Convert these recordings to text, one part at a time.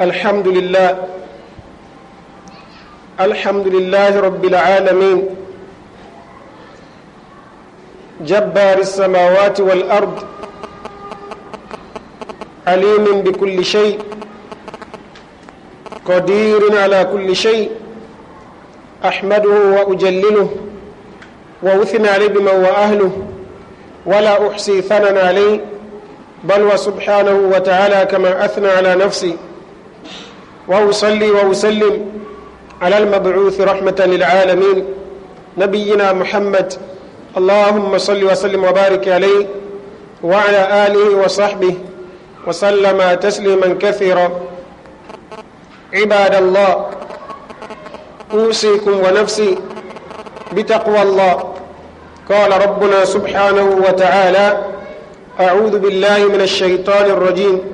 الحمد لله الحمد لله رب العالمين جبار السماوات والارض عليم بكل شيء قدير على كل شيء احمده واجلله واثنى عليه بمن واهله ولا احصي ثنا عليه بل وسبحانه وتعالى كما اثنى على نفسي وأصلي وأسلم على المبعوث رحمة للعالمين نبينا محمد اللهم صل وسلم وبارك عليه وعلى آله وصحبه وسلم تسليما كثيرا عباد الله أوصيكم ونفسي بتقوى الله قال ربنا سبحانه وتعالى أعوذ بالله من الشيطان الرجيم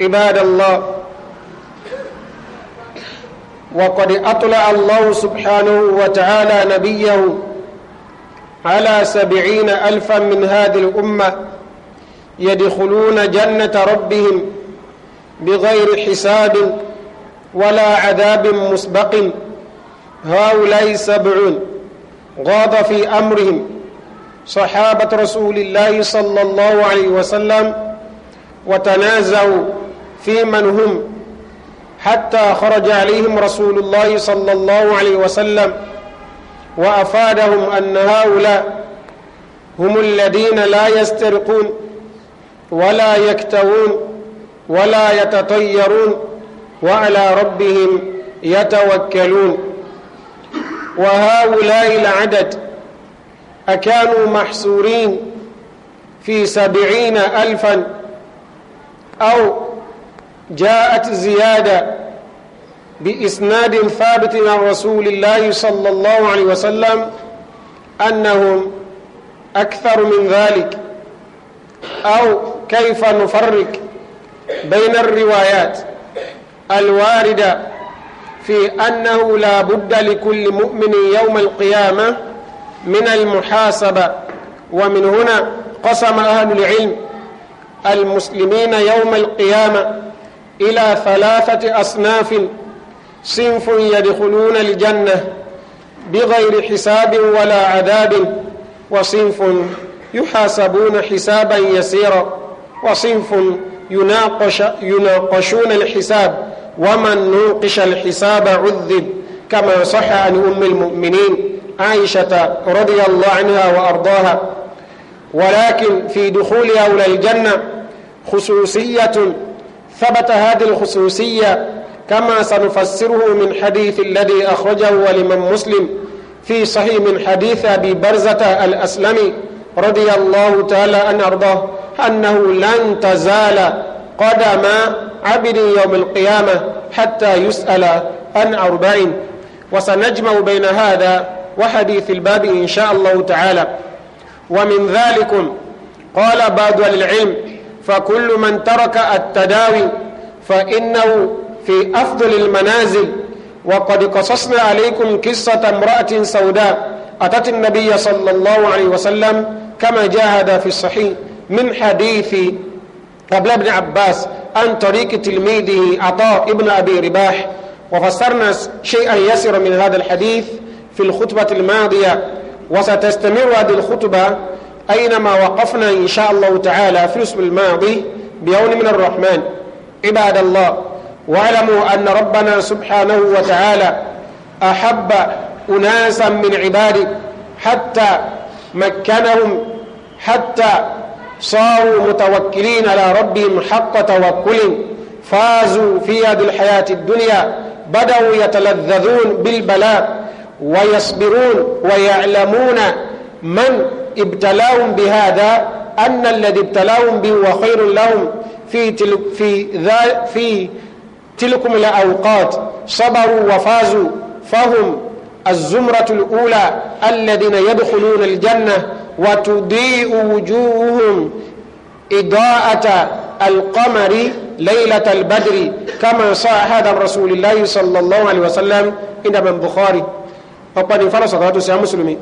عباد الله وقد أطلع الله سبحانه وتعالى نبيه على سبعين ألفا من هذه الأمة يدخلون جنة ربهم بغير حساب ولا عذاب مسبق هؤلاء سبعون غاض في أمرهم صحابة رسول الله صلى الله عليه وسلم وتنازعوا في من هم حتى خرج عليهم رسول الله صلى الله عليه وسلم وأفادهم أن هؤلاء هم الذين لا يسترقون ولا يكتوون ولا يتطيرون وعلى ربهم يتوكلون وهؤلاء العدد أكانوا محصورين في سبعين ألفا أو جاءت زيادة بإسناد ثابت عن رسول الله صلى الله عليه وسلم أنهم أكثر من ذلك أو كيف نفرق بين الروايات الواردة في أنه لا بد لكل مؤمن يوم القيامة من المحاسبة ومن هنا قسم أهل العلم المسلمين يوم القيامة إلى ثلاثة أصناف صنف يدخلون الجنة بغير حساب ولا عذاب وصنف يحاسبون حسابا يسيرا وصنف يناقش يناقشون الحساب ومن نوقش الحساب عذب كما صح عن أم المؤمنين عائشة رضي الله عنها وأرضاها ولكن في دخول أولى الجنة خصوصية ثبت هذه الخصوصية كما سنفسره من حديث الذي أخرجه ولمن مسلم في صحيح من حديث أبي برزة الأسلمي رضي الله تعالى أن أرضاه أنه لن تزال قدم عبد يوم القيامة حتى يسأل عن أربعين وسنجمع بين هذا وحديث الباب إن شاء الله تعالى ومن ذلكم قال بعض العلم فكل من ترك التداوي فإنه في أفضل المنازل وقد قصصنا عليكم قصة امرأة سوداء أتت النبي صلى الله عليه وسلم كما جاهد في الصحيح من حديث قبل ابن عباس عن طريق تلميذه عطاء ابن أبي رباح وفسرنا شيئا يسر من هذا الحديث في الخطبة الماضية وستستمر هذه الخطبة أينما وقفنا إن شاء الله تعالى في الأسبوع الماضي بيوم من الرحمن عباد الله واعلموا أن ربنا سبحانه وتعالى أحب أناسا من عباده حتى مكنهم حتى صاروا متوكلين على ربهم حق توكل فازوا في يد الحياة الدنيا بدأوا يتلذذون بالبلاء ويصبرون ويعلمون من ابتلاهم بهذا أن الذي ابتلاهم به هو خير لهم في تلك في ذا في تلكم الأوقات صبروا وفازوا فهم الزمرة الأولى الذين يدخلون الجنة وتضيء وجوههم إضاءة القمر ليلة البدر كما صح هذا الرسول الله صلى الله عليه وسلم إنما البخاري أقبل فرصة هذا مسلمين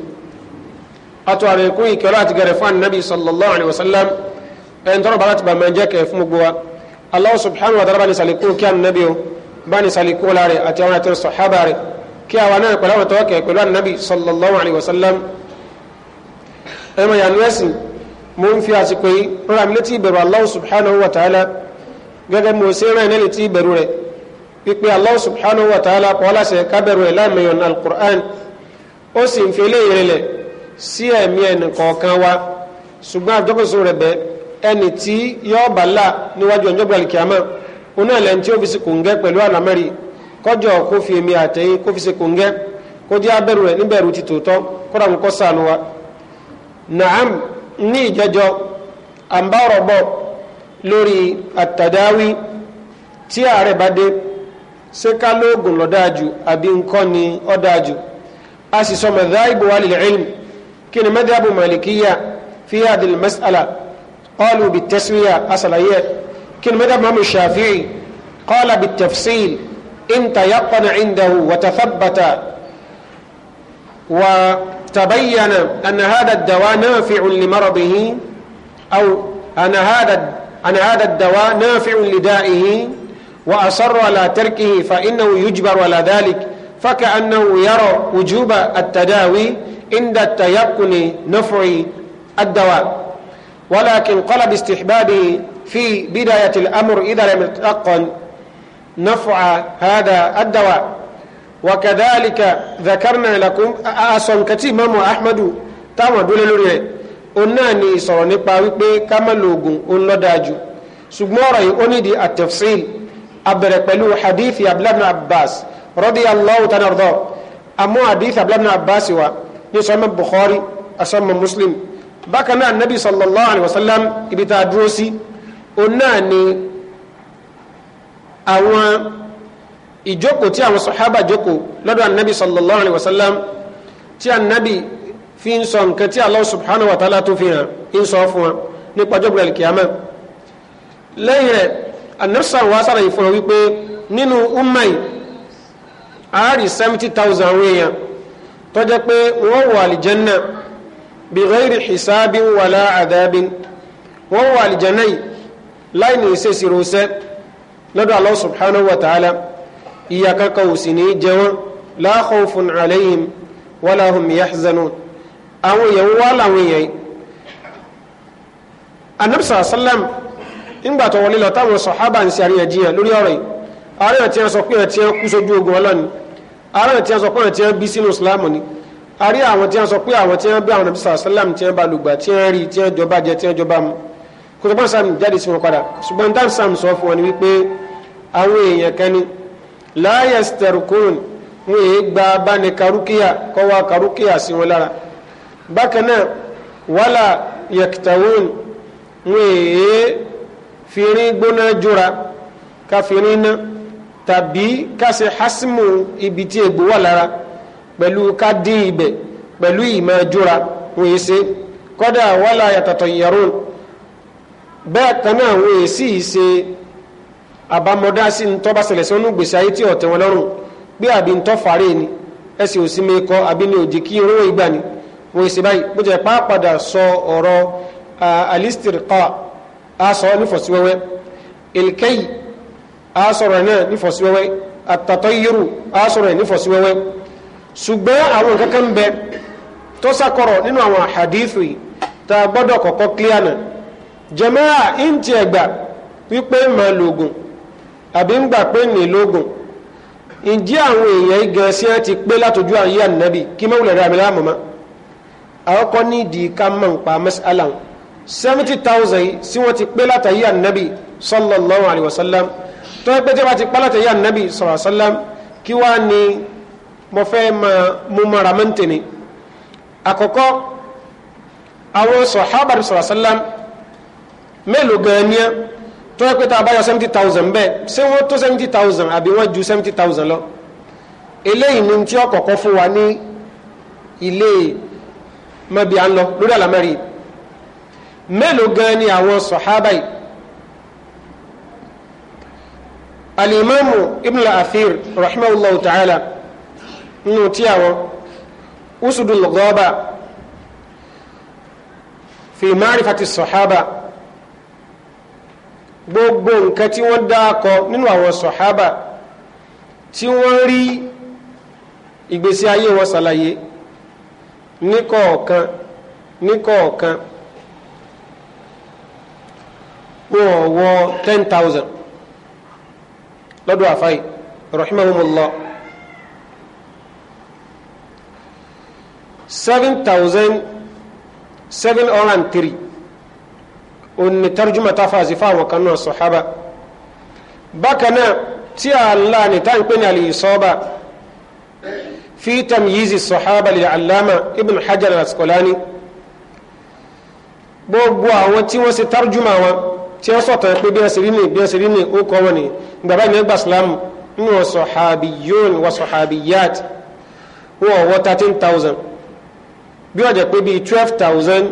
atọ́rọ̀ ikú ìkẹ́lọ́ àti gẹ̀rẹ̀ fún anabi sallallahu alayhi wa sallam ẹni tọ́rọ̀ bàbá ti bàmà jẹ́ kẹ́ fún gbogbo wa allah subhanahu wa ta'ala bani saliku kí anabi o bani saliku laare àti àwọn àti sọ̀hábà rẹ̀ kí àwa náà pẹ̀lú àwọn tọ́kẹ̀ pẹ̀lú anabi sallallahu alayhi wa sallam ẹ̀mọ̀ yanu ẹ̀sìn mo ń fi àsìkò yìí rọra mi létí ìbẹ̀rù allah subhanahu wa ta'ala gẹ́gẹ́ mo ṣe rán ẹ̀ létí ìbẹ̀rù rẹ̀ pípé allah subhanahu wa ta'ala kọ́ láṣẹ kábẹ̀rù ẹ̀ láàmì yọ̀nà al ó sì ń fi eléyìí rẹ̀ sí ẹ̀mí ẹnìkọ̀ọ̀kan wa ṣùgbọ́n àjọkọ̀sọ rẹ̀ bẹ́ẹ̀ ẹni tí yọ ọba là níwájú ọjọ́ gbàlìkì àmọ́ oní ẹ̀lẹ́ tí ó fi ṣe kòǹgẹ́ pẹ̀lú àlámẹ́rì kọjọ kó fi èmi àtẹ̀yìn kó fi ṣe kòǹgẹ́ kó jẹ́ abẹ́rù rẹ̀ níbẹ̀rù ti tòótọ́ kó ràn kó sànù wa. naam ní ìjẹjọ à lórí àtàdáwí tí ààrẹ bá dé ṣé ká lóògùn lọ́dáàjù àbí nǹkan ni ọ́dáàjù a sì sọ mẹ̀dáìbò wà lè كن مذهب مالكية في هذه المسألة قالوا بالتسوية هي كن مذهب مهم الشافعي قال بالتفصيل إن تيقن عنده وتثبت وتبين أن هذا الدواء نافع لمرضه أو أن هذا أن هذا الدواء نافع لدائه وأصر على تركه فإنه يجبر على ذلك فكأنه يرى وجوب التداوي عند التيقن نفع الدواء ولكن قلب استحبابه في بداية الأمر إذا لم يتيقن نفع هذا الدواء وكذلك ذكرنا لكم أصلا كتير مام أحمد táwọn àdúró lórí ẹ òun náà ni ìsọ̀rọ̀ nípa wípé ká má lo oògùn òun lọ dáa jù ṣùgbọ́n ọ̀rọ̀ yìí ó ní di at-tafsil abẹ̀rẹ̀ pẹ̀lú hadith abdullahi abbas radiyallahu ta'ala anhu àmọ́ hadith abdullahi abbas wa ní sọ́mọ́ Bukhari asọ́mọ́ Muslim bákan náà nabi sallallahu alayhi wa sallam ibi tá a dúró sí òun náà ni àwọn ìjókòó tí àwọn sàhábà jókòó lọ́dọ̀ anabi sallallahu alayhi wa sallam tí anabi fi ń sọ nǹkan tí Allah subhanahu wa ta'ala tó fi hàn ń sọ fún wa nípa jọ́gbọ̀n alikiyama lẹ́yìn rẹ̀ anabisa wa yìí fún wa wípé nínú umma yìí seventy thousand àwọn tọ́jẹ́ pé wọ́n wọ àlìjẹ́nà bí ghairi hisabin wàlá àdábin wọ́n wọ àlìjẹ́nà yìí láì ní ìṣèṣì rọṣẹ́ lọ́dọ̀ Allah subhanahu wa ta'ala ìyà kankan ò sì ní jẹ wọ́n la khawfun alayhim wala hum yahzanun àwọn àárẹ̀ tí wọ́n sọ pé àwọn tí wọ́n bí sínú islam ni àrí àwọn tí wọ́n sọ pé àwọn tí wọ́n bí àwọn nàbí sàlám tí wọ́n bá lùgbà tí wọ́n rí tí wọ́n jọba jẹ tí wọ́n jọba mu kò sàm jáde sí wọn padà ṣùgbọ́n dáhùn sàm sọ fún wọn ni wípé àwọn èèyàn kan ni láàyè stẹrukún wọn èé gba báni karukiya kọ́ wa karukiya sí wọn lára bákan náà wàlà yẹkìtàwọn wọn èé fìrín gbóná jura ká fìrín náà tàbí ká ṣe hásímù ibi tí egbò wà lára pẹ̀lú ká dín ibẹ̀ pẹ̀lú ìmọ̀ ẹjọ́ra wọ́n yìí ṣe kọ́dà wàlá yàtọ̀tọ̀ ìyàrá bẹ́ẹ̀ kan náà wọ́n yìí sì ṣe àbámọ́dá sí ń tọ́ bá ṣẹlẹ̀ sí ọ̀nà gbèsè ayé tí ọ̀tẹ̀ wọn lọ́rùn gbé àbí ń fàárẹ̀ ni ẹsẹ̀ òsì mi kọ́ àbí ní òjì kí irú ìgbà ni wọ́n yìí ṣe báyìí bó jẹ́ pàápàdà sọ ọ̀rọ̀ alistirqa a sọ nífọ̀síwẹ́wẹ́ ilkẹ́yìí a sọ̀rọ̀ náà nífọ̀síwẹ́wẹ́ àtàtọ́yírù a sọ̀rọ̀ nífọ̀síwẹ́wẹ́ ṣùgbọ́n àwọn kankan bẹ tó sàkọrọ̀ nínú àwọn àhàdífì tá a gbọ́dọ̀ kọ́kọ́ kílíànà jẹ̀mẹ́à ìǹtì ẹ̀gbà wípé mà lògùn àbí ń gbà pé ní lógùn ìjí àwọn èèyàn igan sí ẹ ti pé látọjú àyè ànábì kí mẹ́wùlẹ̀ rẹ̀ àmìlá àmọ́mọ́ àkọ́kọ́ ní ìdí ká mọ̀ ń pa mẹ́sàlá seventy thousand sí wọ́n ti pé látàyè ànábì sallallahu alayhi wa tó ẹgbẹ́ tí wọ́n ti pálọ̀tẹ̀ yá nàbì sallallahu alaihi wasallam kí wá ní mo fẹ́ máa mú mara mọ́ntì ni àkọ́kọ́ àwọn sọ̀hábà sallallahu alaihi wasallam mélòó gan ni ẹ́ tó yẹ pé tá a bá yọ seventy thousand bẹ́ẹ̀ ṣé wọ́n tó seventy thousand àbí wọ́n ju seventy thousand lọ eléyìí ni tí ọkọ̀ọ̀kọ́ fún wa ní ilé mẹ́bí à ń lọ lórí àlámẹ́rì mélòó gan ni àwọn sọ̀hábà yìí alimamu ibn al-athir rahimahullah ta'ala nínú tí àwọn usudul ghaba fi ma'rifati sahaba gbogbo nǹkan tí wọ́n dákọ nínú àwọn sahaba tí wọ́n rí ìgbésí ayé wọn ṣàlàyé ní kọ̀ọ̀kan ní kọ̀ọ̀kan wọ́n wọ 10,000 lọ́dọ̀ àfáì rahimahumullah seven thousand seven hundred and three òní tarjuma ta fàásì fáwọn kan náà sọ̀hábà bákan náà tí a ńlá ní tá n pè ní al-Isaba fi tamyiz as-sahaba lil-allama ibn hajar al gbogbo àwọn tí wọ́n ṣe tarjuma wọn tí wọ́n sọ̀tàn pé bí wọ́n ṣe rí ni bí wọ́n ṣe rí ni ó kọ́ wọn ni gbàgbá ìmọ̀ ẹgbà sílámù nínú wọn sọ̀hábíyún wọn sọ̀hábíyàt wọn ọ̀wọ́ thirteen thousand bí wọ́n jẹ́ pé bíi twelve thousand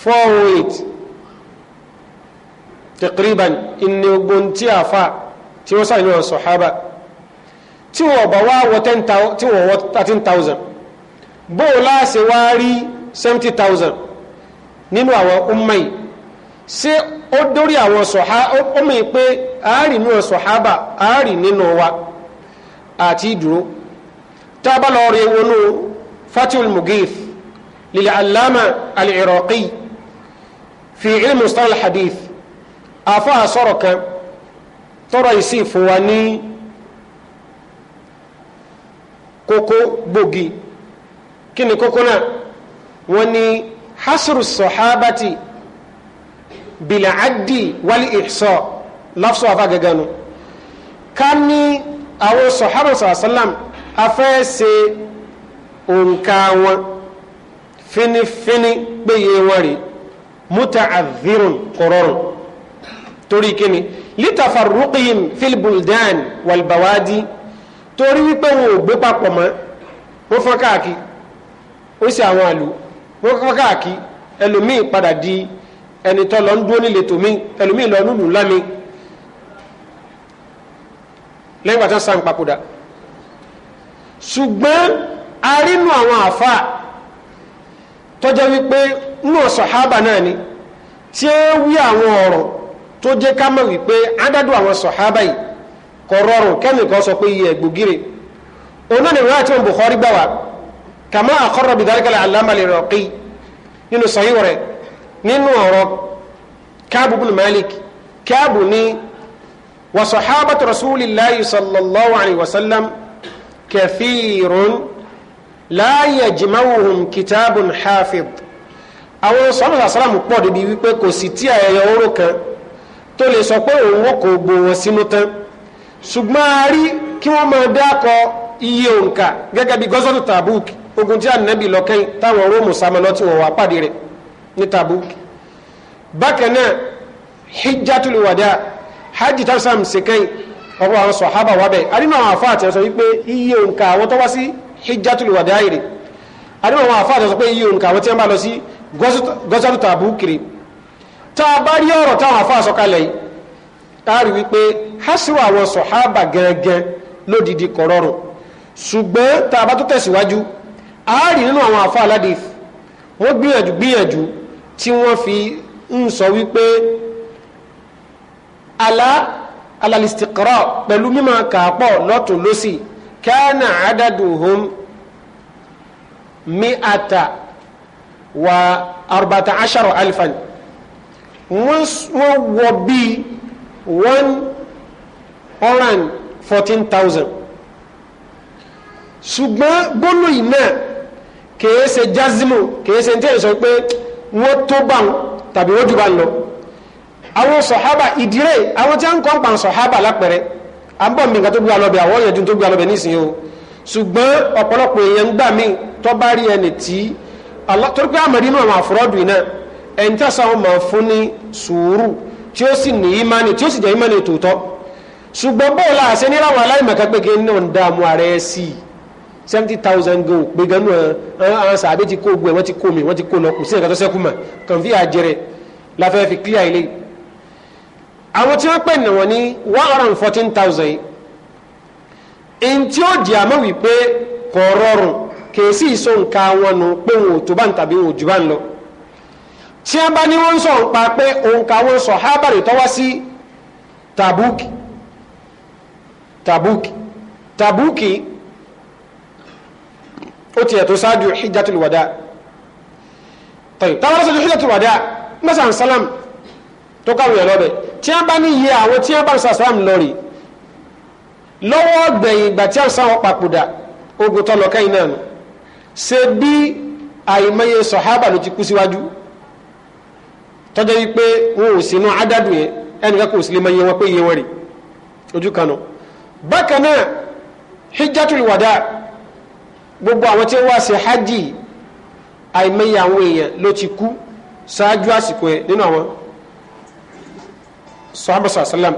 four oh eight tẹ̀kíríban ìní ogun tí a fà tí wọ́n sàyìn wọn sọ̀hábà tí wọ́n bá wá wọ thirteen thousand bó o láṣẹ wá rí seventy thousand nínú àwọn ọmọ yìí ṣé ó dórí àwọn sọ̀há ọmọ yìí pé àárì nínú sọ̀hábà àárì nínú wa àti ìdúró tá a bá lọ rí wọnú fatihul mugith lílẹ̀ aláma al fi ilmu stall hadith afa sọ̀rọ̀ kan tọrọ yìí fún wa ní kókó gbòógì kí ni kókó náà wọ́n ní hasru sahabati bil'addi wal ihsa lafsu afa gaganu ká ní àwọn sahaba sallam afẹ́ ṣe òǹkà wọn finifini péye wọn rèé muta'adhdhirun kọrọrùn torí kíni litafarruqihim fil buldan wal bawadi torí wípé wọn ò gbé papọ̀ mọ́ wọ́n fọ́n káàkiri ó sì àwọn wọ́n kọ́ káàkiri ẹlòmíì padà di ẹni tó lọ ń dúró nílé tòmí ẹlòmíì lọ lùlù ńlá mi lẹ́yìn ìgbà tó ń san papòdà ṣùgbọ́n arínú àwọn àfa tọ́jọ́ wípé nínú sọ̀hábà náà ni tí ó wí àwọn ọ̀rọ̀ tó jẹ́ ká mọ̀ wípé ádádùn àwọn sọ̀hábà yìí kọ̀ rọrùn kẹ́mìkan sọ pé iye ẹ̀gbògire òun náà ni ìwé àti òun Bukhari gbà wá kàmá àkọ́rọ̀ bí dáríkà al-allama al-iraqi nínú sahih rẹ̀ nínú ọ̀rọ̀ káàbù bin malik káàbù ní wa sahabatu rasulillahi sallallahu alayhi wa sallam kathirun la yajma'uhum kitabun hafid àwọn sọ́nà sàlámù pọ̀ débi wípé kò sí tí àyẹ̀yẹ oró kan tó lè sọ pé òun wọ́n kò gbò wọn sínú kí wọ́n máa dákọ iye òǹkà gẹ́gẹ́ bí gọ́sọ́tù Tabuk ogun tí ànábì lọ́kẹ́yìn táwọn róòmù samanọ́ tí wọ́n wá pàdé rẹ̀ ní Tabuk bákan náà hijjatul wada hajj tafsam sekẹ́yìn ọ̀pọ̀ àwọn sọ̀hábà wábẹ̀ arínú àwọn àfáà tí wọ́n wípé iye òǹkà àwọn tó wá sí hijjatul wada yìí rẹ̀ arínú àwọn àfáà tí wọ́n pé iye òǹkà àwọn tí wọ́n bá lọ sí gọ́sọ̀tù Tabuk rẹ̀ tá a bá rí ọ̀rọ̀ táwọn àfáà sọ kalẹ̀ yìí a rí wípé hasiru àwọn sọ̀hábà gẹ́gẹ́ lódìdí kọ̀rọ̀rùn ṣùgbọ́n tá a bá tó tẹ̀síwájú ààrì nínú àwọn àfa aládìf wọ́n gbìyànjú gbìyànjú tí wọ́n fi ń sọ wípé alá alalistikara pẹ̀lú mímọ̀ kàápọ̀ lọ́tún lọ́sì kánà àdàdùhùn mi ata wa arbata asharo alifan wọ́n wọ bíi one hundred fourteen thousand ṣùgbọ́n gbólóyìn náà kìí ṣe jazimu kìí ṣe tẹ́yìn sọ pé wọ́n tó bá ń tàbí wọ́n jù bá ń lọ àwọn sọ̀hábà ìdíré àwọn tí a ń kọ́ ń pa sọ̀hábà lápẹ̀rẹ̀ àbọ̀ mi nǹkan tó gbé alọ́bẹ̀ àwọn ìyẹ̀dùn tó gbé alọ́bẹ̀ nísìnyí o ṣùgbọ́n ọ̀pọ̀lọpọ̀ èèyàn gbà mí tó bá rí ẹni tí torí pé àmọ́ àwọn àfúrọ́dù iná ẹni tí a sọ máa fún ní sùúrù tí ó sì ní ìmánì tí ó sì jẹ́ ìmánì tòótọ́ ṣùgbọ́n bóòlà àṣẹ níláwọ̀ aláìmọ̀kẹ́gbẹ́gẹ́ náà ń dààmú ààrẹ sí i seventy thousand gan òpè gan nù àwọn sàbẹ̀ ti kó gbẹ wọ́n ti kó mi wọ́n ti kó lọ kò sí ẹ̀ka tó sẹ́kù mà kàn fi àjẹrẹ láfẹ́ fi clear ilé àwọn tí wọ́n pè ní wọ́n ní one hundred and fourteen thousand yìí ntí ó di àmọ́ wípé kò rọrùn kèésì ìsọ nǹka wọn nù pé wọn ò tó bá ń tàbí wọn ò jù bá ń lọ tí wọ́n bá ní wọ́n sọ nípa pé òǹkà wọn sọ hábàrì tọ́wọ́ sí tàbúkì tàbúkì tàbúkì ó tiẹ̀ tó ṣáájú hijjatul wada tọ́yì táwọn aṣojú hijjatul wada mẹ́sàn-án sálám tó káwọn yẹn lọ́bẹ̀ tí wọ́n bá ní iye àwọn tí wọ́n bá ń sa sálám lọ́rì lọ́wọ́ gbẹ̀yìn ìgbà tí wọ́n sáwọn papòdà ogun tọ́lọ kẹ́yìn náà ṣe bí àìmọye sọ̀hábà ti kú síwájú tọ́jọ́ wípé wọn ò sínú adádùn yẹn ẹnìkan kò sí lè mọ iye wọn pé iye wọn ojú kan bákan náà hijjatul wada gbogbo àwọn tí ó wá ṣe hajj àìmọye àwọn èèyàn ló ti kú ṣáájú àsìkò ẹ nínú àwọn sọ́hábàṣà sálàm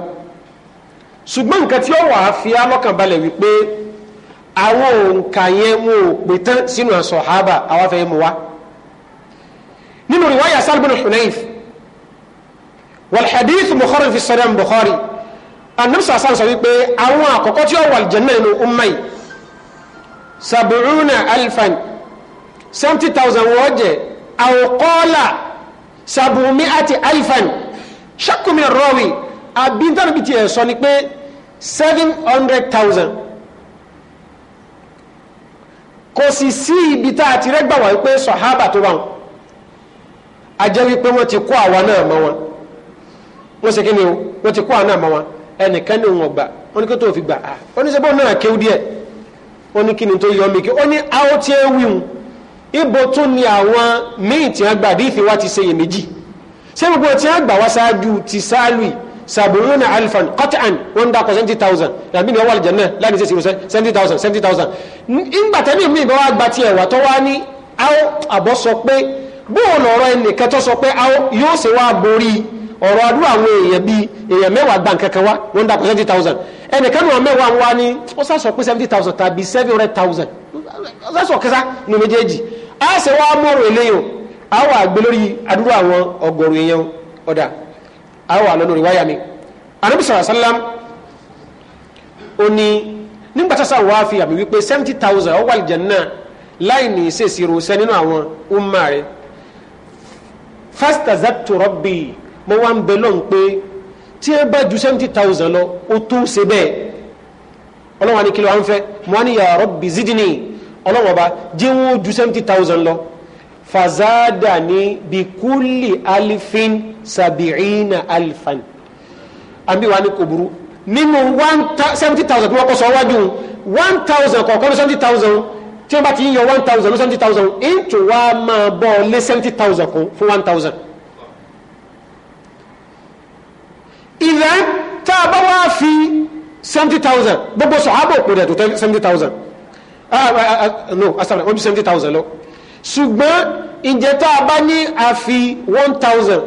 ṣùgbọ́n nǹkan tí ó wà á fi alọ́kànbalẹ̀ wípé àwọn òǹkà yẹn wọn ò pè tán sínú sọ̀hábà àwọn afẹ́ mu wá nínú riwaya salbun hunayf walhadith bukhari fi sọ́dọ̀ bukhari anamsa sàn wípé àwọn àkọ́kọ́ tí ó wà aljanna nínú umma yìí sàbùrúnà alifan seventy thousand wọ́n jẹ́ àwòkọ́ọ́là sàbùmí àti alifan ṣàkùnmí rọ́wì àbíntàn bìtì ẹ̀ sọ ni pé seven hundred thousand kò sì sí ibi tá a ti rẹ́gbà wá pé sọ̀hábà tó wà wọn a jẹ́ wípé wọ́n ti kó àwa náà mọ́ wọn wọ́n ṣe kí ni o ti kó àwa náà mọ́ wọn ẹnìkan ní òun ọ̀gbà wọ́n ní kó tó fi gbà á oníṣẹ́ bọ́ọ̀ náà kéwú díẹ̀ ó ní kí ni tó yọ mí kí ó ní àwọn tí ẹ wíhun ibo tún ni àwọn míì tí wọ́n gbà bí ìfẹ́ wa ti ṣe yè ṣé gbogbo tí wọ́n gbà wá ṣáájú ti sáálùì sàbùrúnà alifan kọ́tàn wọ́n ń seventy thousand yàrá bí ni wọ́n wà lìjẹ̀ náà láì ní sèṣirò seventy thousand seventy thousand ńgbà tẹ́lẹ̀ mi ìbá wa gba tiẹ̀ wà tó wá ní àwọn àbọ̀ sọ pé bóòlù ọ̀rọ̀ ẹnìkan tó sọ pé àwọn yóò ṣe wá borí ọ̀rọ̀ àdúrà àwọn èèyàn bíi èèyàn mẹ́wàá gbà kankan wá wọ́n dà kó seventy thousand ẹnìkan náà mẹ́wàá wá ní ó sàṣọ pé seventy thousand tàbí seven hundred thousand ó sàṣọ kẹsà ní méjèèjì á ṣe wá mọ́rọ̀ eléyìí o á wà gbé lórí àdúrà àwọn ọgọ́rùn èèyàn ọ̀dà á wà lọ lórí wáyà mi Ànábì sàrà sálám ó ní nígbà tá sáà wá fi àmì wípé seventy thousand ó wà l'Àlùjánnà láì ní ìṣèṣirò sẹ́ nínú àwọn ó ń máa rẹ̀ fásitì azatu rọ́bì mo wá ń bẹ lọ́n pé tí ẹ bá ju seventy thousand lọ ó tó ṣe bẹ́ẹ̀ ọlọ́wọ́n á ní kí ló wá ń fẹ́ mo wá ní ya Rabbi zidni ọlọ́wọ́n bá jẹ́ wọ́n ju seventy thousand lọ fazada ni bikuli alifin sabiina alifan àbí wa ni kò burú nínú seventy thousand tí wọ́n kọ́ sọ wájú one thousand kọ̀ọ̀kan ní seventy thousand tí wọ́n bá ti yíyan one thousand ní seventy thousand ètò máa bọ̀ lé seventy thousand kún fún one thousand. ìlẹ́ tá a bá wá fi seventy thousand gbogbo sọ̀hábò kò dẹ̀ tó tẹ́ seventy thousand ah, ah, ah, no asàlẹ̀ wọ́n bí seventy thousand lọ ṣùgbọ́n ìjẹ́ tá a bá ní àfi one thousand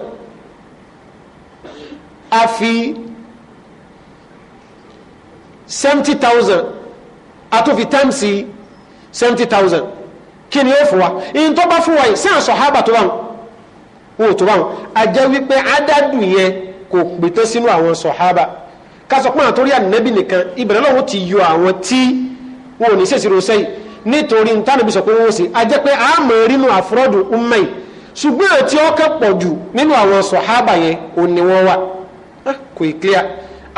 àfi seventy thousand àtòfi tẹ́ǹsì seventy thousand kí ni ó fún wa ìyìn tó bá fún wa yìí sí àṣọ tó bá wọn àjẹ́ wípé adádù yẹn kò pè tán sínú àwọn sọ̀hábà ká sọ pé àwọn torí ànábì nìkan ìbẹ̀rẹ̀ lọ́wọ́ ti yọ àwọn tí wọn ò ní ṣèṣirò sẹ́yìn nítorí ntánàbí sọ pé wọ́n ṣe a jẹ́ pé a mọ̀ rínú àfúrọ́dù umma yìí ṣùgbọ́n àti ọkẹ́ pọ̀ jù nínú àwọn sọ̀hábà yẹn ò ní wọ́n wà kò ì clear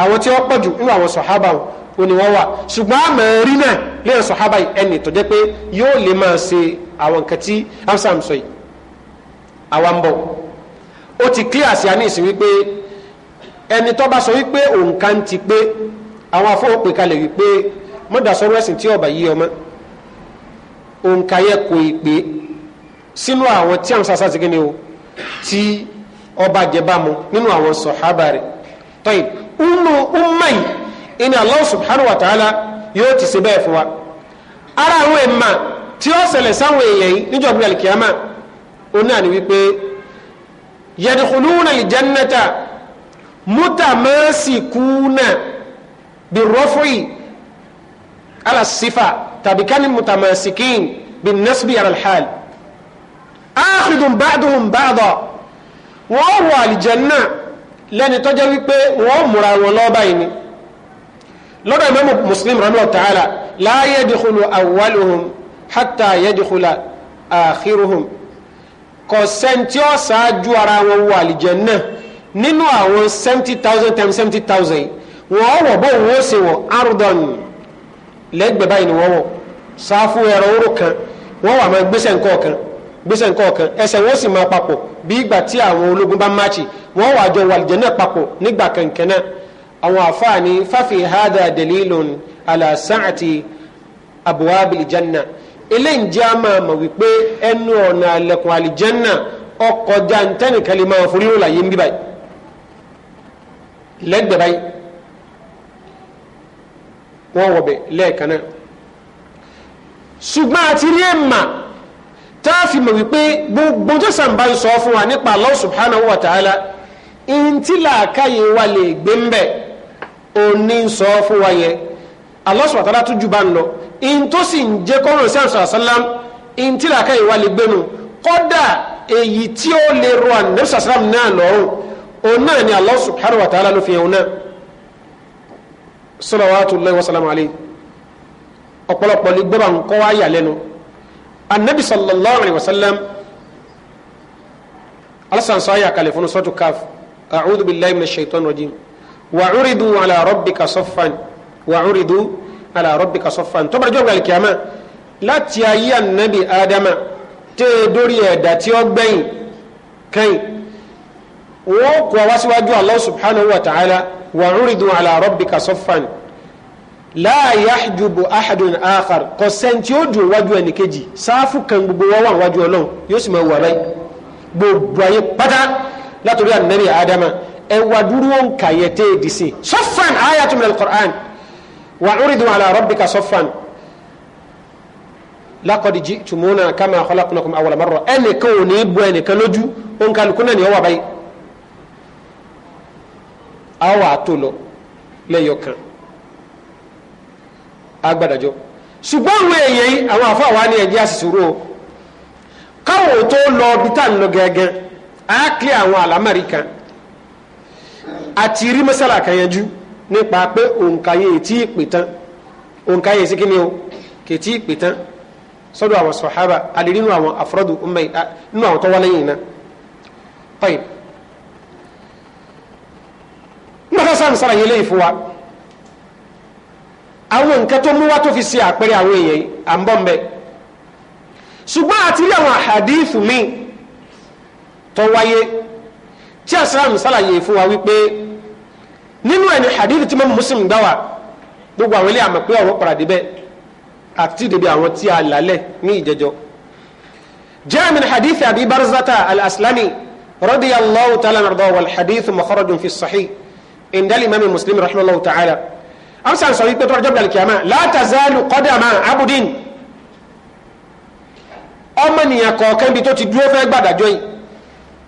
àwọn tí wọ́n pọ̀ jù nínú àwọn sọ̀hábà ò ní wọ́n wà ṣùgbọ́n a mọ̀ rí náà lẹ́yìn sọ̀hábà yìí ẹnì tó jẹ́ pé yóò lè máa ṣe àwọn nǹkan tí amsam sọ yìí àwa ń bọ̀ ó ti clear sí a ní ìsìn wípé ẹni tó bá sọ wípé òǹkà ń ti pé àwọn afọ́wọ́pẹ̀ kalẹ̀ wípé mọ́dàsọ́rọ́ ẹ̀sìn tí ọba yí ọmọ òǹkà yẹ kò ì pé sínú àwọn tí àwọn sàṣà ti kíni o tí ọba jẹbàmù nínú àwọn sọ̀hábà rẹ̀ tọ́yì nínú umma yìí ìní Allah subhanahu wa ta'ala yóò ti ṣe bẹ́ẹ̀ fún wa ara àwọn èèmà tí ó ṣẹlẹ̀ sáwọn èèyàn yìí níjọ́ alikiyama ó náà wípé yadkhuluna mutamassikuna birraf'i ala sifa tàbí kánì mutamassikin binnasbi ala alhal akhidun ba'duhum ba'da wọ́n wọ àlìjẹ́nà lẹ́ni tọ́jẹ́ wípé wọ́n múra wọn lọ́ọ́bà yìí ni lọ́dọ̀ Imamu Muslim rahimahullahu ta'ala la yadkhulu awwaluhum hatta yadkhula akhiruhum kò sẹ́ni tí ó ṣáájú ara wọn wọ àlìjẹ́nà nínú àwọn seventy thousand times seventy thousand wọ́n wọ̀ bó wọ́n ṣe wọ̀ ardon lẹ́gbẹ̀ẹ́ báyìí ni wọ́n wọ̀ sáfù ẹ̀rọ oró kan wọ́n wà máa gbéṣẹ̀ nǹkan kan gbéṣẹ̀ nǹkan kan ẹsẹ̀ wọ́n sì máa papọ̀ bí ìgbà tí àwọn ológun bá máàchì wọ́n wà jọ wàlìjẹ́ náà papọ̀ nígbà kankan náà àwọn àfààní fàfi hada dalilun ala sa'ati janna eléyìí a máa mọ̀ wípé ẹnu ọ̀nà àlẹ̀kùn àlìjẹ́nà ọkọ̀ jantẹ́nìkan lè máa ń bíbáyìí lẹ́gbẹ̀ẹ́ báyìí wọ́n wọ̀bẹ̀ lẹ́ẹ̀kan náà ṣùgbọ́n àti rí ẹ̀mà tá a fi mọ̀ wípé gbogbo tó sàǹbá ń sọ fún wa nípa Allah subhanahu wa ta'ala ìntí làákàyè wa lè gbé ń bẹ̀ òní ń sọ fún wa yẹn Allah subhanahu wa ta'ala tún jù bá ń lọ ìntó sì ń jẹ́ kọ́rọ̀ sí àṣà sálám ìntí làákàyè wa lè gbénu kọ́dà èyí tí ó lè rọ àníṣàṣàlám òun náà ni Allah subhanahu wa ta'ala ló fi hàn náà salawatullahi wa salamu alayhi ọ̀pọ̀lọpọ̀ ní gbọ́dọ̀ nǹkọ́ wá yà lẹ́nu anabi sallallahu alayhi wa sallam alasan sọ ayà kalẹ̀ fún sọ́tù káf a'udhu billahi minash shaitan rajim wa'uridu ala rabbika saffan wa'uridu ala rabbika saffan tó bá jọ́ ngal láti ayé anabi adama tẹ́ ẹ̀dá tí ó gbẹ̀yìn kẹ́yìn wọ́n kọ́ wá síwájú Allah subhanahu wa ta'ala wa uridu ala rabbika saffan la yahjubu ahadun akhar kò sẹ́ńtì ó dùn wájú ẹnì kejì sáfù kan gbogbo wọn wà wájú ọlọ́run yóò sì máa wà báyìí gbogbo ayé pátá látòrí ànàbì àdámà ẹwà dúró ń kàyẹ tẹ́ èdè sí saffan ayatun min al-Qur'an wa uridu ala rabbika saffan lakọdi ji tumuna kama khalaqnakum awwala marra ẹnìkan ò ní bu ẹnìkan lójú ó ni ó wà a wà tó lọ agbadajọ ṣùgbọ́n àwọn èèyàn yìí àwọn wa ní ẹ̀jẹ̀ àṣìṣòro o káwọn tó lọ bí tá à ń lọ gẹ́gẹ́ á kí àwọn àlámàrí kan àti rí mọ́sálà kan yanjú nípa pé òǹkàyè tí ì pè tán òǹkàyè sí kíni o kì í tí ì pè tán sọ́dọ̀ àwọn sọ̀hábà àlè nígbàtà sáà ń sàlàyé lẹ́yìn fún wa àwọn nǹkan tó mú wá tó fi ṣe àpẹẹrẹ àwọn èèyàn à ń bọ̀ ń bẹ ṣùgbọ́n àti rí àwọn àhàdíìfù míì tó wáyé tí a sáà ń sàlàyé fún wa wípé Muslim gbá gbogbo àwọn ilé àmọ̀ pé ọ̀rọ̀ paradì bẹ́ẹ̀ àti tí ìdèbí àwọn a lálẹ̀ ní ìjẹjọ́ جاء من حديث أبي برزة الأسلمي رضي الله تعالى عنه والحديث مخرج في الصحيح indal imam muslim rahimahullahu ta'ala amsa sọ wípé tọ́jọ́ bí alikiyama la tazalu qadama abudin ọmọnìyàn kọ̀ọ̀kan bí tó ti dúró fẹ́ gbàdájọ́ yìí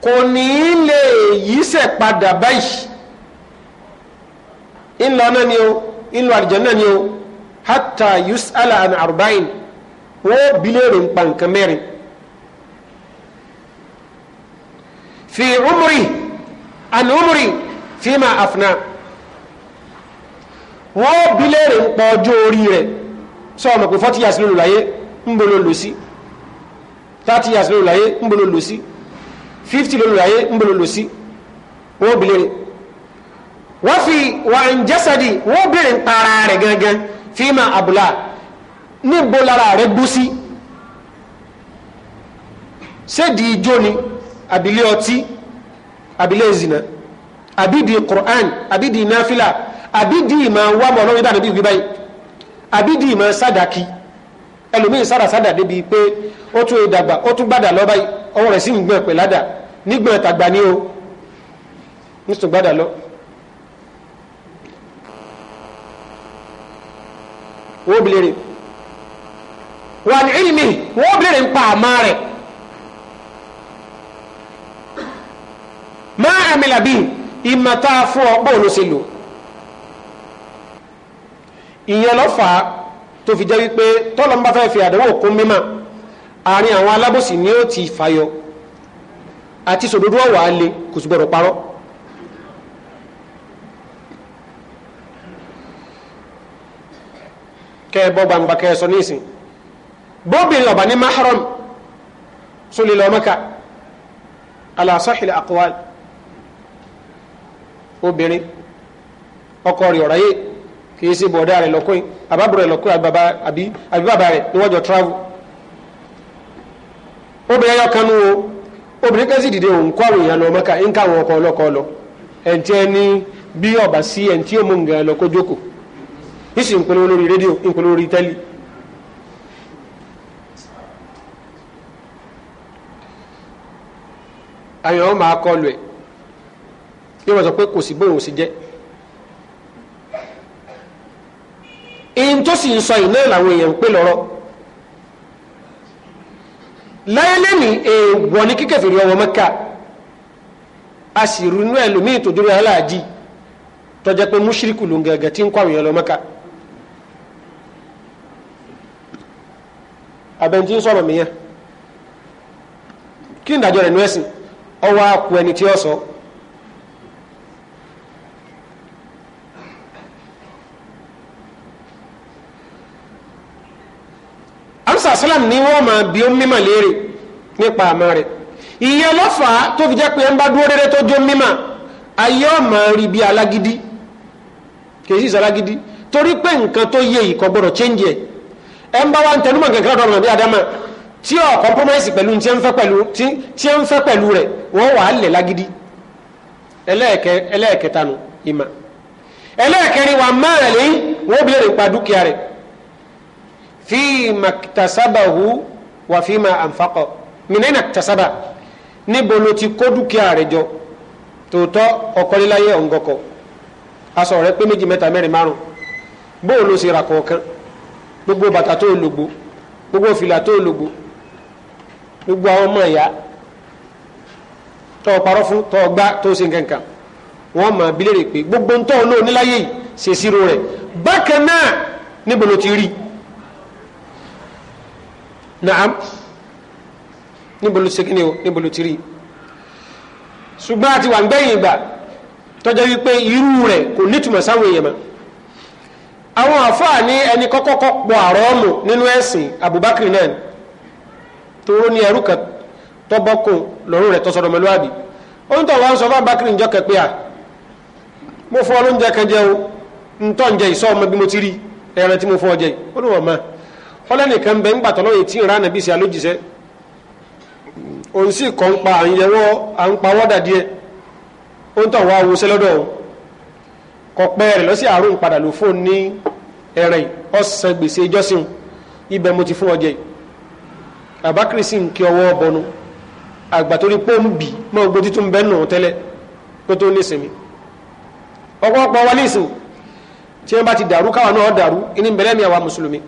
kò ní í lè yíṣẹ́ padà báyìí ńlọ náà ni o ńlọ àdìjẹ́ náà ni o hatta yus'ala an arba'in wọ́n bilére npa nǹkan mẹ́rin fi umri an umri fíìmà àfúnà wọ́n bí léèrè ń pọ̀ ọjọ́ orí rẹ̀ sọ ọmọ pé forty years ló láyé ń bolo lò sí thirty years ló láyé ń bolo lò sí fifty ló lò láyé ń bolo lò sí wọ́n bí léèrè wọ́n fi wà ń jẹ́sẹ̀dì wọ́n bèèrè ń para rẹ̀ gangan fíìmà àbúlà níbo lára rẹ̀ gbó sí sédìí ijó àbílẹ̀ ọtí àbílẹ̀ ìzìnà àbídì Qur'an àbídì náfìlà àbídì ìmọ̀ wàmọ̀ ọlọ́run dànù bí wíwáyé àbídì ìmọ̀ sádàkì ẹlòmíín sára sádà débi pé ó tún ìdàgbà ó tún gbàdà lọ báyìí ọwọ́ rẹ̀ sì ń gbọ̀n pẹ̀ ládà nígbọ̀n tàgbà ní o nítorí gbàdà lọ. wọ́n bìlẹ̀rẹ̀ wà ní ìlmi wọ́n bìlẹ̀rẹ̀ ń pa àmà rẹ̀ máa àmì làbíyìn ìmọ̀ tá a fún ọ bóun ló ṣe lò ìyẹn lọ fà á tó fi jẹ́ wípé tọ́lọ́mbà fẹ́ fi àdánwò kún mímọ̀ àárín àwọn alábòsí ni ó ti fàyọ àti sòdodo ọ̀wà á le kò sì gbọdọ̀ parọ́ kẹ́ẹ̀bọ́ gbangba kẹ́ẹ̀sọ ní ìsìn bóbìnrin ọ̀bà ní mahram sólè lọ Mẹ́kà ala sahil obìnrin ọkọ rẹ̀ ọ̀rọ̀ yé kì í ṣe bọ̀dá rẹ̀ lọ́kọ́ yìí àbábọ̀ rẹ̀ lọ́kọ́ àbí bàbá rẹ̀ ni wọ́n jọ travel obìnrin ayọ́ kanú o obìnrin kan sì dìde òun kọ́ àwọn èèyàn lọ mọ́ka ń ká àwọn ọkọ ọlọ́kọ lọ ẹ̀ǹtí ẹni bí ọ̀bà sí ẹ̀ǹtí èmú nǹkan lọ kó jókòó níṣì ń polówó lórí rédíò ń polówó lórí tẹ́lì àwọn ọmọ akọlù ẹ̀ yóò wọ́n sọ pé kò sí bóun sì jẹ́ ihun tó sì ń sọ yìí náà làwọn èèyàn ń pè lọ́rọ́ láyé lẹ́nìí èèwọ̀ ní kíkẹ́fìrí ọwọ́ mẹ́ka a sì rú inú ẹlòmíì tó dúró aláàjì tọ́jà pé múṣíríkù ló ń gẹ̀gẹ̀ tí ń kọ́ àwọn èèyàn lọ mẹ́ka abẹ́ntí ń sọ̀rọ̀ mìíràn kí ni ìdájọ́ rẹ̀ nú ẹ̀sìn ọwọ́ àkú ẹni tí ó sọ. So alusa salam ni wọ́n máa bí ó mímọ̀ léèrè nípa àmọ́ rẹ̀ ìyẹn lọ́fà tó fi jẹ́ pé ẹ ń bá dúró rere tó jó mímọ̀ ayé ọmọ rí bí alágídí kèsì ìsalágídí torí pé nǹkan tó yẹ ìkọ̀ gbọ́dọ̀ change ẹ̀ ẹ ń bá wa ń tẹnumọ̀ kankan lọ́dọ̀ ọ̀nà bí adama tí ọ̀ compromise pẹ̀lú tí ẹ ń fẹ́ pẹ̀lú rẹ̀ wọ́n wà á lẹ̀ lágídí ẹlẹ́ẹ̀kẹta nu ìmọ̀ ẹlẹ́ẹ̀kẹrin wà máa lè wọ́n bí lè pa dúkìá rẹ̀ fíìmà ktasabahu wà fíìmà ànfàkọ mìnàìnà ktasaba níbo ló ti kó dúkìá rẹ̀ jọ tòótọ́ ọkọléláyé ọ̀ngọkọ aṣọ rẹ̀ pé méjì mẹ́ta mẹ́rin márùn bóò ló ṣe ra kọ̀ọ̀kan gbogbo bàtà tó lògbò gbogbo fìlà tó lògbò gbogbo àwọn ọmọ ìyá tọ́ parọ́ fún tọ́ gbá tó ṣe nǹkan kan wọ́n mọ̀ abilé rẹ̀ pé gbogbo ń tọ́ ọ náà níláyé yìí ṣèṣirò rẹ̀ bákan náà níbo ló ti rí i naam níbo ni o ti wà ń gbẹ̀yìn ìgbà wípé irú rẹ kò nítumọ̀ sáwọn èèyàn mọ́ àwọn àfáà ní ẹni kọ́kọ́kọ́ pọ̀ àrọ́ọ̀mù nínú ẹ̀sìn Abubakar náà toró ní ẹrú kan tọ́bọ́kùn lọ́rùn rẹ̀ tọ́sọ̀rọ̀ mọ́lúwàbí sọ fún Abubakar à mo o ọmọ bí mo ti rí tí mo ọlẹ́nìkan bẹ ńgbà tọ́lọ́ yìí tí ń ra nàbí sí alójíṣẹ́ òun sì kọ́ ń pa àyẹ̀wò à ń pa wọ́dà díẹ̀ ó ń tàn wá wọṣẹ́ lọ́dọ̀ kọ̀pẹ́ rẹ̀ lọ́sí àárò ń padà lò fóun ní ẹ̀rìn ọ̀sán gbèsè ìjọsìn ibẹ̀ mo ti fún ọjẹ́ ń kí ọwọ́ bọnu àgbà pọ́ǹbì mọ́ ogbó títún bẹ́ẹ̀ nù tẹ́lẹ̀ kó tó wọlé ìsìn tí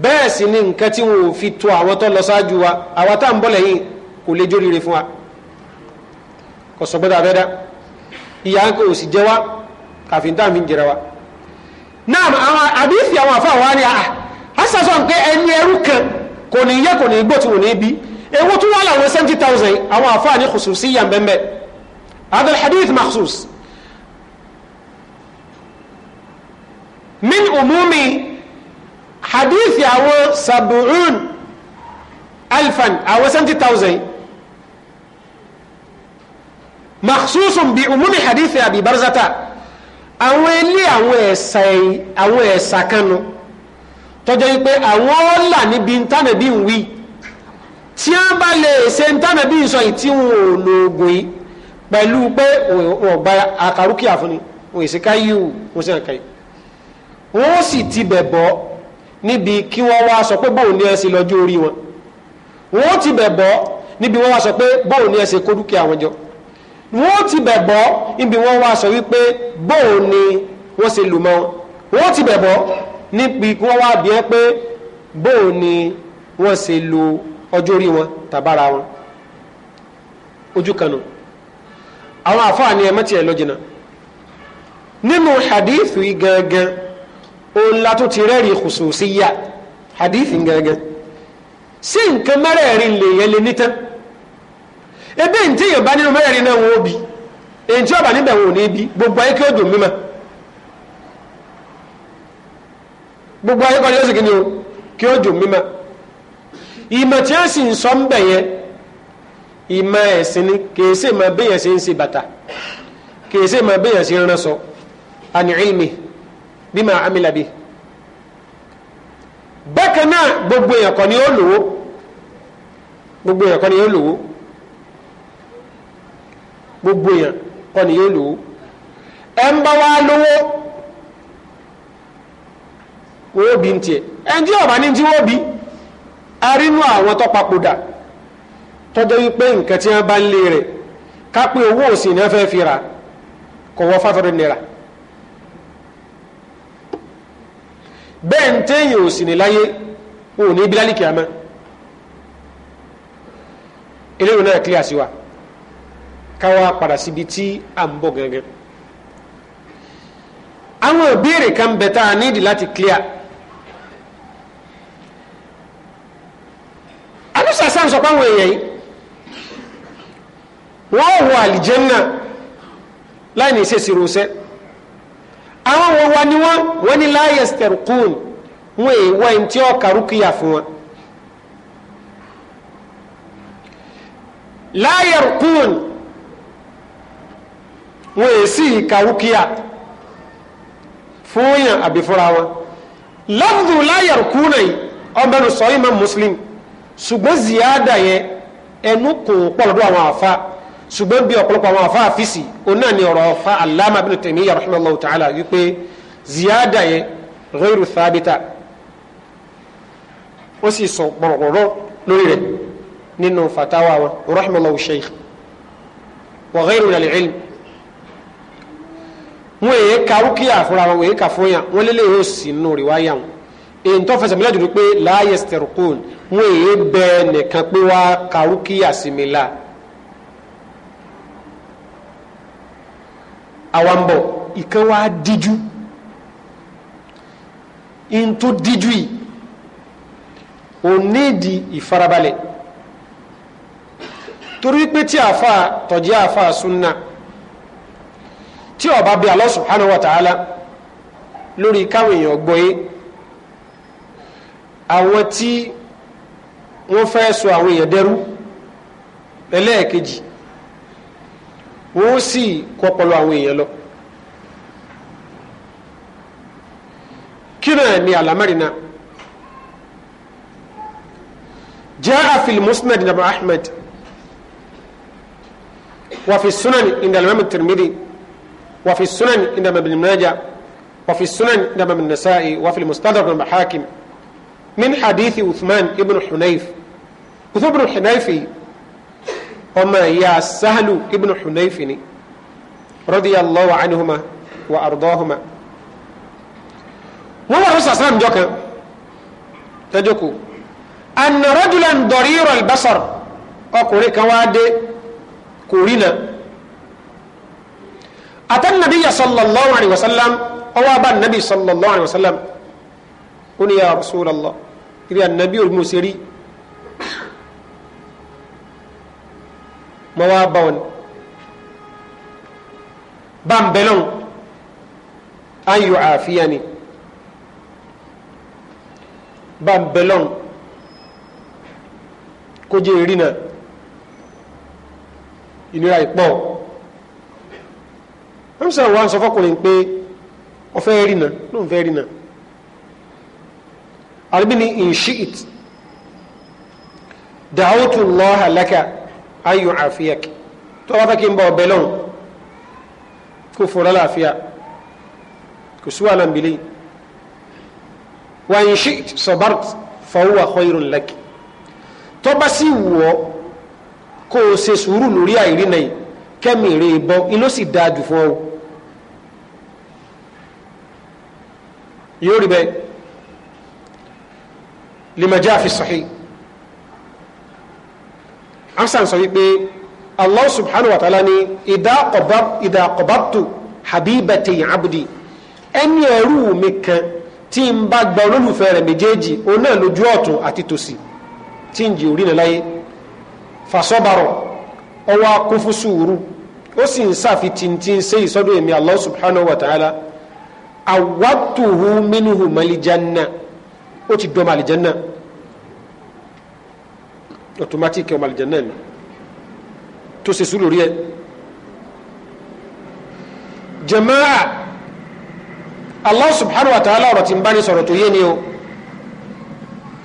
bẹ́ẹ̀ sì ni nǹkan tí wọn ò fi to àwọn tó lọ ṣáájú wa àwa tá à ń bọ̀ lẹ́yìn kò lè jóríire fún wa kò sọ gbọ́dọ̀ abẹ́dá ìyá ń kò sì jẹ́ wa kàfin tá à ń fi ń jẹrẹ wa. náà àwọn àbífi àwọn àfa wa ni ah, a sàṣọ nǹkan ẹni ẹrú kan kò ní yẹ kò ní gbó tí wọn ní bí ewu tó wà láwọn seventy thousand àwọn àfa ni khususiyyan bẹ́ẹ̀ هذا الحديث مخصوص من أمومي hadithi àwọn sabuun alfan àwọn seventy thousand makhsusun bi umumi hadithi abi barzata àwọn ilé àwọn ẹ̀sà àwọn ẹ̀sà kanu tọ́jọ́ yìí pé àwọn ọ̀là níbi ntánàbí ń wí tí wọ́n bá lè ṣe ntánàbí ń sọ yìí tí wọ́n ò lo oògùn yìí pẹ̀lú gba àkàrúkì àfúnni wọ́n èsì káyù wọ́n sì hàn káyù ti bẹ̀ níbi kí wọ́n wá sọ pé bóun ní ẹsẹ̀ lọ́jọ́ orí wọn wọ́n ti bẹ̀ bọ́ níbi wọ́n wá sọ pé bóun ní ẹsẹ̀ kó dúkìá wọn jọ wọ́n ti bẹ̀ bọ́ níbi wọ́n wá sọ wípé bóun ni wọ́n ṣe lù mọ́ wọn wọ́n ti bẹ̀ bọ́ níbi kí wọ́n wá bí ẹ pé bóun ni wọ́n ṣe lu ọjọ́ orí wọn tàbára wọn ojú kanu àwọn àfáà ni ẹ mọ́tì ẹ̀ lọ́jìnà nínú hadithu yìí òun la tó ti rẹ́rìí khususiyya hadithi gẹ́gẹ́ sí nǹkan mẹ́rẹ̀ẹ̀rin lè yẹn lè nítán ebe n tí yẹn bá nínú mẹ́rẹ̀ẹ̀rin náà wọn ó bi èyí tí ọba níbẹ̀ wọn ò ní bi gbogbo ayé kí ó dùn mímọ́ gbogbo ayé kọjá sí kí ni o kí ó dùn mímọ́ ìmọ̀ tí ó sì ń sọ ń bẹ̀ yẹn ìmọ̀ ẹ̀sìn ni kèése mọ̀ béèyàn ṣe ń ṣe bàtà kèése mọ̀ béèyàn ṣe ń rán sọ àní ilmi bima amila bi bákan náà gbogbo èèyàn kan ni ó lówó gbogbo èèyàn kan ni ó lówó gbogbo èèyàn kan ni ó lówó ẹ ń bá wa lówó owó bí ń tiẹ̀ ẹ ń tí ọ̀bá ní tí wọ́n bí arínú àwọn tó papòdà tọ́jọ́ wípé nǹkan tí wọ́n bá ń lé rẹ̀ ká pé owó òsì ní wọ́n fẹ́ fi rà kọ̀wọ́ five hundred naira. bẹ́ẹ̀ ń tẹ́yìn ò sì ní láyé ò ní bí lálìkì àmọ́ eléyìí náà kílíà sí wa káwa padà síbi tí à ń bọ̀ gẹ́gẹ́ àwọn ìbéèrè kan bẹ̀ tá láti kílíà alúsà ń sọ páwọn èèyàn yìí wọ́n wọ àlìjẹ́ náà láì ní ìṣesìrò sẹ́ẹ́ àwọn wọn wá ní wọn wọn ní láyé stẹrukún wọn èè wọ ẹni tí ó kàrúkìyà fún wọn. láyé rukún wọn èè sì kàrúkìyà fún yàn àbí fúnra wọn. lọ́dún láyé rukún náà ọbẹ̀rù sọ ìmọ̀ muslim ṣùgbọ́n ziyada yẹn ẹnu kò pọ̀lọ́dọ̀ àwọn àfa ṣùgbọ́n bí ọ̀pọ̀lọpọ̀ àwọn àfa àfíìsì òun náà ni ọ̀rọ̀ fa Allama ibn Taymiyyah rahimahullahu ta'ala wípé ziyada yẹn ghayru thabita ó sì sọ gbọ̀rọ̀gbọ̀rọ̀ lórí rẹ̀ nínú fatawa wọn rahimahullahu sheikh wa ghayru nàlẹ́ ilm wọn èyí ka rúkìá fúnra wọn èyí ka fún yà wọn lélẹ̀ yóò sì nù rí wáyà wọn èyí tó fẹsẹ̀ mílẹ̀ dùdú pé la yastarqun wọn èyí bẹ́ẹ̀ nìkan pé wá ka rúkìá sí mi láà àwa ń bọ̀ ìkan wá díjú in tó díjú yìí ò nídìí ìfarabalẹ̀ torí pé tí àfa tọ̀jẹ́ àfa súnà tí ọba bí Allah subhanahu lórí káwọn èèyàn gbọ́yé àwọn tí wọ́n fẹ́ sọ àwọn èèyàn dẹ́rú ẹlẹ́ẹ̀kejì. wọ́n sì kọ́pọ̀lọ́ àwọn èèyàn lọ. kí náà ni àlámẹ́rin náà جاء في المسند نبع أحمد وفي السنن عند الإمام الترمذي وفي السنن عند ابن ماجه وفي السنن عند ابن النسائي وفي المستدرك بن حاكم من حديث عثمان بن حنيف عثمان بن حنيف ọmọ ìyá sahlu ibn hunayfi ni radiyallahu anhuma wa ardahuma wọ́n wà lọ́sọ̀ sàlám jọ kan tẹ́jọ́ kù anna rajulan darir al-basar ọkùnrin kan wá dé kò rí na atan nabiyya sallallahu alaihi wasallam ọwọ́ bá nabi sallallahu alaihi wasallam ó ní ya rasulallah ìrìn ànàbí olùmọ̀sẹ̀rí mọ wá bá wọn bá ń bẹlọ́n ayò àfíà ni bá ń bẹlọ́n kó jẹ́ ìrìnà ìnira ìpọ̀ wọ́n sọ wọ́n sọ fọ́kùnrin pé ọfẹ́ rìnà ló ń fẹ́ rìnà in shi'it da'awtu Allah laka ayò àfiyàkì tó bá fẹ́ kí n bọ̀ ọbẹ̀ lọ́hùn kó fún lálàáfíà kò sí wàhálà nbílẹ wà ń ṣe sọbart fọwọ́ khairun lak tó bá sì wù ọ́ kó o ṣe sùúrù lórí àìrí náà kẹ́mi rè é bọ́ iná sì afsan sọ wípé allah subhanahu wa ta'ala ni ìdàkọ̀bàtù habibati abdi ẹni ẹrú mi kan tí n bá gba olólùfẹ́ rẹ̀ méjèèjì òun náà lójú ọ̀tún àti tòsì tí n jì orí nà láyé fàṣọ́bàrọ̀ ọwọ́ akún fún sùúrù ó sì ń sàfi tìǹtìǹ sí ìsọ́dọ̀ èmi allah subhanahu wa ta'ala awatuhu minhu malijanna ó ti dọ́mọ àlìjanna automatic ọmọ àlìjẹ̀nà ni tó ṣe sùúrù rí Allah subhanahu wa ta'ala ọ̀rọ̀ tí ń bá ní sọ̀rọ̀ yé ni o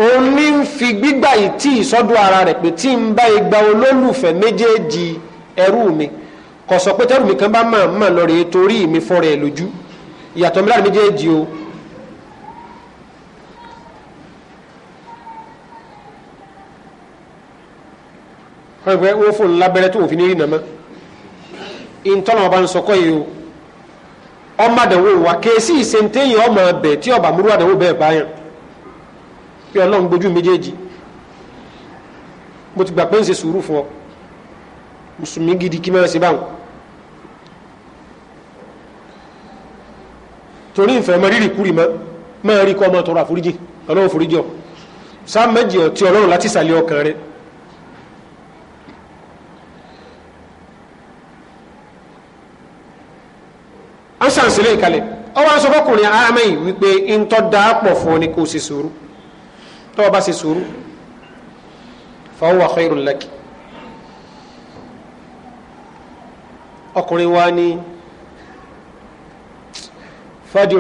òun ní ń fi gbígbà yìí tí ìsọ́dọ̀ ara rẹ̀ pé tí ń bá igba e olólùfẹ́ méjèèjì ẹrú mi kò sọ pé tẹ́rù mi kan bá máa ń máa torí mi fọ́ lójú ìyàtọ̀ mi láti méjèèjì o wọ́n fẹ́ wọ́n fún lábẹ́rẹ́ tó òfin ní ìrìnà mọ́ ìtọ́nà ọba ń sọkọ́ yìí o ọmọ àdánwò wa kèésì ìsèǹtéyìn ọmọ ọbẹ̀ tí ọba múrú àdánwò bẹ́ẹ̀ báyàn pé ọlọ́run gbójú méjèèjì mo ti gbà pé ń ṣe sùúrù fún ọ mùsùlùmí gidi kí máa ṣe báwọn torí ìfẹ́ mọ rírì kúrì mọ́ máa kọ́ ọmọ tọrọ àforíjì ọlọ́run foríjì ọ sáà méjì ọtí ọlọ́run láti sàlẹ̀ ọkàn rẹ̀ sànsílẹ̀ ìkalẹ̀ ọwọ́ aṣọ fọkùnrin aramẹ́yìn wípé ntọ́ dáa pọ̀ fún ọ ni kò ṣe sùúrù tó o bá ṣe sùúrù fọwọ́ khairun laki ọkùnrin wa ni fọ́jú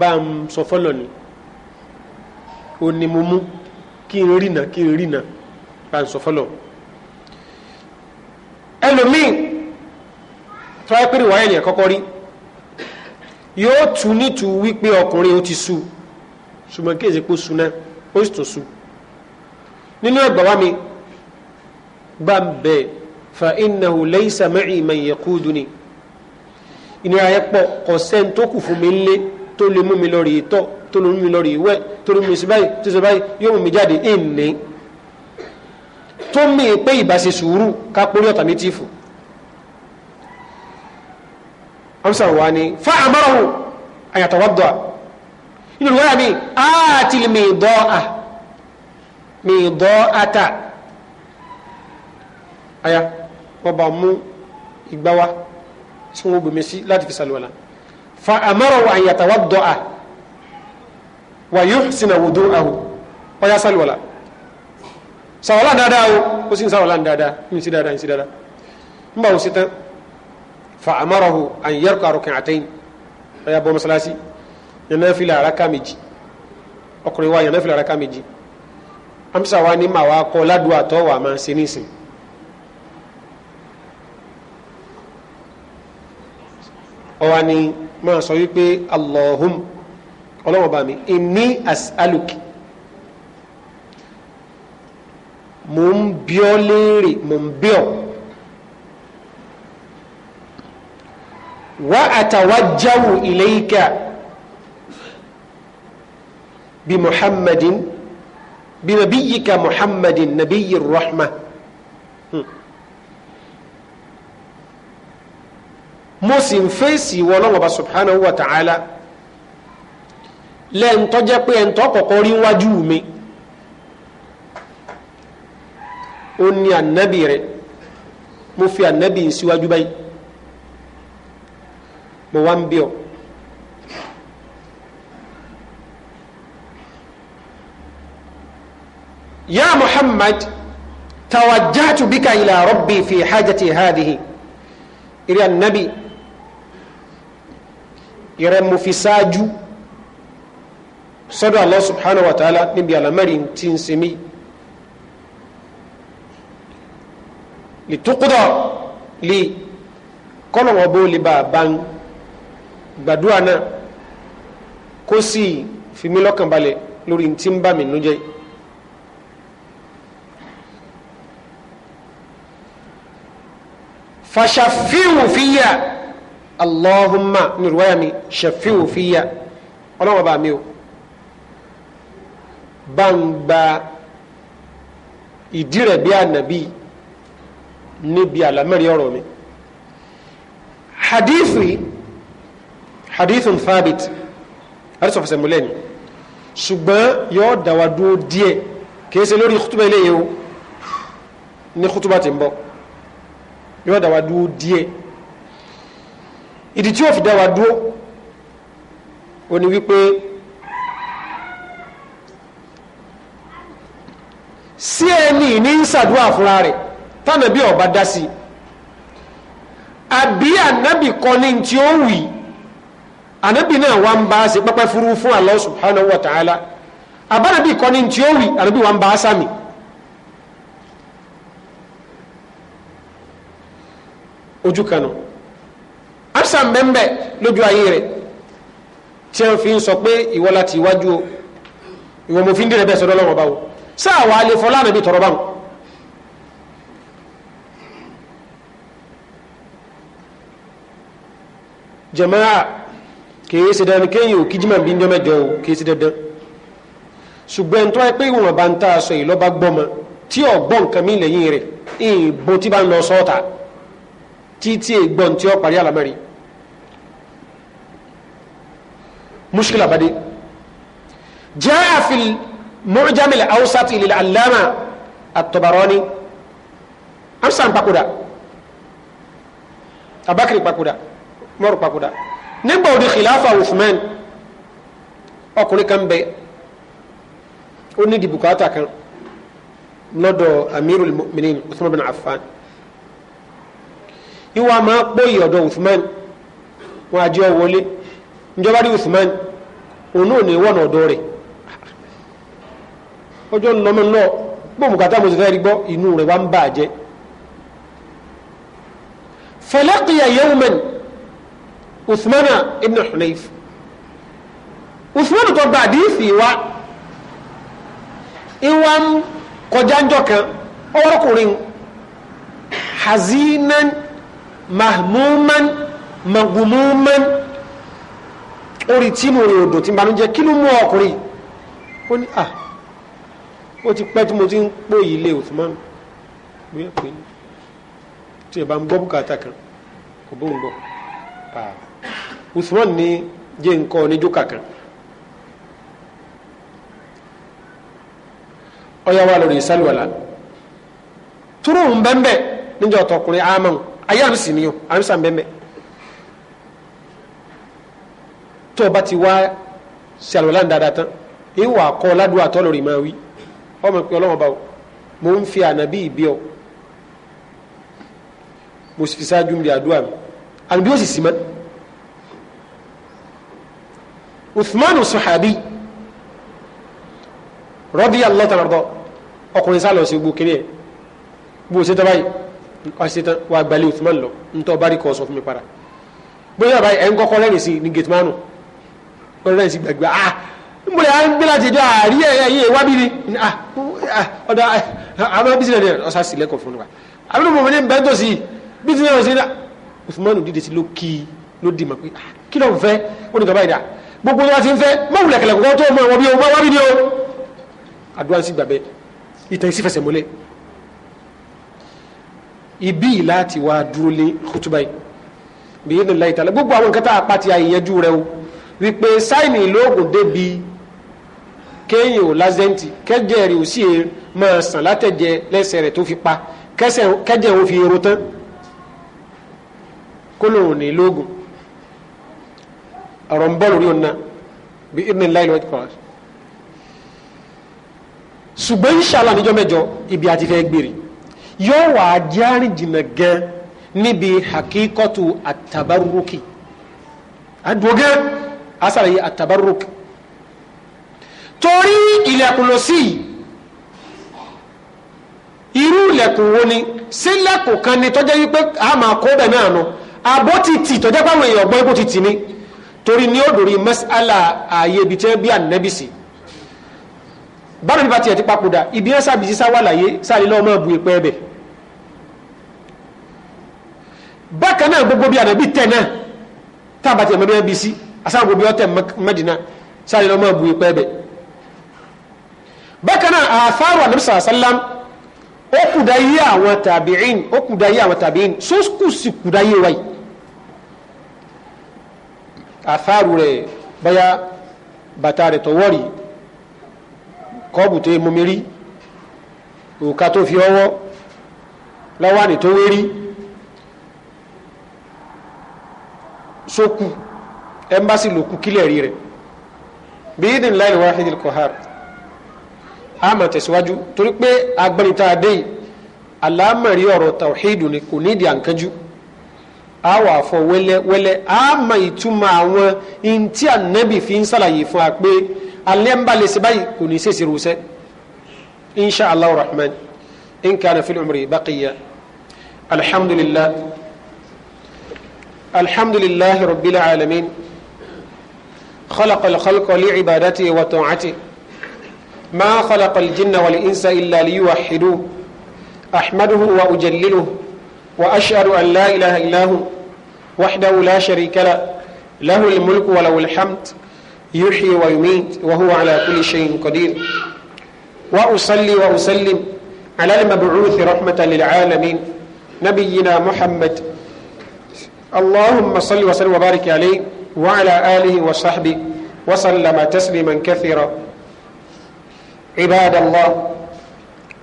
bá ń sọ fọ́lọ̀ ni ó ní mo mú kí n rìnà kí n rìnà bá ń sọ fọ́lọ̀ ẹlòmí tó ẹ́ pèrè wáyé yẹn kọ́kọ́ rí yóò tu nítu wípé ọkùnrin ó ti su ṣùgbọ́n kí èsì pò su náà ó sì tún su nínú ẹgbà wa mi bá ń bẹ fa innahu laysa ma'i man yaquduni ìnira yẹn pọ̀ kò sẹ́ni tó kù fún mi ńlé tó lè mú mi lọ rí tọ́ tó lè mú mi lọ rí wẹ́ tó lè mú mi sí báyìí tó sọ báyìí yóò mú mi jáde ìní tó mí pé ìbáṣe sùúrù ká pórí ọ̀tà amsa wa ni fa amarahu an yatawadda inu riwaya mi atil midaa midaata aya wọ́n bá mú ìgbá wa tí wọ́n bomi sí láti fi sàlùwàlà fa amarahu an yatawadda wa yuhsina wudu'ahu wa ya sàlùwàlà sàwàlà dáadáa o ó sì ń sàwàlà dáadáa ń sí dáadáa ń sí dáadáa ń bá wọn sí tán فأمره أن يركع ركعتين يا أبو مسلاسي ينافل ركع مجي ọkùnrin wa yàn mẹ́fìlà raka méjì amsa wa ni màá wa kọ́ ládùúgbò àtọ́ wa máa ṣe nísìn. ọwa ni máa sọ allahum ọlọ́mọba mi inni as'aluk mò ń bí ọ léèrè mò wa atawajjahu ilayka bi muhammadin bi nabiyyika muhammadin nabiyyir rahma hmm. mo sì ń fèsì ìwọ ọlọ́wọ́ bá subhanahu wa ta'ala lẹ́ǹtọ́ jẹ́ pé ẹ̀ǹtọ́ kọ̀kọ́ rí wájú mi ó ní ànábì rẹ̀ mo fi ànábì síwájú báyìí mo wá ń bí ọ. يا محمد توجهت بك إلى ربي في حاجتي هذه إلى النبي يرم في ساجو صدى الله سبحانه وتعالى نبي على مرين تنسمي لتقضى لي قلوا بولي بابان gbàdúrà náà kó sì fi mí lọ́kàn balẹ̀ lórí ntí ń bà mí nú jẹ́ fashafiu fiya allahumma nírúwáyà mi shafiu fiya ọlọ́wọ́ bá mi o bá ń gba ìdí rẹ̀ bí ànàbí níbi àlámẹ́rin ọ̀rọ̀ mi hadithi. Hadith thabit hadith of semuleni. ṣùgbọ́n yóò dáwà dúró díẹ̀ kìí ṣe lórí kútùbà ilé yìí o ní kútùbà tí ń bọ̀ yóò dáwà dúró díẹ̀ ìdí tí yóò fi dáwà dúró ó ní wípé sí ẹni ní ń ṣàdúrà rẹ̀ tánàbí ọba dá sí àbí ànábì kọ́ni tí ó wì anabi náà wà ń bá a ṣe pẹ́pẹ́ furu fún Allah subhanahu wa ta'ala abánabi kọ́ni tí ó wì anabi wà ń bá a sàmì. ojú kanu asa mbẹ́mbẹ́ lójú ayé rẹ̀ tí wọ́n fi ń sọ pé ìwọ láti iwájú o ìwọ mo fi ń dìrẹ̀ bẹ́ẹ̀ sọ́dọ́ lọ́wọ́ báwo sáà wà á lè fọlá anabi tọrọ báwọn. jama'a kìí ṣe dandan kéyìn ò kíjìmọ̀ bí ndọ́ mẹ́jọ o kìí ṣe dandan ṣùgbọ́n tó wáyé pé ìwọ̀n bá ń tà sọ yìí lọ́ba gbọ́mọ tí ò gbọ́ nǹkan mi lẹ́yìn rẹ̀ ìbò tí bá ń lọ sọ́ọ̀tà títí ìgbọ́n tí ó parí àlámẹ́rin mushkila bade jaa fil mu'jam al awsat lil allama at-tabarani amsan pakuda abakri pakuda mor pakuda nígbà òde khilafa Uthman ọkùnrin kan bẹ ó ní di bùkátà kan lọ́dọ̀ amirul mu'minin Uthman bin Affan ìwà máa pòyì ọ̀dọ̀ Uthman wọn àjọ wọlé ìjọba rí Uthman òun náà ní wọ́n ọ̀dọ̀ rẹ̀ ọjọ́ lọ́mọ náà bó bùkátà mo ti fẹ́ rí gbọ́ inú rẹ̀ wá ń bà jẹ́ falaqiya yawman usmana ibn hunayf usmanu tó gba àdìsí wa ìwà ń kọjá ń jọ kan ọrọkùnrin hazinan mahmuman magumuman ori tí mo rè odò tí n banújẹ́ kí ló mú ọkùnrin ó ní à ah, ó ti pẹ́ tí mo ti ń pò yìí lé usmanu bóyá pé tí ẹ bá ń gbọ́ bùkátà kan kò bóun gbọ́ pààlà. usman ní jẹ́ nǹkan ní jókà kan lórí ìsálùwàlà turu ń bẹ́ńbẹ́ níjọ́ ọ̀tọ̀kùnrin àmọ́ ayé ni o àmísà ń bẹ́ńbẹ́ tó o bá ti wá sàlùwàlà ń dáadáa tán ìwà kọ́ ládùúgbò àtọ́ lórí máa wí ọmọ ìpè ọlọ́wọ́n bá o mo ń fi ànàbí ìbí ọ mo sì fi ṣáájú ń bi àdúrà mi ànàbí ó sì sí mọ́. Uthmanu sahabi radiyallahu ta'ala anhu ọkùnrin sá lọ sí gbogbo kiri ẹ̀ bó o ṣe tán báyìí ọ̀ṣẹ̀ tán wà gbalẹ̀ Uthman lọ ntọ́ bá rí kọ́ sọ fún mi para bóyá báyìí ẹ̀ ń kọ́kọ́ lẹ́yìn sí ní gẹ̀tìmánu wọ́n lẹ́yìn sí gbàgbé ah n bọ̀dọ̀ à ń gbé láti ẹjọ́ àárí ẹ̀ yé wá bí ni ah, ah, ọ̀dà ah, àwọn bísí náà ọ̀sà sì lẹ́kọ̀ọ́ fún wa àbúrò gbogbo wa ti ń fẹ́ mọ̀wùlẹ̀ kẹlẹ̀ kọ́kọ́ tó mọ̀ wọ́n bí o wọ́n wá bí ni o àdúrà sí gbàgbẹ́ ìtàn yìí sì fẹsẹ̀ múlẹ̀ ibi láti wá dúró lé kútúbà yìí bí yìí nílá ìtàlẹ̀ gbogbo àwọn nǹkan tá a pàtì àyẹ̀yẹ́jú rẹ o wípé sáìnì ìlóògùn débi kéèyàn ò lásẹ̀ǹtì kẹ́jẹ́ rẹ̀ ò sì máa sàn látẹ̀jẹ́ lẹ́sẹ̀ rẹ̀ tó fi pa kẹ́jẹ́ òun fi èrò tán kó ní ìlóògùn ọ̀rọ̀ ń bọ̀ lórí ọ̀nà bí irin láì lọ́wọ́ kọ́ ṣùgbọ́n inshallah níjọ́ mẹ́jọ ibi àti fẹ́ gbèrè yóò wà á jẹ́ àrìn jìnnà gan níbi hakíkọ́tù àtàbárúkì àdúgbò asàlàyé àtàbárúkì torí ilẹ̀kùn lọ sí irú ilẹ̀kùn wo ni sílẹ̀kùn kan ni tọ́jẹ́ wípé a máa kó bẹ̀ náà nù abó ti tì tọ́jẹ́ pàwọn èèyàn ọgbọ́n ibò ti torí ní òdòrí mẹ́sàlá ààyè ibi tẹ́ bí ànẹ́bìsì bára nípa tiẹ̀ ti papòdà ibi ẹ́ sábìsí sáwà láyé sáàlì lọ́wọ́ mọ́ bu ìpẹ́ ẹbẹ̀ bákan náà gbogbo bí ànẹ́bì tẹ̀ náà tábà tiẹ̀ mẹ́bẹ́ bí sí asáwọn gbogbo ọ̀tẹ̀ mẹ́dínà sáàlì lọ́wọ́ mọ́ bu ìpẹ́ ẹbẹ̀ bákan náà àfáàrù ànẹ́bì sàlám ó kùdà yé àwọn tàbíìn ó àfáàrù rẹ̀ bóyá bàtà rẹ̀ tọwọ́ rí kọ́ọ̀bù tó mumi rí òkà tó fi ọwọ́ láwàní tó wérí sókù ẹmbásí lòkù kílẹ̀ rí rẹ̀ bíyìn láì wá hìdìl kọ̀hár a máa tẹ̀síwájú torí pé agbẹ́nita adéyì aláàmọ̀rí ọ̀rọ̀ tàwíìdù ni kò nídìí àǹkanjú a wà fọ wẹ́lẹ́wẹ́lẹ́ a mọ ìtumọ̀ àwọn ntí ànábì fi ń sàlàyé fún wa pé alẹ́ ń bá lè ṣe báyìí kò ní í ṣèṣe rúṣẹ́ insha allah rahman in kana fil umri baqiya alhamdulillah alhamdulillah rabbil alamin khalaqa al-khalqa li'ibadatihi wa ta'atihi ma khalaqa jinna wal-insa illa liyuwahhiduhu ahmaduhu wa ujalliluhu. وأشهد أن لا إله إلا هو وحده لا شريك له له الملك وله الحمد يحيي ويميت وهو على كل شيء قدير وأصلي وأسلم على المبعوث رحمة للعالمين نبينا محمد اللهم صل وسلم وبارك عليه وعلى آله وصحبه وسلم تسليما كثيرا عباد الله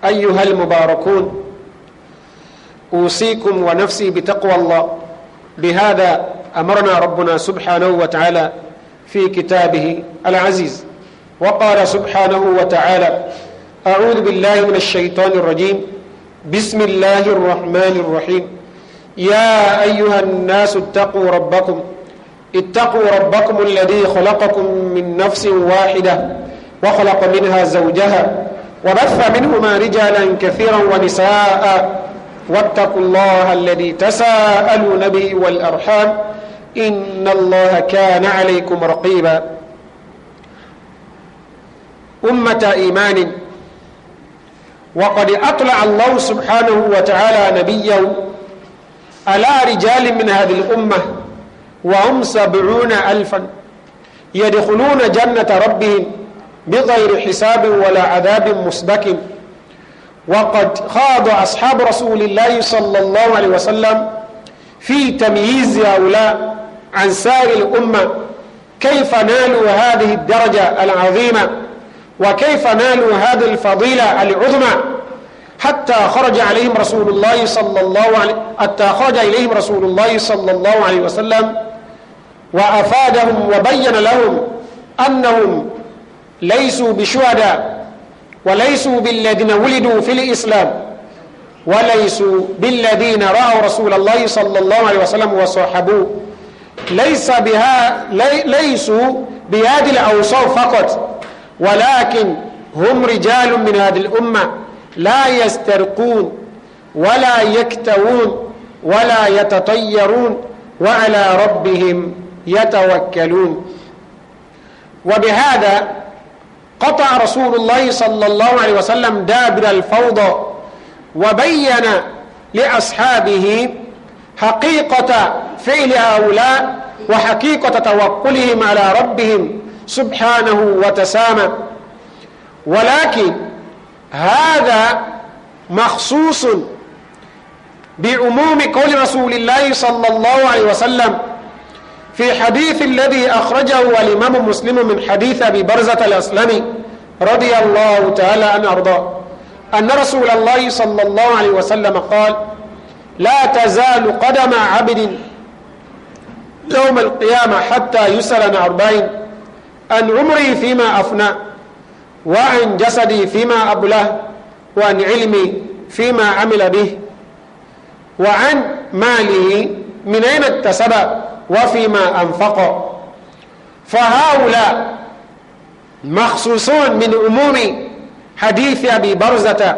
أيها المباركون أوصيكم ونفسي بتقوى الله بهذا أمرنا ربنا سبحانه وتعالى في كتابه العزيز وقال سبحانه وتعالى أعوذ بالله من الشيطان الرجيم بسم الله الرحمن الرحيم يا أيها الناس اتقوا ربكم اتقوا ربكم الذي خلقكم من نفس واحدة وخلق منها زوجها وبث منهما رجالا كثيرا ونساء واتقوا الله الذي تساءلون به والأرحام إن الله كان عليكم رقيبا أمة إيمان وقد أطلع الله سبحانه وتعالى نبيه على رجال من هذه الأمة وهم سبعون ألفا يدخلون جنة ربهم بغير حساب ولا عذاب مسبك وقد خاض أصحاب رسول الله صلى الله عليه وسلم في تمييز هؤلاء عن سائر الأمة كيف نالوا هذه الدرجة العظيمة وكيف نالوا هذه الفضيلة العظمى حتى خرج عليهم رسول الله صلى الله عليه حتى خرج إليهم رسول الله صلى الله عليه وسلم وأفادهم وبين لهم أنهم ليسوا بشهداء وليسوا بالذين ولدوا في الإسلام وليسوا بالذين رأوا رسول الله صلى الله عليه وسلم وصحبوه ليس بها لي ليسوا بهذه الأوصاف فقط ولكن هم رجال من هذه الأمة لا يسترقون ولا يكتوون ولا يتطيرون وعلى ربهم يتوكلون وبهذا قطع رسول الله صلى الله عليه وسلم دابر الفوضى وبين لأصحابه حقيقة فعل هؤلاء وحقيقة توكلهم على ربهم سبحانه وتسامى ولكن هذا مخصوص بعموم قول رسول الله صلى الله عليه وسلم في حديث الذي أخرجه الإمام مسلم من حديث أبي برزة الأسلمي رضي الله تعالى عنه أرضاه أن رسول الله صلى الله عليه وسلم قال لا تزال قدم عبد يوم القيامة حتى يسأل عن أربعين عن عمري فيما أفنى وعن جسدي فيما أبله وعن علمي فيما عمل به وعن ماله من أين اكتسبه وفيما أنفق فهؤلاء مخصوصون من أمور حديث أبي برزة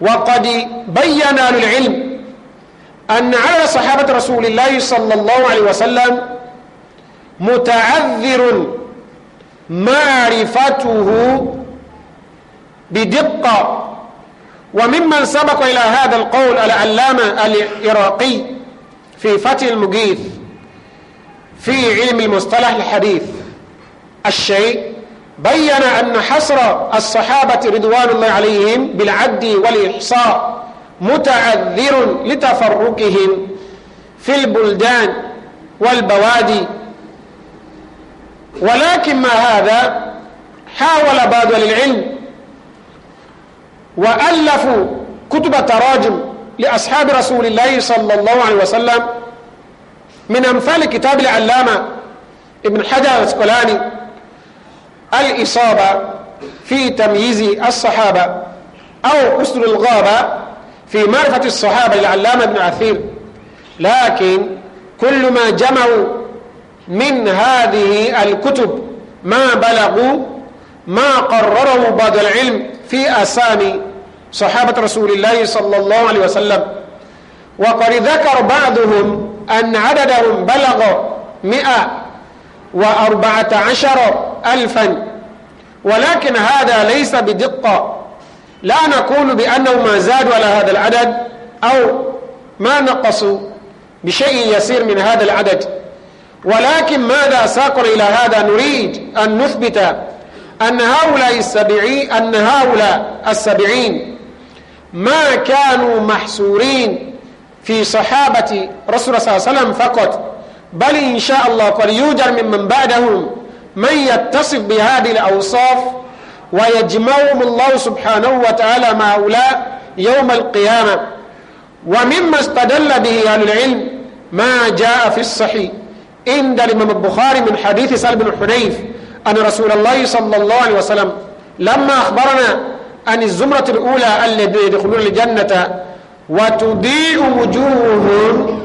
وقد بين للعلم أن على صحابة رسول الله صلى الله عليه وسلم متعذر معرفته بدقة وممن سبق إلى هذا القول العلامة العراقي في فتح المجيث في علم المصطلح الحديث الشيء بين أن حصر الصحابة رضوان الله عليهم بالعد والإحصاء متعذر لتفرقهم في البلدان والبوادي ولكن ما هذا حاول بعض العلم وألفوا كتب تراجم لأصحاب رسول الله صلى الله عليه وسلم من أمثال كتاب العلامة ابن حجر الأسقلاني الإصابة في تمييز الصحابة أو حسن الغابة في معرفة الصحابة للعلامة ابن عثير لكن كل ما جمعوا من هذه الكتب ما بلغوا ما قرره بعض العلم في أسامي صحابة رسول الله صلى الله عليه وسلم وقد ذكر بعضهم أن عددهم بلغ مئة وأربعة عشر ألفا ولكن هذا ليس بدقة لا نقول بأنه ما زادوا على هذا العدد أو ما نقصوا بشيء يسير من هذا العدد ولكن ماذا ساقنا إلى هذا نريد أن نثبت أن هؤلاء السبعين أن هؤلاء السبعين ما كانوا محصورين في صحابة رسول صلى الله عليه وسلم فقط بل إن شاء الله قد يوجد ممن بعدهم من يتصف بهذه الأوصاف ويجمعهم الله سبحانه وتعالى مع هؤلاء يوم القيامة ومما استدل به أهل العلم ما جاء في الصحيح عند الإمام البخاري من حديث سهل بن حنيف أن رسول الله صلى الله عليه وسلم لما أخبرنا أن الزمرة الأولى الذين يدخلون الجنة وتضيء وجوههم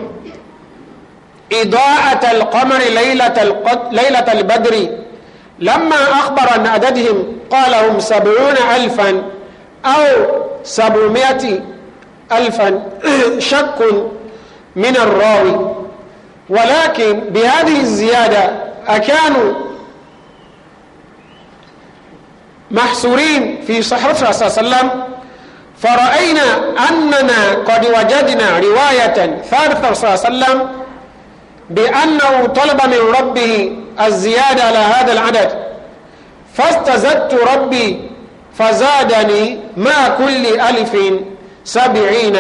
إضاءة القمر ليلة, القد... ليلة البدر لما أخبر أن عددهم قال هم سبعون ألفا أو سبعمائة ألفا شك من الراوي ولكن بهذه الزيادة أكانوا محصورين في صحرة صلى الله عليه وسلم فرأينا أننا قد وجدنا رواية ثالثة صلى الله عليه وسلم بأنه طلب من ربه الزيادة على هذا العدد فاستزدت ربي فزادني مع كل ألف سبعين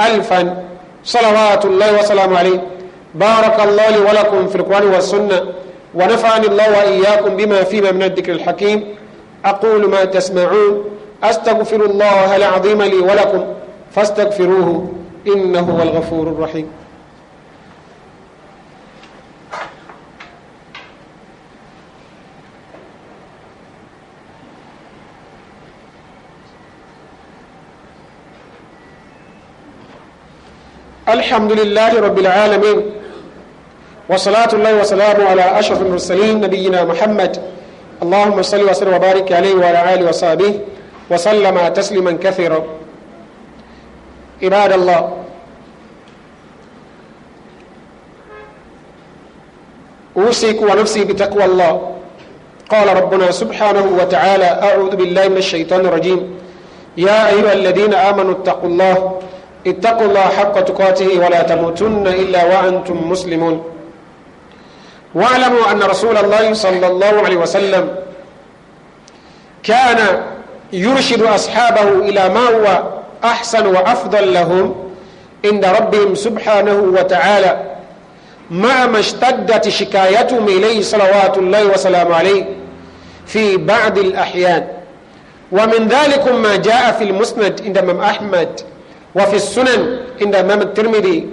ألفا صلوات الله وسلامه عليه بارك الله لي ولكم في القرآن والسنة ونفعني الله وإياكم بما فيما من الذكر الحكيم أقول ما تسمعون أستغفر الله العظيم لي ولكم فاستغفروه إنه هو الغفور الرحيم الحمد لله رب العالمين وصلاة الله وسلامه على أشرف المرسلين نبينا محمد اللهم صل وسلم وبارك عليه وعلى آله وصحبه وسلم تسليما كثيرا عباد الله أوصيك ونفسي بتقوى الله قال ربنا سبحانه وتعالى أعوذ بالله من الشيطان الرجيم يا أيها الذين آمنوا اتقوا الله اتقوا الله حق تقاته ولا تموتن إلا وأنتم مسلمون واعلموا أن رسول الله صلى الله عليه وسلم كان يرشد أصحابه إلى ما هو أحسن وأفضل لهم عند ربهم سبحانه وتعالى مع ما اشتدت شكايتهم إليه صلوات الله وسلام عليه في بعض الأحيان ومن ذلك ما جاء في المسند عند امام احمد وفي السنن عند امام الترمذي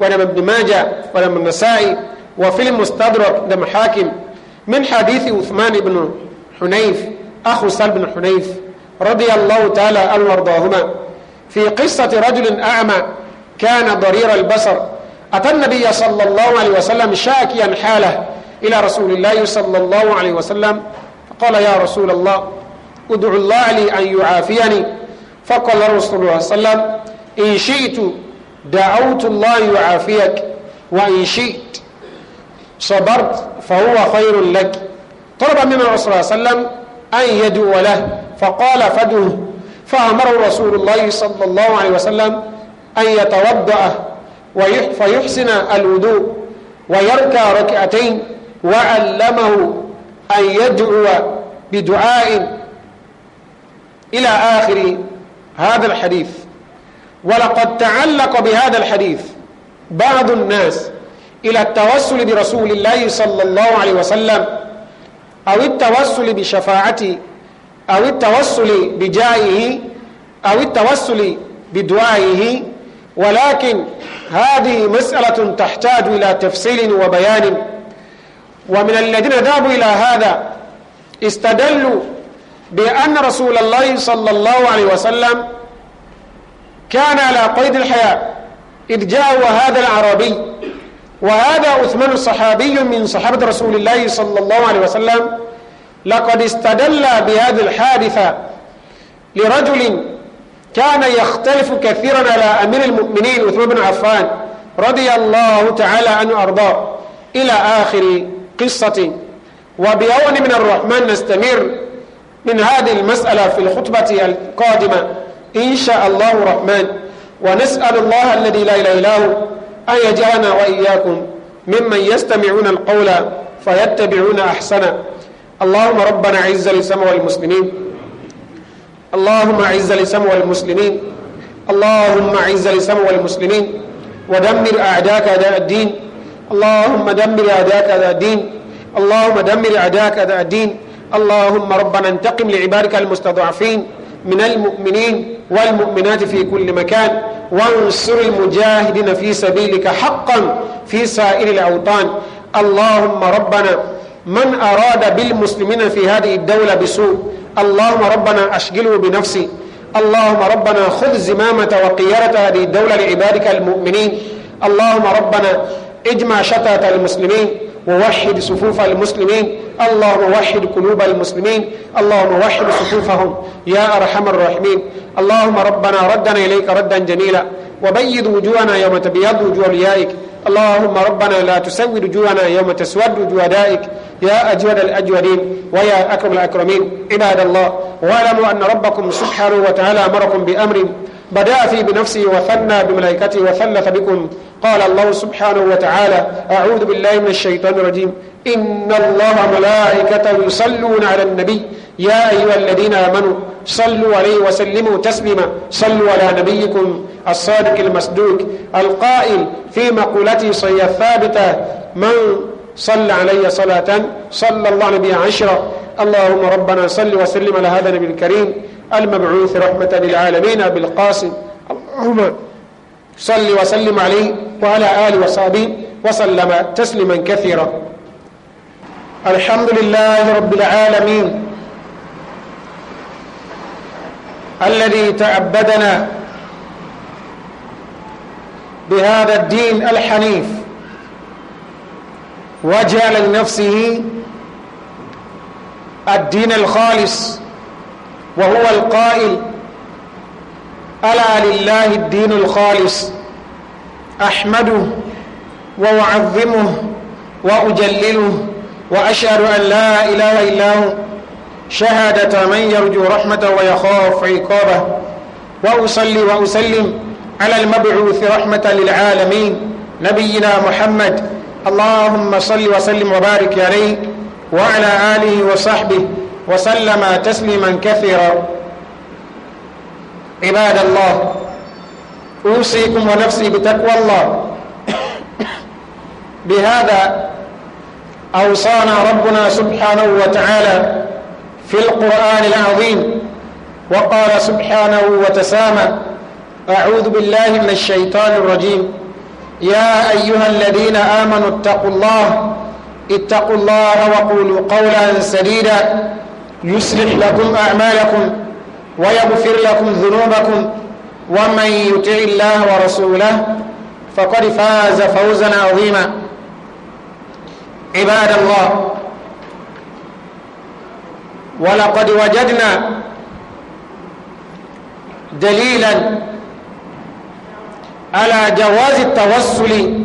وعند ابن ماجه وامام النسائي وفي المستدرك عند الحاكم من حديث عثمان بن حنيف اخو سال بن حنيف رضي الله تعالى عنه وارضاهما في قصة رجل أعمى كان ضرير البصر أتى النبي صلى الله عليه وسلم شاكيا حاله إلى رسول الله صلى الله عليه وسلم فقال يا رسول الله ادع الله لي أن يعافيني فقال رسول الله صلى الله عليه وسلم إن شئت دعوت الله يعافيك وإن شئت صبرت فهو خير لك طلب من الرسول صلى الله عليه وسلم أن يدعو له فقال فدعه فأمر رسول الله صلى الله عليه وسلم أن يتوضأ فيحسن الوضوء ويركع ركعتين وعلمه أن يدعو بدعاء إلى آخر هذا الحديث ولقد تعلق بهذا الحديث بعض الناس إلى التوسل برسول الله صلى الله عليه وسلم أو التوسل بشفاعته أو التوسل بجاهه أو التوسل بدعائه ولكن هذه مسألة تحتاج إلى تفصيل وبيان ومن الذين ذهبوا إلى هذا استدلوا بأن رسول الله صلى الله عليه وسلم كان على قيد الحياة إذ جاء هذا العربي وهذا عثمان صحابي من صحابة رسول الله صلى الله عليه وسلم لقد استدل بهذه الحادثة لرجل كان يختلف كثيرا على أمير المؤمنين عثمان بن عفان رضي الله تعالى عنه أرضاه إلى آخر قصة وبعون من الرحمن نستمر من هذه المسألة في الخطبة القادمة إن شاء الله الرحمن ونسأل الله الذي لا إله إلا هو أن يجعلنا وإياكم ممن يستمعون القول فيتبعون أحسنه اللهم ربنا عز الإسلام والمسلمين اللهم عز الإسلام والمسلمين اللهم عز الإسلام والمسلمين ودمر أعداءك أداء الدين اللهم دمر أعداءك أداء الدين اللهم دمر أعداءك أداء الدين اللهم ربنا انتقم لعبادك المستضعفين من المؤمنين والمؤمنات في كل مكان وانصر المجاهدين في سبيلك حقا في سائر الأوطان اللهم ربنا من أراد بالمسلمين في هذه الدولة بسوء اللهم ربنا أشغله بنفسي اللهم ربنا خذ زمامة وقيادة هذه الدولة لعبادك المؤمنين اللهم ربنا اجمع شتات المسلمين ووحد صفوف المسلمين اللهم وحد قلوب المسلمين اللهم وحد صفوفهم يا أرحم الراحمين اللهم ربنا ردنا إليك ردا جميلا وبيض وجوهنا يوم تبيض وجوه ليائك اللهم ربنا لا تسود وجوهنا يوم تسود وجوه دائك يا أجود الأجودين ويا أكرم الأكرمين عباد الله واعلموا أن ربكم سبحانه وتعالى أمركم بأمر بدأ في بنفسه وثنى بملائكته وثلث بكم قال الله سبحانه وتعالى أعوذ بالله من الشيطان الرجيم إن الله ملائكته يصلون على النبي يا أيها الذين آمنوا صلوا عليه وسلموا تسليما صلوا على نبيكم الصادق المصدوق القائل في مقولته صحية الثابتة من صلى علي صلاة صلى الله عليه بها عشرة اللهم ربنا صل وسلم على هذا النبي الكريم المبعوث رحمة للعالمين بالقاسم اللهم صل وسلم عليه وعلى آله وصحبه وسلم تسليما كثيرا الحمد لله رب العالمين الذي تعبدنا بهذا الدين الحنيف وجعل لنفسه الدين الخالص وهو القائل ألا لله الدين الخالص أحمده وأعظمه وأجلله وأشهد أن لا إله إلا هو شهادة من يرجو رحمته ويخاف عقابه وأصلي وأسلم على المبعوث رحمة للعالمين نبينا محمد اللهم صل وسلم وبارك عليه وعلى آله وصحبه وسلم تسليما كثيرا عباد الله أوصيكم ونفسي بتقوى الله بهذا أوصانا ربنا سبحانه وتعالى في القرآن العظيم وقال سبحانه وتسامى أعوذ بالله من الشيطان الرجيم يا أيها الذين آمنوا اتقوا الله اتقوا الله وقولوا قولا سديدا يصلح لكم أعمالكم ويغفر لكم ذنوبكم ومن يطع الله ورسوله فقد فاز فوزا عظيما عباد الله ولقد وجدنا دليلا على جواز التوسل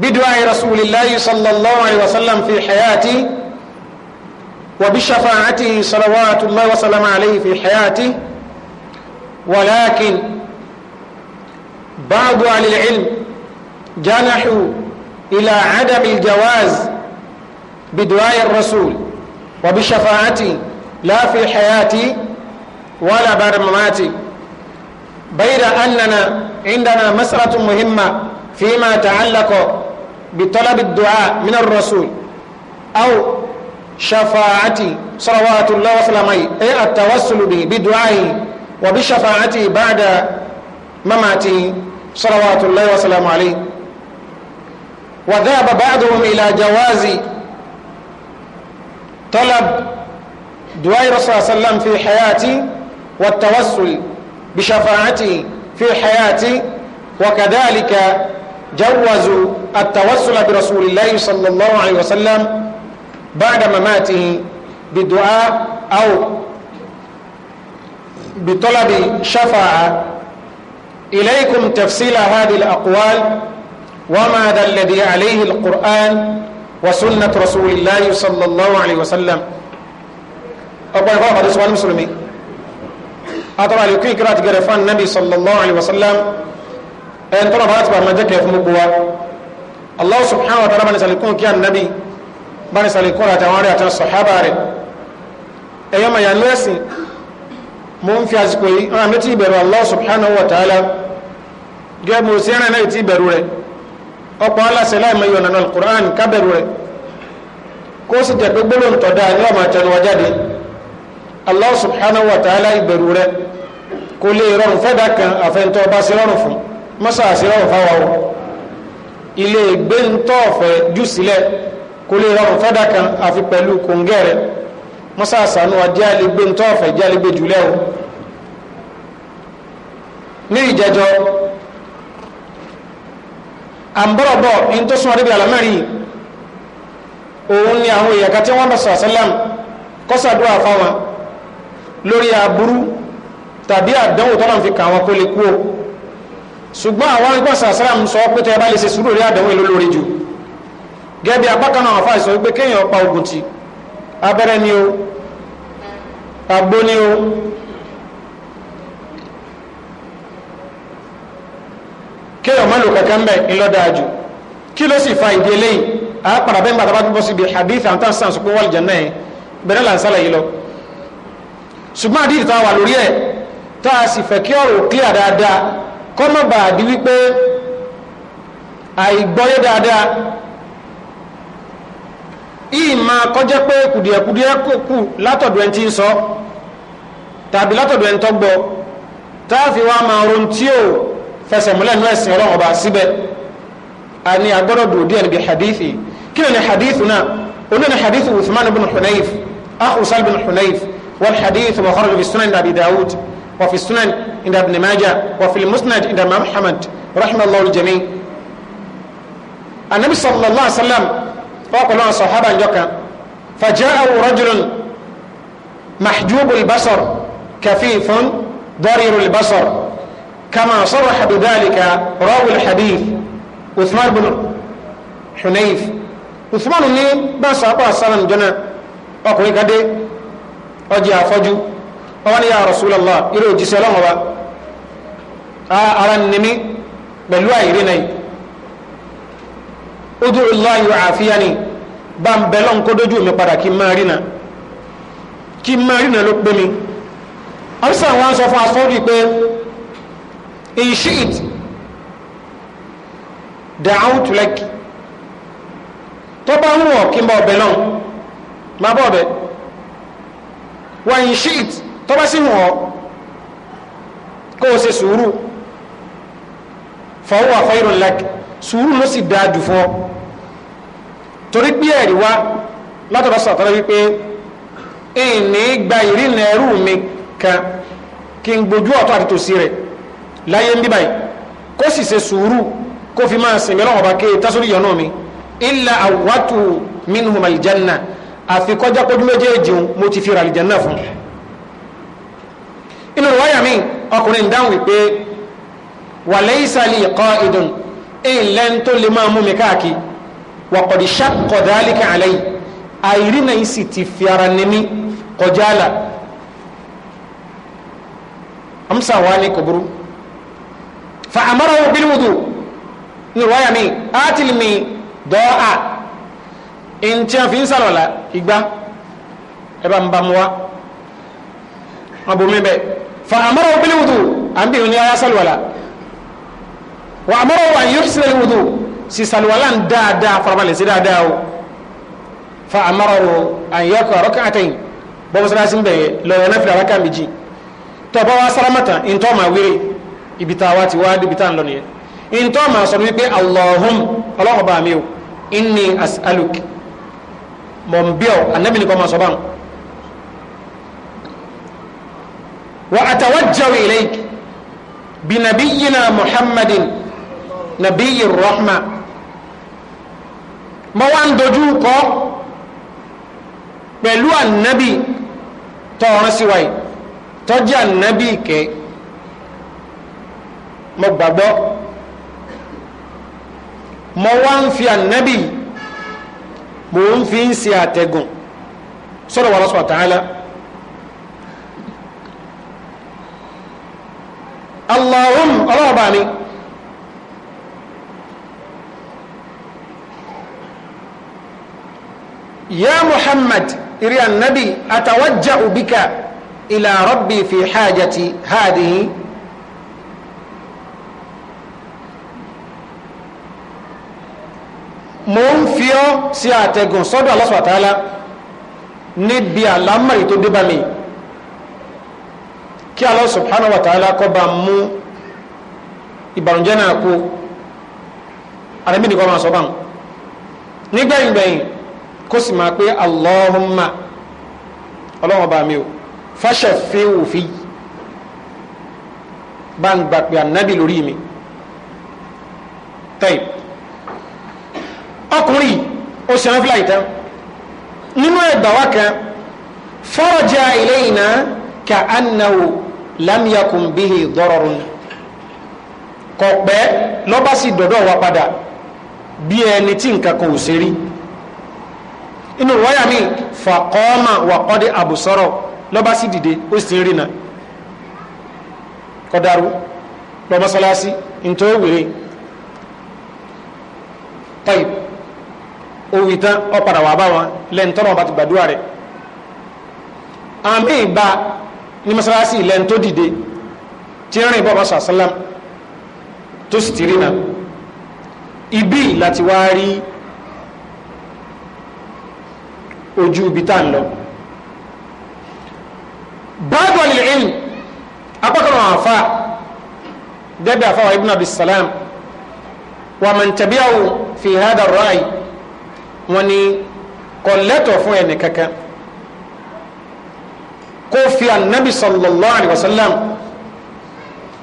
بدعاء رسول الله صلى الله عليه وسلم في حياته وبشفاعته صلوات الله وسلم عليه في حياته ولكن بعض أهل العلم جنحوا إلى عدم الجواز بدعاء الرسول وبشفاعتي لا في حياتي ولا بعد مماتي بيد أننا عندنا مسألة مهمة فيما تعلق بطلب الدعاء من الرسول أو شفاعتي صلوات الله وسلامه أي التوسل به بدعائه وبشفاعتي بعد مماتي صلوات الله وسلامه عليه وذهب بعضهم إلى جواز طلب دعاء الرسول صلى الله عليه وسلم في حياتي والتوسل بشفاعته في حياتي وكذلك جوزوا التوسل برسول الله صلى الله عليه وسلم بعد مماته بالدعاء أو بطلب شفاعة إليكم تفصيل هذه الأقوال وماذا الذي عليه القرآن وسنة رسول الله صلى الله عليه وسلم أقول فرق هذا سؤال مسلمي أترى لكي كرات قرفان النبي صلى الله عليه وسلم أن ترى فرات بما جك يفمقوا الله سبحانه وتعالى بني سالكون كيان النبي بني سالكون أتواري أتواري الصحابة أيما ينوسي mo ń fi àsìkò yìí rán mi tí ìbẹ̀rù Allah subhanahu wa ta'ala ọ̀pọ̀ aláṣẹ láìmọ̀ yọ̀nà náà kùránì kábẹ̀rù rẹ̀ kó sì jẹ́ pé gbólóhùn tọ́ dáa ní ọmọ jáde Allah subhanahu wa ta'ala ìbẹ̀rù rẹ̀ kò lè rọrùn fẹ́dà kan àfẹ́ntọ́ ọba sí rọrùn fún mọ́sà sí rọrùn fáwa o ilé ìgbé ń ọ̀fẹ́ jù sílẹ̀ kò lè rọrùn fẹ́dà kan àfi pẹ̀lú kòǹgẹ́ rẹ̀ mọ́sà sànú ọjẹ́ àlegbé ń tọ́ ọ̀fẹ́ jẹ́ àlegbé jùlẹ̀ o ní ìjẹjọ́ àmbọ̀rọ̀bọ̀ in tó súnmọ́ débi àlámẹ́rí òun ni àwọn èèyàn kan tí wọ́n bá sọ̀rọ̀ sálám kọ́sàdúrà fáwọn lórí aburú tàbí àdánwò tọ́lọ̀ fi kà wọn kó lè kú o ṣùgbọ́n àwọn ẹgbẹ́ sọ̀rọ̀ sálám sọ pé tẹ́ bá lè ṣe sùúrù rí àdánwò lórí jù gẹ́bí apá pa ogun ti abẹ́rẹ́ kéèyàn má lò kankan bẹ́ẹ̀ ńlọ́dáàjù kí ló sì fa ìdí eléyìí àápàdà bẹ́ẹ̀ bàtà tó bọ́ sí ibi hadith àwọn táwọn sàǹsùpé wọ́ọ̀lì jẹ́ náà bẹ̀rẹ̀ là ń sálẹ̀ yìí lọ ṣùgbọ́n àdìrì tá a wà lórí ẹ̀ tá a sì fẹ́ kí ọ̀rọ̀ clear dáadáa kọ́ mọ̀ bàá di wípé àìgbọ́yé dáadáa yìí máa kọjá pé kùdìẹ̀kùdìẹ̀ kù látọ̀dọ̀ ẹni tí ń sọ tàbí látọ̀dọ̀ ẹni tọ́gbọ́ tá a fi wá máa ronú tí ò fẹsẹ̀múlẹ̀ nú ẹ̀sìn ọlọ́run ọba síbẹ̀ a ní agbọ́dọ̀ dùn díẹ̀ níbi hadithi kí ni hadithu náà onú ni hadithu uthman bin hunayf akhusal bin hunayf wal hadithu wa kharaju fi sunan abi dawud wa fi sunan inda ibn majah wa fi musnad inda muhammad rahimallahu aljami anabi sallallahu alaihi wasallam ọkọ̀ lọ́wọ́ sọ̀hábà ń jọka fajaahu rajulun mahjubul basar kafifun dharirul basar كما صرح بذلك راوي الحديث عثمان بن حنيف عثمان ní bá sàbà sàlám jọ́nà ọkùnrin kadé ọjà àfọ́jú ọwọ́n ni ya Rasulullah irú òjíṣẹ́ ọlọ́run ọba ara nìmi pẹ̀lú àìrí náà ojú ìlọ́yù àfíà ni bá ń bẹ̀ lọ́n kó dójú mi padà kí n máa rí náà kí n máa rí náà ló pé mi. àbísà wọn sọ fún afọ́jú pé in shi'it da'awtu lak tó bá ń wọ̀ kí n bá ọbẹ̀ náà má bọ̀ ọbẹ̀ wà in shi'it tó bá sì kó o ṣe sùúrù fa huwa khairun lak sùúrù ló sì dáa jù fún ọ torí pé ẹ̀rí wá látọ̀dọ̀ sàtọ́lá wípé ìní gba ìrìnà ẹrú mi kan kí n gbójú ọ̀tọ̀ àti tòsí rẹ̀ láyé ń bíbáyìí kó sì ṣe sùúrù kó fi máa sìn mí lọ́wọ́ bá ké tásórí yọ̀nà mi illa awatu minhum aljanna àfi kọjá kójú méjèèjì mo ti fi ra aljanna fún inú wáyà mi ọkùnrin dáhùn wípé wa laysa li qa'idun ilẹ̀ ń tó lè máa mú mi káàkiri wa qad shaqqa dhalika alayhi àìrí náà sì ti fi ara níní kọjá là amsa wa ni kò burú فأمره بالوضوء nìrọ̀yà mi átìlì mi dọ́ọ̀à in tí a fi ń sàrọ̀lá igbá ẹbà ń bá mú wá ọbùnmíbẹ̀ fa àmọ́rọ̀ obìnrin wùdù àbíyàn ní ara sàlùwàlá wà àmọ́rọ̀ wà yóò sílẹ̀ wùdù sí sàlùwàlá ń dáadáa farabalẹ̀ sí dáadáa o fa àmọ́rọ̀ wò àyẹ́kọ̀ ọ̀rọ̀ káàtẹ́yìn bọ́bọ́sọ́lá sí ń bẹ̀yẹ lọ́yọ̀ náà fi dàrákà méjì tọ́ bá wá sáramọ́ta in tọ́ máa wéré ibi tá a wá ti wá débi tá a ń lọ nìyẹn ìntọ́ màá sọ wípé allahum ọlọ́run bá mi o inni as'aluk mọ̀ n bí ọ anábì nìkan máa sọ báwọn. wa atawajjahu ilayk bi nabiyyina muhammadin nabiyyi rahma mo wá ń dojú kọ pẹ̀lú anábì tọ́ ọ̀rán síwáyé tọ́jú anábì kẹ́ẹ́ mo gbàgbọ́ mo wá ń fi ànábì mo ń fi ń ṣe àtẹ̀gùn sọ́dọ̀ wà lọ́sọ̀ ta'ala allahum ọlọ́ọ̀bá mi ya muhammad iri annabi atawajja'u bika ila rabbi fi hajati hadihi mo ń fi ọ́ sí àtẹ̀gùn sọ́dọ̀ Allah subhanahu wa ta'ala níbi àlámọ̀rí tó débà mi kí Allah subhanahu wa ta'ala kọ́ bá mú ìbànújẹ́ náà kú àrẹ́mí nìkan máa sọ bá ń nígbẹ̀yìn kó sì máa pé Allahumma ọlọ́wọ́n bá mi o fáṣẹ̀fẹ́ òfin bá ń gbà pé ànábì lórí mi tẹ́yìn ọkùnrin ó sì ránfìlà ìtàn nínú ẹgbà wa kan faraja ilayna ka annahu lam yakun bihi dararun kọ̀pẹ́ lọ́ba sì dọ̀dọ̀ wa padà bí ẹni tí nǹkan kan ò ṣe rí inú wáyà mi faqama wa qad absara lọ́ba sì dìde ó sì ń rìnà kọ́dárú lọ́mọ́sálásí ntọ́ wèrè taib òwì tán ọ padà wà bá wọn lẹ́ntọ́nà ọba ti gbàdúrà rẹ̀ àmì ìgbà ní mọ́sálásí lẹ́n tó dìde tí ń rìn bọ́ bọ́sà sálám tó sì ti rí náà ibi láti wá rí ojú ibi tá ń lọ báàbù alìlẹ́yìn apákan àfa gẹ́gẹ́ àfa wa ibn abdulsalam wa man fi hadha ar wọ́n ní kò lẹ́tọ̀ fún ẹnì kankan kó fi anabi sallallahu alayhi wa sallam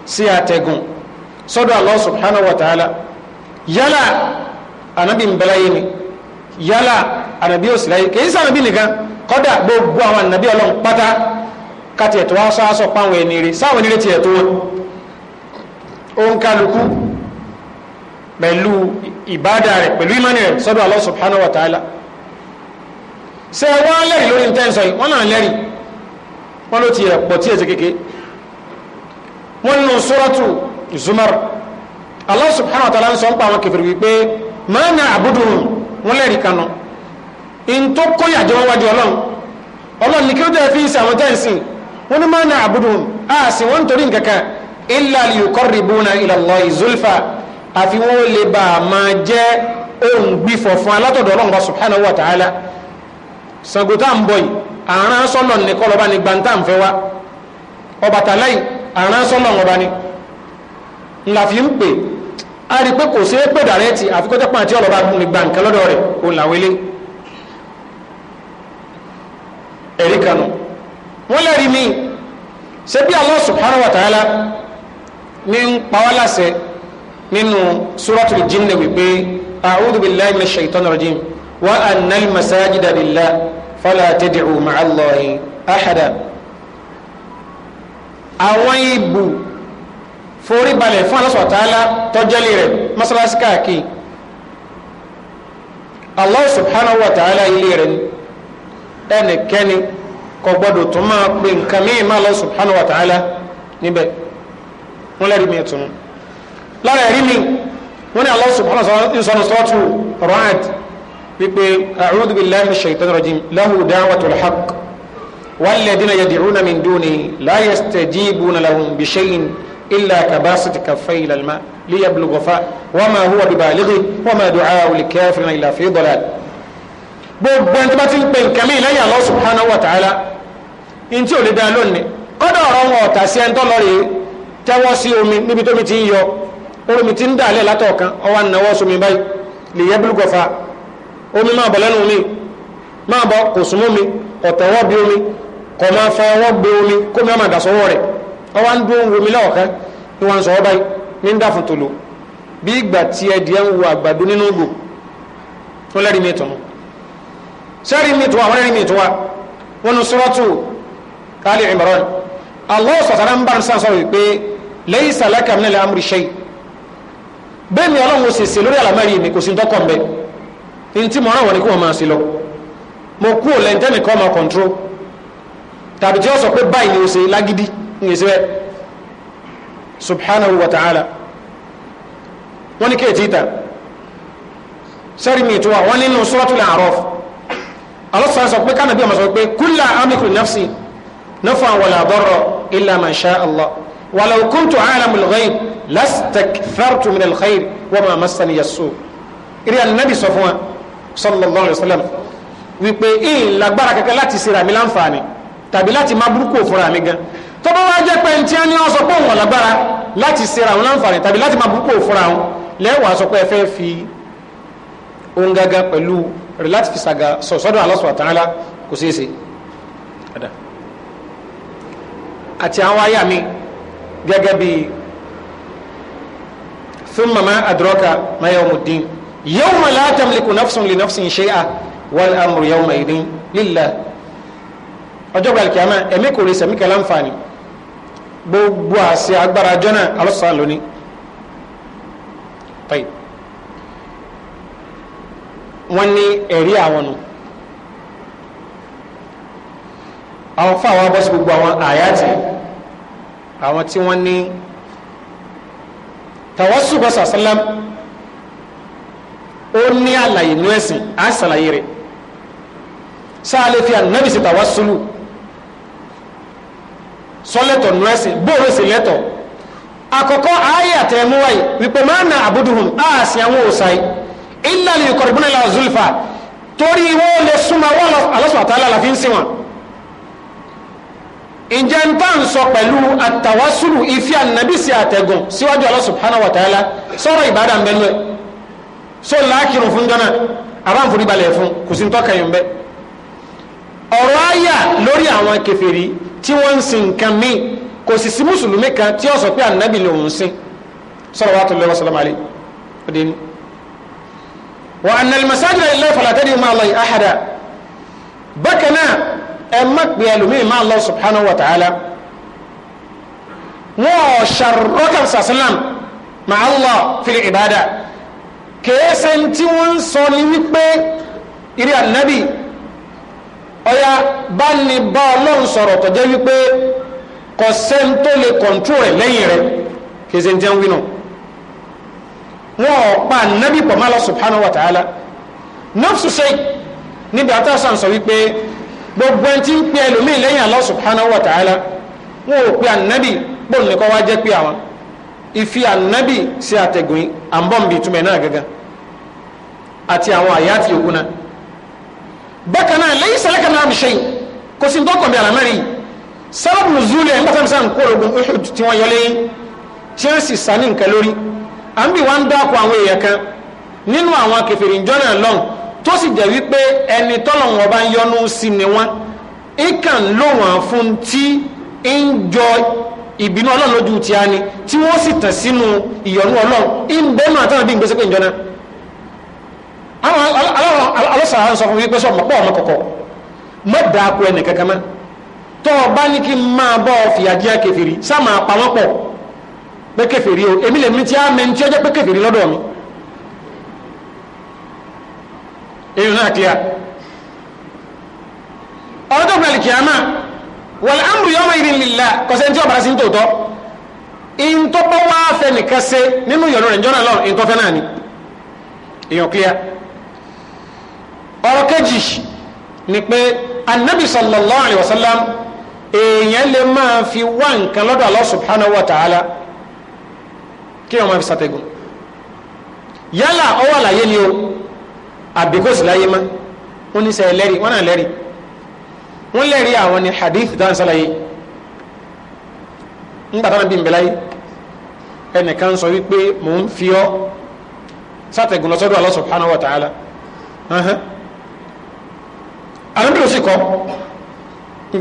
sí àtẹ̀gùn sọ́dọ̀ Allah subhanahu wa ta'ala yálà anabi ń bẹ̀rẹ̀ yìí ni yálà anabi ò sì láyé kì í sá anabi nìkan kọ́dà gbogbo àwọn anabi ọlọ́run pátá káti ẹ̀tọ́ wá sọ aṣọ páwọn ẹni sáwọn ẹni ti ẹ̀tọ́ wọn òun pẹ̀lú ìbádà rẹ̀ pẹ̀lú ìmánì rẹ̀ sọ́dọ̀ Allah subhanahu wa ta'ala ṣe wọ́n lẹ́rìí lórí tẹ́ǹsọ̀ yìí wọ́n náà lẹ́rìí wọ́n ló ti ẹ̀pọ̀ tí ẹ̀sẹ̀ kéke wọ́n nù suratu Zumar Allah subhanahu wa ta'ala ń sọ ń pa àwọn kẹfìrì wípé máa na àbúdù wọn lẹ́rìí kaná in tó kó wọn wájú ọlọ́run ọlọ́run ní kí ó jẹ́ fi ń sàwọn tẹ́ǹsìn wọn ni máa na àbúdù wọn sì wọ́n torí nǹkan kan illa liyuqarribuna ila Allahi àfi wọ́n lè bá a máa jẹ́ ohun gbífọ̀ fún alátọ̀dọ̀ ọlọ́run subhanahu wa ta'ala Ṣàngó tá à ń bọ̀ yìí àrán sọ́lọ̀ ní kọlọ́ba ní gbantá ń fẹ́ wá Ọbàtálá yìí àrán sọ́lọ̀ ọba ni ńlá fi ń pè á rí i pé kò sí é dàrẹ́ tì àfikún tẹ́pọ̀ àti ọlọ́ba ní gbàǹkà lọ́dọ̀ rẹ̀ òun làwọn eléyìí ẹ̀rí kanu wọ́n lẹ́rìí mi ṣé bí Allah subhanahu wa ta'ala ní ń pa wá láṣẹ nínú suratul jinna wípé a'udhu billahi minash shaitani rajim wa annal masajida lillahi fala tad'u ma'allahi ahada àwọn ibù forí balẹ̀ fún Allah subhanahu wa ta'ala tọ́jẹ́lì rẹ̀ masalasi káàkiri Allah subhanahu wa ta'ala ilé rẹ̀ ẹnikẹ́ni kò gbọ́dọ̀ tó máa pe nǹkan mìíràn Allah subhanahu wa ta'ala níbẹ̀ wọ́n lẹ́rìí mi tunu lára ẹ̀rí mi wọ́n ní Allah subhanahu wa ta'ala sọ́tù rọ́ẹ̀t wípé a'udhu billahi minash shaitanir rajim lahu da'watul haqq walladhina yad'una min duni la yastajibuna lahum bi shay'in illa kabasati kaffayhi ilal ma liyablugha fa wa ma huwa bibalighi wa ma du'a'u likafirina illa fi dalal gbogbo ẹni tó bá ti ń pè nǹkan mí lẹ́yìn Allah subhanahu wa in tí ò lè dá lónìí kọ́dọ̀ ọ̀rọ̀ wọn ọ̀tà sí ẹni tó tẹ́wọ́ sí omi níbi tómi ti ń yọ omi ti ń dà lẹ́ látọ̀ọ̀kan ọwọ́ ànáwọ́ sómi báyìí lè yẹ bílù omi máa bọ̀ lẹ́nu mi máa bọ̀ kò súnmọ́ mi bí omi kọ̀ máa fẹ́ ọwọ́ gbé omi kó mi máa dà sọ́wọ́ rẹ̀ ọwọ́ à ń dún omi lọ́ọ̀kan ni wọ́n ń báyìí ní ń dà fún bí ìgbà tí ń wo bẹ́ẹ̀ni ọlọ́run ṣe ṣe lórí àlàmárì mi kò sí tọ́kọ̀ mbẹ́ ní tí mo rán wọn ni kí wọ́n máa ṣe lọ mo kú ò lẹ́ntẹ́nì kọ́ máa kọ̀ǹtró tàbí tí wọ́n sọ pé báyìí ni o ṣe lágídí ní èsì rẹ̀ subhanahu wa ta'ala wọ́n ní kéètì ìta sẹ́rí mi ìtura wọ́n nínú suratul A'raf alọ́sàn sọ pé kánàbí ọmọ sọ pé kulla amliku nafsi naf'an wala darran illa ma sha Allah ولو كنت عالم الغيب لاستكثرت من الخير وما مسني السوء إلى النبي صفوان صلى الله عليه وسلم wípé ìyìn lágbára kankan láti ṣe ràmí láǹfààní tàbí láti má burúkú òfúnra mi gan tó bá wá jẹ́ pé tí a ní wọ́n sọ pé òun lágbára láti ṣe ràmí láǹfààní tàbí láti má burúkú òfúnra wọn lẹ́wàá sọ pé ẹ fẹ́ fi ohun gangan pẹ̀lú rẹ̀ láti fi ṣàgà sọ̀sọ́dọ̀ Allah subhanahu kò ṣeé ṣe àti àwọn àyà mi gẹ́gẹ́ bí thumma ma adraka ma yawmuddin yawma la tamliku nafsun li nafsin shay'a wal amru yawma idin lillah ọjọ́ gbàlẹ̀ kìámà ẹ̀mí kò rí sẹ̀mí kẹlá ń fa ni gbogbo àṣẹ agbára jọ́nà alọ́sàn lónìí wọ́n ní ẹ̀rí àwọn nù àwọn fáwọn abọ́sí gbogbo àwọn àyàtì àwọn tí wọ́n ní tàwọ́sùgbọ́ sàṣálám ó ní àlàyé nú ẹ̀sìn á ṣàlàyé rẹ̀ sáà lè fi ànábì sí tàwọ́sùlù sọ́lẹ̀tọ̀ nú ẹ̀sìn bóòrò sí lẹ́tọ̀ àkọ́kọ́ ayé àtẹ̀múwáyé wípé máa na àbúdùhùn á sí àwọn òsàì ìlàlẹ̀ ìkọ̀rìbùnà ìlà zulfa torí wọ́n lè súnmọ́ wọ́n alọ́sùn àtàlà àlàfíń sí wọn ǹjẹ́ ń tán sọ pẹ̀lú àtàwásùlù ìfí ànàbí sí àtẹ̀gùn síwájú Allah subhanahu wa ta'ala sọ̀rọ̀ ìbádà ń bẹ́lú ẹ̀ sọ láàkìrùn fún jọ́nà àbáǹforí balẹ̀ fún kò sí ń tọ́ka yìí ń bẹ́ ọ̀rọ̀ àyà lórí àwọn kèfèrí tí wọ́n ń sin nǹkan míì kò sì sí mùsùlùmí kan tí ó sọ pé ànàbí lòun sin sọ̀rọ̀ wa tó lọ́wọ́ sọlọ́mọ ẹ má pè ẹlòmíì máa Allah subhanahu wa ta'ala wọn ò ṣàrọ́kà sàṣìlám máa Allah fil ìbádà kèése tí wọ́n ń sọ ní wípé ìrí ànábì ọya bá ní bá ọlọ́run sọ̀rọ̀ tó jẹ́ wípé kò sẹ́n tó lè kọ̀ǹtró rẹ̀ lẹ́yìn rẹ̀ kèése jẹ́ ń wí náà pa ànábì pọ̀ máa Allah subhanahu wa ta'ala nafsu shay níbi àtàṣà ń sọ wípé gbogbo ẹni tí ń pe ẹlòmíì lẹ́yìn Allah subhanahu wa ta'ala wọn ò pe ànábì bóun nìkan wá jẹ́ pé àwọn ìfi ànábì sí àtẹ̀gùn àbọ̀nbì túmẹ̀ náà gẹ́gẹ́ àti àwọn àyà àti òkú náà bákan náà lẹ́yìn sẹ́lẹ̀kà náà mi ṣẹ́yìn kò sí ogun tí wọ́n yọlé yín tí wọ́n sì sá ní nǹkan lórí tó sì jẹ́ wípé ẹni tọ́lọ̀wọ̀n bá ń yọnu sí ni wọ́n ìkàn ló wọ́n fún tí ń jọ ìbínú ọlọ́run lójú ti á ni tí wọ́n sì tàn sínú ìyọnu ọlọ́run ìbẹ́nu àtàwọn bí ìgbésẹ̀ pé ìjọ náà àwọn alọ́sàrà ń sọ fún wípé sọ̀mọ̀ pọ̀ ọmọ kọ̀kọ̀ mọ́ dáko ẹnì kankan mọ́ tọ́ ọ bá ní kí n máa bọ́ ọ fìyà jẹ́ kèfèrí sáà máa pa wọ́n pọ̀ pé kèfèrí o èmi lèmi tí á mẹ́ni tí ó jẹ́ pé kèfèrí lọ́dọ̀ mi èyí náà clear ọjọ́ pẹ̀lú kìámà wal amru yawma idhin lillah kọ̀sẹ̀ tí ọ̀bàrà sí ń tòótọ́ in tó bá wá fẹ́ nìkan ṣe nínú ìyọ̀nù rẹ̀ jọ́nà lọ́rùn in tó fẹ́ náà ni èyàn clear ọ̀rọ̀ kejì ni pé annabi sallallahu alaihi wasallam èèyàn lè máa fi wá nǹkan lọ́dọ̀ Allah subhanahu wa ta'ala kí wọ́n máa fi ṣàtẹ̀gùn yálà ọwọ́ àlàyé ni o àbí kò sí láyé mọ́ wọ́n ní sẹ́ lẹ́rìí wọ́n náà lẹ́rìí wọ́n lẹ́rìí àwọn ní hadith dáhùn sálàyé ńgbà tó náà bí nbẹ̀láyé ẹnìkan sọ wípé mò ń fi ọ́ sátẹ̀gùn lọ́sọ́dọ̀ Allah subhanahu wa ta'ala àwọn tó sì kọ́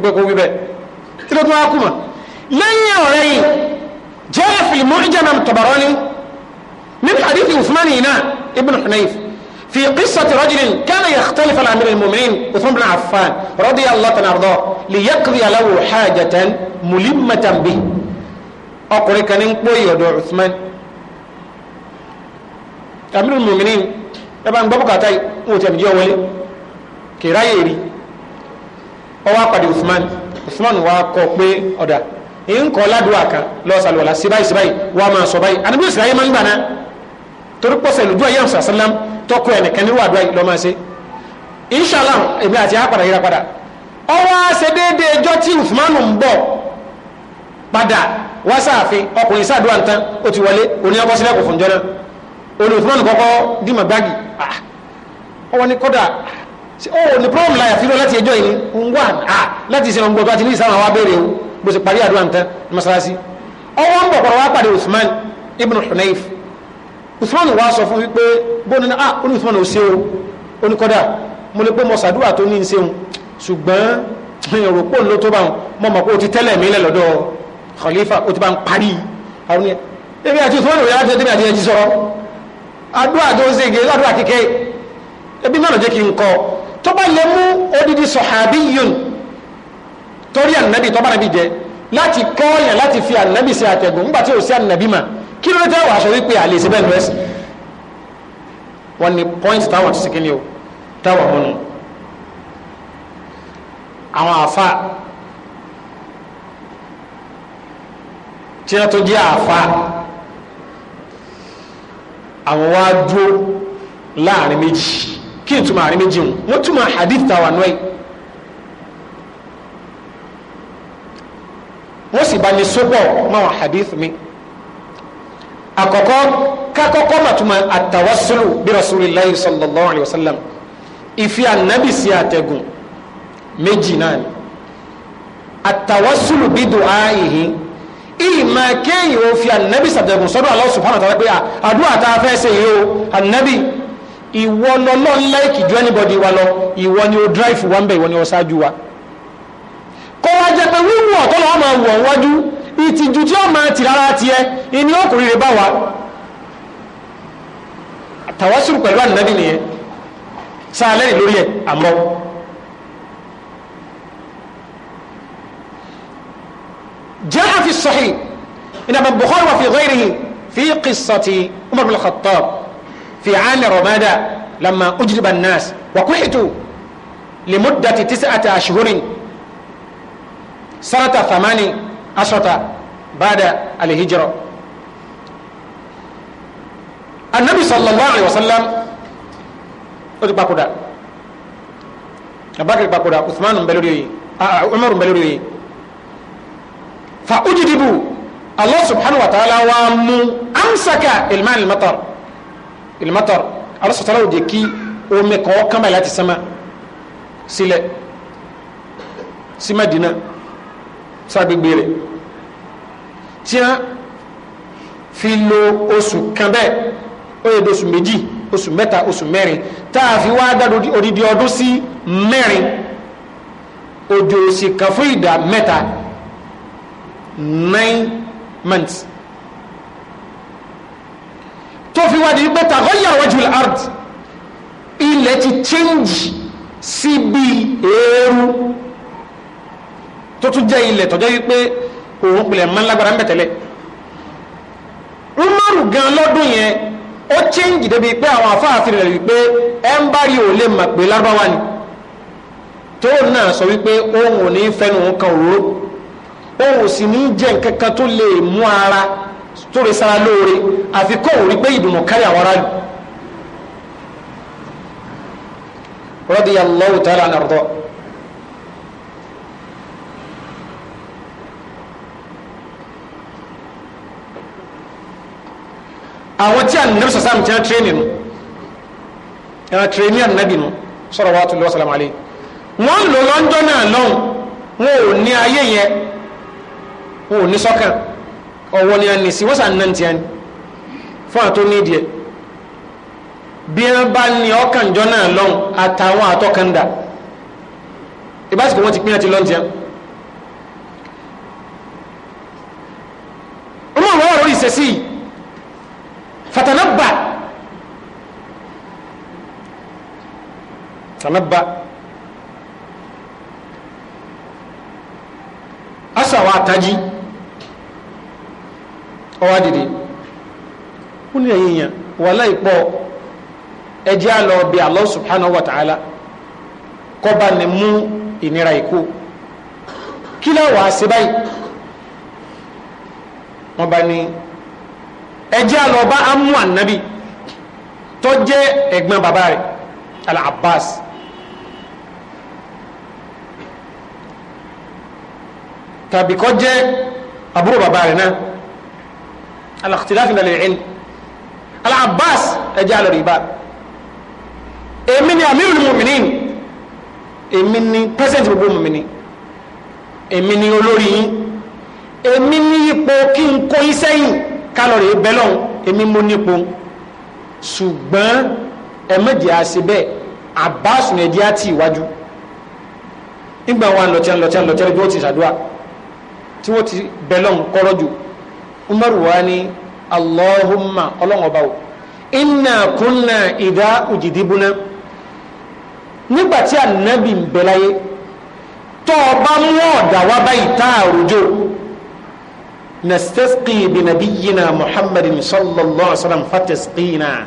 gbogbo wíbẹ̀ tí ló tún wá kùmọ̀ lẹ́yìn ọ̀rẹ́ yìí jẹ́ fil Mu'jam Tabarani min hadith Uthman náà ibn Hunayf في قصة رجل كان يختلف على أمير المؤمنين عثمان بن عفان رضي الله عنه أرضاه ليقضي له حاجة ملمة به أقول كان يقوي عثمان أمير المؤمنين ẹbá ń gbọ́ bùkátà òtẹ̀mìdí ọwọlé kìrá yèrí ọwọ́ apàdé Usman Usman wa kọ pé ọ̀dà ń kọ́ ládùúgbà kan lọ́sàlùwàlà síbáyìí síbáyìí wà máa sọ báyìí àdúgbò ìsìláyé máa ń gbà náà torí pọ́sẹ̀ lùdú ayé àmsà sálám tọkọ ẹnìkan nínú àdúrà yìí lọ́mọ ṣe inshallah èmi àti àpàdà yíra padà ọwọ́ ṣe déédéé ẹjọ́ tí Uthmanu ń bọ̀ padà wá sáàfin ọkùnrin sáàdúrà ń tán ó ti wọlé òní ọkọ sílẹ̀ kò fún jọ náà olè Uthmanu kọ́kọ́ dìmọ̀ gbági ọwọ́ ah, ni kódà ó ní pọ́ọ̀mù láyà fílọ́ láti ẹjọ́ yìí ń wà ah, láti ṣe ọgbọ̀n tó àti ní ìsáwọn àwọn abẹ́rẹ́ o bó ṣe parí àdúrà ń tán ní masalasi ọwọ́ ń bọ̀ pọ̀rọ̀ wá pàdé Uthman ibn Hunayf usman wa sọ fún wípé bóni ní ah oní usman ò ṣe o oníkọ́dà mo lè pé mo ṣàdúrà tó ní í ṣeun ṣùgbọ́n èrò pò ń tó bá wọn mo mọ̀ pé o ti tẹ́lẹ̀ mí lọ́dọ̀ khalifa o ti bá ń parí àwọn yẹn ebi àti usman ò yára tó débi àti ẹjì sọ̀rọ̀ àdúrà tó ń ṣe gé àdúrà kíkẹ́ ebi náà ló jẹ́ kí n kọ́ tó bá lè mú odidi sọ̀hábí yòn torí ànábì tó bá nàbì jẹ láti kọ́ yẹn láti fi ànábì ṣe àtẹ̀gùn nígbà tí ò sí ànábì mà kí ló tẹ́ wàá sọ wípé àlè síbẹ̀ lọ ẹ̀sìn wọ́n ní point táwọn ti sìnkí ni o táwọn múnu àwọn àfa tí wọ́n tó jẹ́ àfa àwọn wá dúró láàrin méjì kí n túmọ̀ àrin méjì wọ́n túmọ̀ hadith táwọn náà wọ́n sì bá ní sọ́pọ̀ máwọn hadith mi àkọ́kọ́ kakọ́kọ́ màtúmọ̀ àtàwásùlù bí rasulillahi sallallahu alayhi wa sallam ìfi ànábì sí àtẹ̀gùn méjì náà ni àtàwásùlù bí dùn áyìhìn ìmọ̀ kéèyàn ò fi ànábì sàtẹ̀gùn sọ́dọ̀ Allah subhanahu wa ta'ala pé àdúrà tá a fẹ́ ṣe yìí o ànábì ìwọ lọ́lọ́ ńlá ìkìjú anybody wa lọ ìwọ ni o drive wa ń bẹ̀ ìwọ ni o ṣáájú wa kọ́ pé wíwọ̀ tọ́lọ́ wọn máa wọ̀ wájú ìtìjú tí ó máa tì rárá ti ẹ ìní ọkùnrin rẹ̀ bá wa tàwásùrù pẹ̀lú ànìyàn nìyẹn sáà lẹ́rìn lórí ẹ̀ àmọ́ جاء في الصحيح إن ابن بخاري وفي غيره في قصة عمر بن الخطاب في عام رمادة لما أجلب الناس وكحتوا لمدة تسعة أشهر سنة ثمان asota baada alhijra annabi sallallahu alaihi wasallam ó ti papòdà abakar papòdà uthman mbẹlórí umar mbẹlórí fa ujidibu allah subhanahu wa ta'ala wa mu amsaka ilman ilmatar ilmatar allah subhanahu wa ta'ala ó jẹ́ kí omi kọ kama láti sama sílẹ̀ sí madina sa gbegbe tí wọ́n fi lo oṣù kan bẹ́ẹ̀ ó yẹ oṣù méjì oṣù mẹ́ta oṣù mẹ́rin tá a fi wá dádó odidi ọdún sí mẹ́rin òjò òsì kan fún ìdá mẹ́ta nine months tó fi wá di pé tàgọ́yà wájú ard ilẹ̀ ti change sí bí eérú tó tún jẹ́ ilẹ̀ tọ́jọ́ wípé òun pilẹ̀ mọ́ lágbára ń bẹ̀ tẹ́lẹ̀ umaru gan lọ́dún yẹn ó chẹ́ǹgì débi pé àwọn afáàfin rẹ̀ wípé ẹ ń bá rí òun lè mọ̀ pé lárúbáwá ni tóun náà sọ wípé òun ò ní fẹ́nu òun kan òróró òun ò sì ní jẹ́ nǹkan kan tó lè mú ara tó lè sara lóore àfi kó òun rí pé ìdùnnú kárí àwọn aráàlú. radiyallahu ta'ala anhu àwọn tí ànábì sàsàm tí wọ́n tírénì nù ẹ̀rọ tírénì ànábì nù sọ̀rọ̀ wa tùlọ́ sàlámù alẹ́ wọ́n lò lọ́jọ́ náà lọ́hùn wọn ò ní ayé yẹn wọn ò ní sọ́kàn ọ̀wọ́ ni a nì sí wọ́n sàn náà tiẹ̀ ni fún àtó ní ìdíyẹ bí wọ́n bá ní ọkànjọ́ náà lọ́hùn àtàwọn àtọ́kàndà ìbásíkò wọ́n ti pín àti lọ́ntiẹ̀ ọmọ àwọn ọ̀rọ̀ ìṣesí yìí فتنبأ تنبأ asawa taji ọwá dìde ó ní ẹ̀yìn yẹn wà láìpọ̀ ẹjẹ́ àlọ́ bí Allah subhanahu wa ta'ala kọba ni mú ìnira ìkó kí láwàá sí báyìí bá ní ẹjẹ́ àlọ́bá amú ànábì tó jẹ́ ẹ̀gbọ́n bàbá rẹ̀ al-Abbas tàbí kọ́ jẹ́ àbúrò bàbá rẹ̀ náà al-ikhtilaf lil ilm al-Abbas ẹjẹ́ àlọ́ rìbá èmi ni amirul mu'minin èmi ni pẹ́sẹ̀ntì gbogbo mu'minin èmi ni olórí yín èmi ni ipò kí n kó yín sẹ́yìn kálọ̀rì bẹ́lọ̀n èmi mú nípo ṣùgbọ́n ẹ̀mẹ́jì àṣẹ bẹ́ẹ̀ àbáṣùn ẹ̀dí àti ìwájú nígbà wọn lọ́tẹ́ lọ́tẹ́ lọ́tẹ́ bí ti ṣàdúrà tí wọ́n ti bẹ́lọ̀n kọ́rọ́ jù Umaru wa ni o kunna nígbà tí ń tọ́ mú ọ̀dà nastasqi bi nabiyyina muhammadin sallallahu alaihi wasallam fatasqina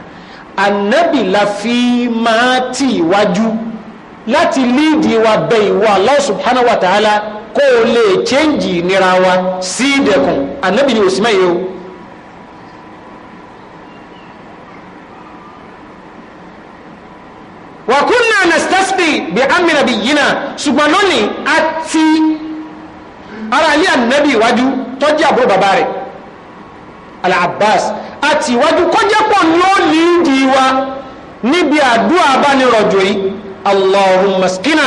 anabi la fi máa tì wájú láti líìdì wa bẹ ìwọ Allah subhanahu wa ta'ala kó o lè chẹ́ǹjì nira wa sí ìdẹ̀kùn anabi ni o sì máa yẹ o. wa nastasqi bi amri nabiyyina ṣùgbọ́n lónìí a ti ara ilé ànábì iwájú tọ́jú àbúrò bàbá rẹ̀ al-Abbas àti iwájú kọjá pọ̀ ní ó lè di wa níbi àdúrà abánirọ̀jò yìí Allahumma skina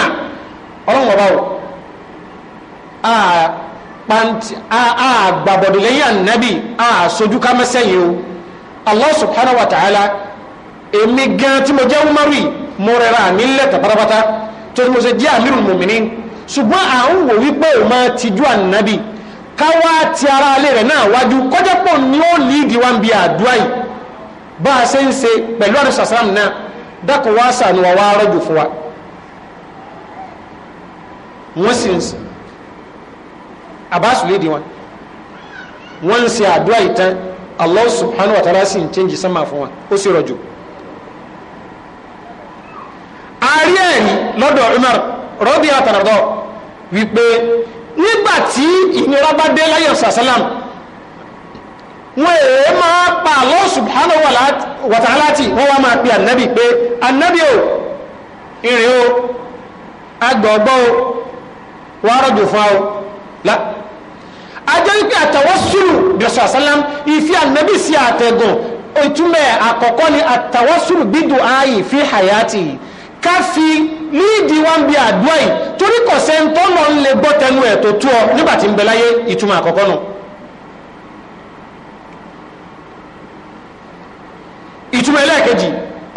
ọlọ́run ọba o àgbàbọ̀dọ̀ lẹ́yìn àṣojú ká o Allah subhanahu wa ta'ala èmi gan tí mo jẹ́ umaru mo rẹra mi lẹ́tà pátápátá tó ti mo ṣe jẹ́ amirul mu'minin ṣùgbọ́n à ń wò wípé ò máa tijú ànábì káwá ti ara alẹ́ rẹ̀ náà wájú kọjá pọ̀ ni ó líìdì wá ń bi àdúrà yìí bá a ṣe ń ṣe pẹ̀lú àdúrà sàsàràm náà dákun wá sànù wa wá rọ́jò fún wa wọ́n sì ń sìn àbáṣù lédi wọ́n ń ṣe àdúrà yìí tán Allah subhanahu wa ta'ala sì ń chẹ́ǹjì sánmà fún wa ó sì rọ̀jò. a ẹ̀rí lọ́dọ̀ Umar rọ́bì àtàràbọ̀ wípé nígbà tí ìnira bá dé láyọ̀ sàṣálàm wọ́n èé máa pa Allah subhanahu wa ta'ala tí wọ́n wá máa pe ànábì pé ànábì o ìrìn o agbọ̀gbọ́ o wàá rọ̀jò fún ọ la ajẹ́ wípé àtàwọ́sùlù bíọ̀sọ̀ àṣálàm ìfi ànábì sí àtẹ̀gùn ìtumẹ̀ àkọ́kọ́ ni àtàwọ́sùlù bídùn ààyè fi hayati ká fi líìdì wọn bí àdúrà yìí torí kò sẹ́ńtọ́ náà ń lè gbọ́ tẹnu ẹ̀ tó tú ọ nígbà tí ń bẹ láyé ìtumọ̀ àkọ́kọ́ nù. ìtumọ̀ ẹlẹ́ẹ̀kejì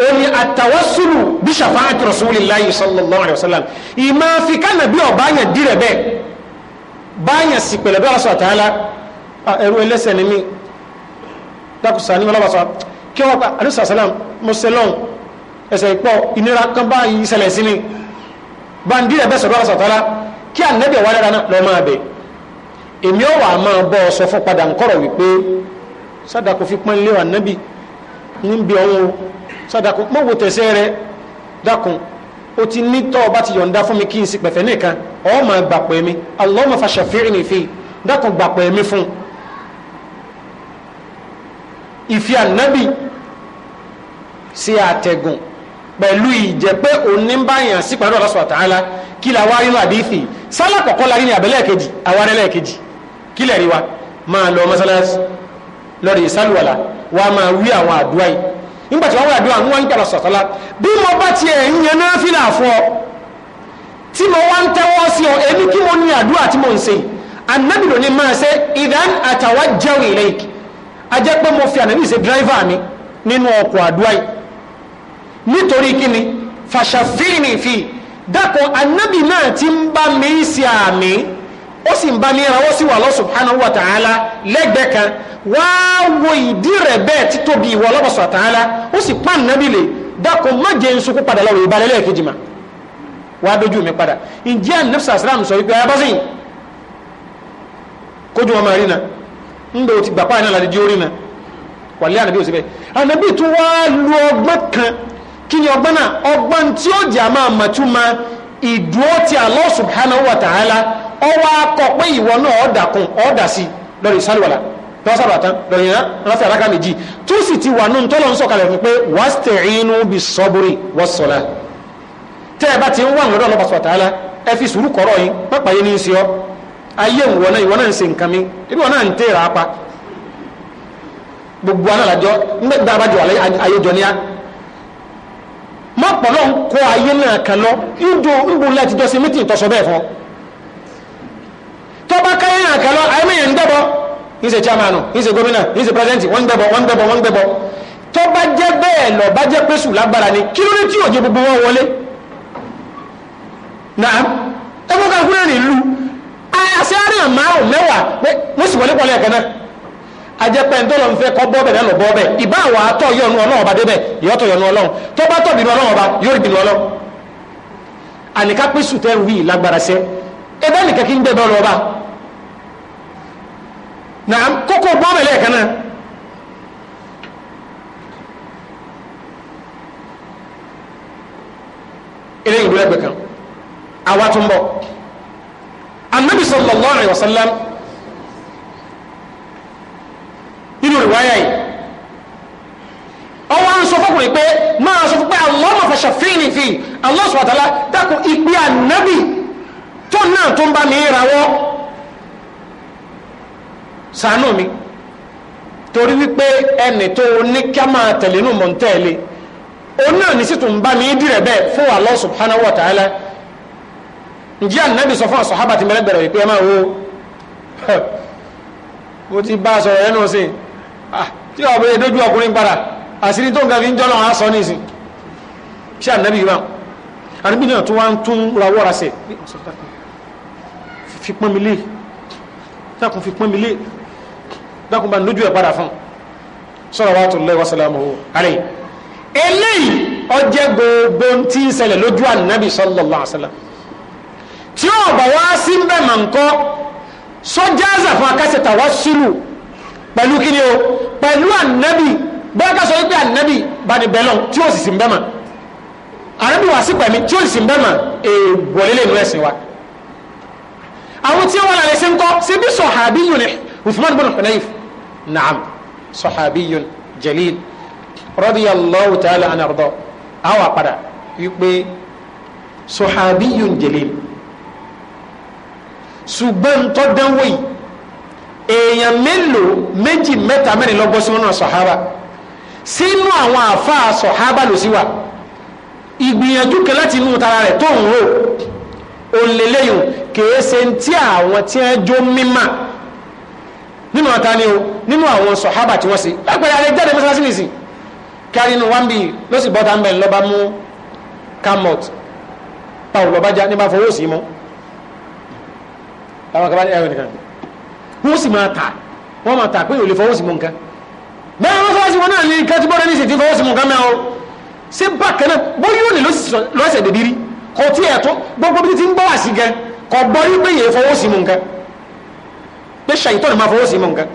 omi àtàwọ́sùlù bí ṣàfáàtì rasulillahi sallallahu alayhi ìmọ̀ àfikànà bí ọ̀ báyàn dìrẹ̀ bẹ́ẹ̀ báyàn sì pẹ̀lẹ̀ bí ọ̀sọ̀ àtàlá ẹ̀rú ẹlẹ́sẹ̀ ni mí dákùsà ní ọlọ́bàṣà ẹsẹ̀ ìpọ̀ ìnira kan báyìí ìṣẹ̀lẹ̀ sí ni bandi rẹ̀ bẹ́ẹ̀ sọ̀rọ̀ àṣàtàlá kí ànábì wà lára náà lọ́ọ́ máa bẹ̀ èmi ọ̀ wà máa bọ́ ọ sọ fún padà ńkọ̀rọ̀ wípé sádàkó fi pọ́n lé ànábì níbi ọ̀hún sádàkó mọ̀ wò tẹ̀sẹ̀ rẹ dákun o ti ní tọ́ ọba ti yọ̀ǹda fún mi kí n sì pẹ̀fẹ́ nìkan ọ̀ máa gbàpẹ́ mi Allahumma fashafi'ni fi dákun gbàpẹ́ mi fún un ìfi ànábì sí àtẹ̀gùn pẹ̀lú ìjẹ́ pé òun ní báyàn sí pẹ̀lú Allah subhanahu wa ta'ala kí la wá rí nínú àdífì sálà kọ̀kọ́ la rí ní abẹ́lẹ̀ kejì awárẹ́lẹ̀ kejì kí lẹ̀ rí wa máa lọ mọ́sálásí lọ́rọ̀ ìsálùwàlà wa máa wí àwọn àdúrà yìí nígbà tí wọ́n wí àdúrà wọn ń gbà lọ́sọ̀ bí mo bá tiẹ̀ ń yan náà fìlà fún ọ tí mo wá ń tẹ́wọ́ sí ọ èmi kí mo ní àdúrà tí mo ń ṣe anabi ló ní máa ṣe idan àtàwájẹ́wò ìlẹ́yìn a jẹ́ pé mo fi ànábì ṣe dráìvà mi nítorí kíni fàṣàfíìnì fi dákọ̀ anábì náà ti ń bá mi sí àmì ó sì ń bá mi ránwọ́ sí wà Allah subhanahu wa ta'ala lẹ́gbẹ̀ẹ́ kan wá wo ìdí rẹ̀ bẹ́ẹ̀ títóbi ìwọ Allah subhanahu wa ta'ala ó sì pa ànábì lè dákọ̀ má jẹ́ ń sunkún padà lọ́wọ́ ìbalẹ̀ lẹ́ẹ̀kejì mà wá dojú mi padà ǹjẹ́ ànábìsà sàrám sọ wípé abásìn kójú na ń bẹ̀rù ti gbàpá náà ládìjí ó rí ọgbọ́n kan kí ni ọgbọ́n náà ọgbọ́n tí ó jà máa mọ̀túnmá ìdúró ti Allah subhanahu wa ta'ala ọwọ́ akọ pé ìwọ náà ọ̀dà kun ọ̀dà sí lórí sálùwàlà lọ́sàrò àtàn lórí iná lọ́sẹ̀ àràkà méjì tó sì ti wà nù tọ́lọ̀ ń sọ̀kalẹ̀ fún pé wasta'inu bis-sabri was-salah tẹ́ ẹ bá ti ń wà lọ́dọ̀ Allah subhanahu wa ta'ala ẹ fi sùúrù kọ̀rọ̀ yín pápá yín ní í ṣe ayé ìwọ náà ìwọ mọ́pọ̀lọ́ ń kó ayé náà kan lọ ìdò ìbúlẹ̀ ti jọsí mítì tọ́sọ bẹ́ẹ̀ fún tọba káyé náà kan lọ àìmọye ń dẹ́bọ ń ṣe chairman ń ṣe gómìnà ń ṣe president wọ́n ń dẹ́bọ wọ́n ń dẹ́bọ wọ́n ń dẹ́bọ tọba jẹ́ bẹ́ẹ̀ lọ bá jẹ́ pẹ́sù lágbára ni kí ló dé tí òjò gbogbo wọn wọlé naam ẹgbẹ́ kan kúrẹ́ nílùú àṣẹ àríyàn márùn mẹ́wàá wọ́n sì wọlé pọ̀lẹ́ ẹ̀kan náà ajẹ́pẹ́ ń tọ́lọ́ ń fẹ́ kọ́ bọ́ọ̀bẹ̀ náà lọ bọ́ọ̀bẹ̀ ìbá àwọn atọ́ yọnu ọlọ́run ọba débẹ̀ ìyọ́tọ̀ yọnu ọlọ́run tó bá tọ̀ bínú ọlọ́run ọba yóò rí bínú ọlọ́run àníká pé sùtẹ́ wí lágbára sẹ́ ẹbẹ́ nìkan kí ń gbẹ bọ́ọ̀lù ọba nà kókó bọ́ọ̀bẹ̀ lẹ́ẹ̀kan náà eléyìí ìlú ẹgbẹ̀ kan àwa tún bọ̀ Annabi sallallahu alaihi wasallam nínú ìwáyà yìí ọwọ́ ń sọ fọkùnrin pé máa sọ fún pé Allahumma fashafini fi Allah subhanahu wa ta'ala dákun ìpè ànábì tó náà tó ń bá mi rawọ́ sànú mi torí wípé ẹnì tó ní kí a máa tẹ̀lé nù mọ̀ ń tẹ̀lé òun náà ní sì tún bá mi dìrẹ̀ bẹ́ẹ̀ fún Allah subhanahu wa ǹjẹ́ ànábì sọ fún àsọ̀hábà tí mẹ́lẹ́gbẹ̀rẹ̀ wípé ẹ máa wo mo ti bá a sọ̀rọ̀ ẹ̀ náà sìn Ah, tí wàá bẹ̀rẹ̀ dójú ọkùnrin padà àṣírí tó ń gàfi ń jọ́ lọ́wọ́ aṣọ ní ìsìn ṣé ànábì yìí máa ànábì náà tó wá ń tún rawọ́ ra sẹ̀ fi pọ́n mi lé dákun fi pọ́n mi lé dákun bá ń lójú ẹ̀ padà fún sọ̀rọ̀ wa tó lẹ́wọ́ sálàmù alẹ́ eléyìí ọjẹ́ gbogbo tí ń ṣẹlẹ̀ lójú ànábì sallallahu alaihi wasallam tí ó bá wá sí bẹ́ẹ̀ mà ń kọ́ sọ́jà àzàfún akásẹ̀tà wá sílùú pẹ̀lú kíni o pẹ̀lú ànábì bẹ́ẹ̀ ká sọ wípé ànábì bá ní bẹ́ẹ̀ lọ tí ó sì sì ń bẹ́ẹ̀ mà ànábì wà sí pẹ̀mí tí ó sì sì ń bẹ́ẹ̀ mà èèwọ̀ lélẹ̀ inú ẹ̀sìn wa. àwọn tí wọn lálẹ́ sí ń kọ́ ṣe bí sọ̀hábíyù ni Uthman bin Hunayf naam sọ̀hábíyù jalil radiyallahu ta'ala anardo àwọn àpàdà wípé sọ̀hábíyù jalil ṣùgbọ́n tó dánwó yìí èèyàn mélòó méjì mẹ́ta mẹ́rin lọ́gbọ́ sí mọ́nà sọ̀hábà sínú àwọn àfáà sọ̀hábà ló sí wa ìgbìyànjú kan láti inú tara rẹ̀ tó ń rò òǹlẹ́lẹ́yìn kìí ṣe tí àwọn tí wọ́n jó mímà nínú ọ̀tá ni o nínú àwọn sọ̀hábà tí wọ́n sí lápẹ̀rẹ̀ alẹ́ jáde mọ́sálásí nìsí kárí inú wáńbì ló sì bọ́ta ń bẹ̀ lọ́ba mú kamọt pàwùlọ́bájá ní bá fowó sí mọ́ wọ́n sì máa tà wọ́n máa tà pé yóò lè fọwọ́ sí mu nǹkan bẹ́ẹ̀ wọ́n fọwọ́ sí wọn náà ní nǹkan tí bọ́dọ̀ ní sì fọwọ́ sí mu nǹkan mẹ́ o ṣé bákan náà bóyá ó lè lọ́sẹ̀ dèbí rí kò tí ẹ̀ tó gbogbo bí ti ń bọ́ wá sí gan kò gbọ́ rí pé yóò fọwọ́ sí mu nǹkan pé ṣàyítọ́ ni máa fọwọ́ sí nǹkan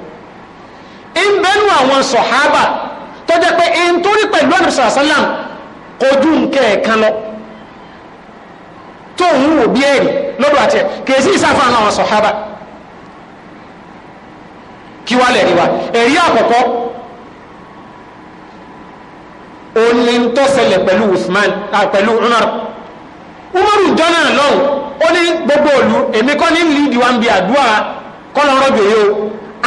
àwọn sọ̀hábà tó jẹ́ pé pẹ̀lú ọ̀nà ẹ̀ kí wá lẹ̀rí wa ẹ̀rí àkọ́kọ́ òní tó ṣẹlẹ̀ pẹ̀lú Usman pẹ̀lú Umar Umaru jọ́nà lọ́hùn ó ní gbogbo òlu èmi kọ́ ní líìdì wa ń bi àdúrà kọ́lọ́rọ́ gbèyó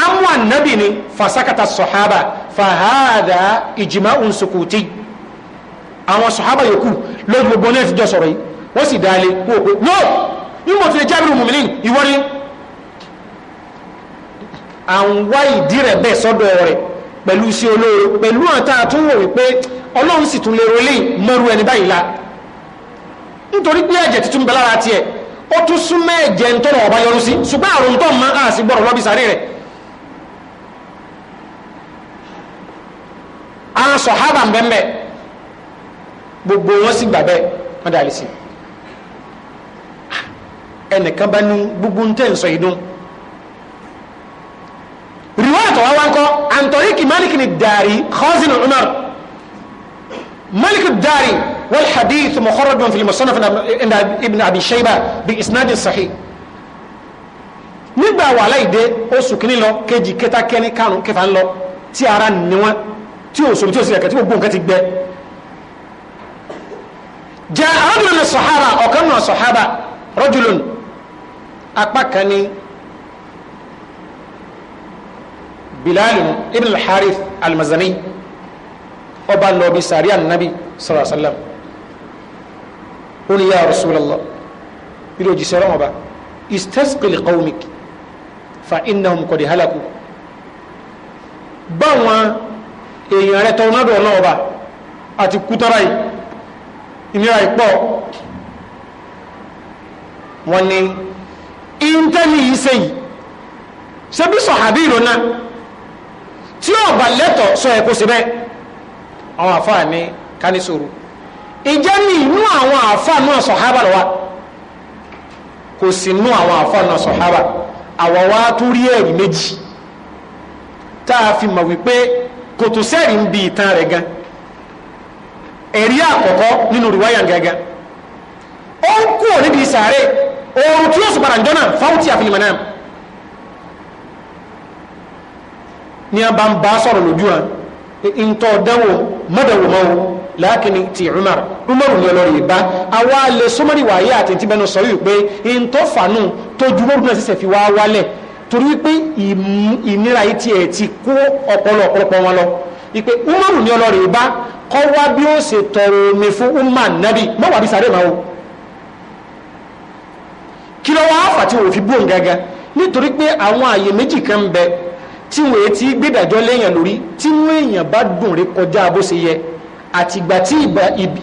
amú ànábì ni fasakata sọ̀hábà fàhádà ìjìmá òǹsùkùtì àwọn sọ̀hábà yòókù lójú gbogbo náà ti jọ sọ̀rọ̀ yìí wọ́n sì dáa lé wọ́n pé no ní mo ti jábìrì mùmìnì ìwọ́rin à ń wá ìdí rẹ̀ bẹ́ẹ̀ sọ́dọ̀ rẹ̀ pẹ̀lú sí olóró pẹ̀lú àtà àtúnwò wípé ọlọ́run sì tún lè rolé mọ́rú ẹni báyìí la nítorí pé ẹ̀jẹ̀ tuntun bẹ lára tiẹ̀ ó tún súnmọ́ ẹ̀jẹ̀ ń tọrọ ọba yọrù sí ṣùgbọ́n àrùn tó máa hà sí gbọ́dọ̀ lọ́bí sáré rẹ̀ àwọn sọ̀hábà ń bẹ́ẹ̀ gbogbo wọn sì gbà bẹ́ẹ̀ wọ́n dà lè sí ẹnìkan bá ní gbogbo ń tẹ̀ ń sọ ìdún riwaayat wa wankɔ an tariqi malik ni dari khazin umar malik dari wal hadith mukharraj fi musannaf ibn abi shayba bi isnad sahih nígbà wàhálà ìdè oṣù kìíní lọ kejì kẹta kẹni karùn kẹfà ń lọ tí ara níwọn tí o sòmi tí o sì ẹkẹ o gbó nǹkan ti gbẹ jẹ arábìnrin sọhábà ọkàn náà sọhábà rọjùlùn apá kan bilal ibn al-harith al-mazani ọba lọ bí sàrí ànábì sallallahu alaihi wasallam ó ní ya rasulallah ilé òjìṣẹ́ ọlọ́wọ́n ọba istasqi li qawmik fa innahum qad halaku báwọn èèyàn rẹ tọ́wọ́n náà lọ́wọ́ ọba àti kútọ́ra yìí ìnira ìpọ̀ wọn ni íńtẹ́lì yìí sẹ́yìn ṣe bí sọ̀hábì ìrọ̀nà tí ọba lẹ́tọ̀ sọ ẹ̀kọ́ síbẹ̀ àwọn àfáà ní kánísòrò ìjẹ́ ní inú àwọn àfáà náà sọ̀hábà lọ́wọ́ kò sí inú àwọn àfáà náà sọ̀hábà àwọ̀ wa tún rí ẹ̀rí méjì tá a fi mọ̀ wípé kò tó sẹ́rí ń bi ìtàn rẹ̀ gan ẹ̀rí àkọ́kọ́ nínú rìwáyà gangan ó ń kú òní di sàárè oorun tí yóò sì padà jọ náà fáwọn tí a fi lè mọ̀ náà ní a bá ń bá sọ̀rọ̀ lójú wa ń tọ́ dánwò mọ́dọ̀wò mọ́ láàkínní ti Umar Umar ní ọlọ́rọ̀ yìí bá àwa lè sọmọ́rì wáyé àti ti bẹnu sọ wípé ń tọ́ fànù tó ju mọ́rù náà ṣẹ̀ṣẹ̀ fi wá wálẹ̀ torí wípé ìnira yìí tiẹ̀ ti kó ọpọlọ ọ̀pọ̀lọpọ̀ wọn lọ ìpè Umar ní ọlọ́rọ̀ yìí bá kọ́ wá bí ó ṣe tọrọ omi fún Umar nabi mọ́wàá bí sáré máa wò kí lọ́wọ́ àfàtì òfin bóun gángan nítorí pé àwọn àyè méjì kan bẹ́ẹ̀ tí wọ́n ti gbẹ́dàjọ́ léèyàn lórí tí wọ́n èèyàn bá dùn rí kọjá bó ṣe yẹ àtìgbà tí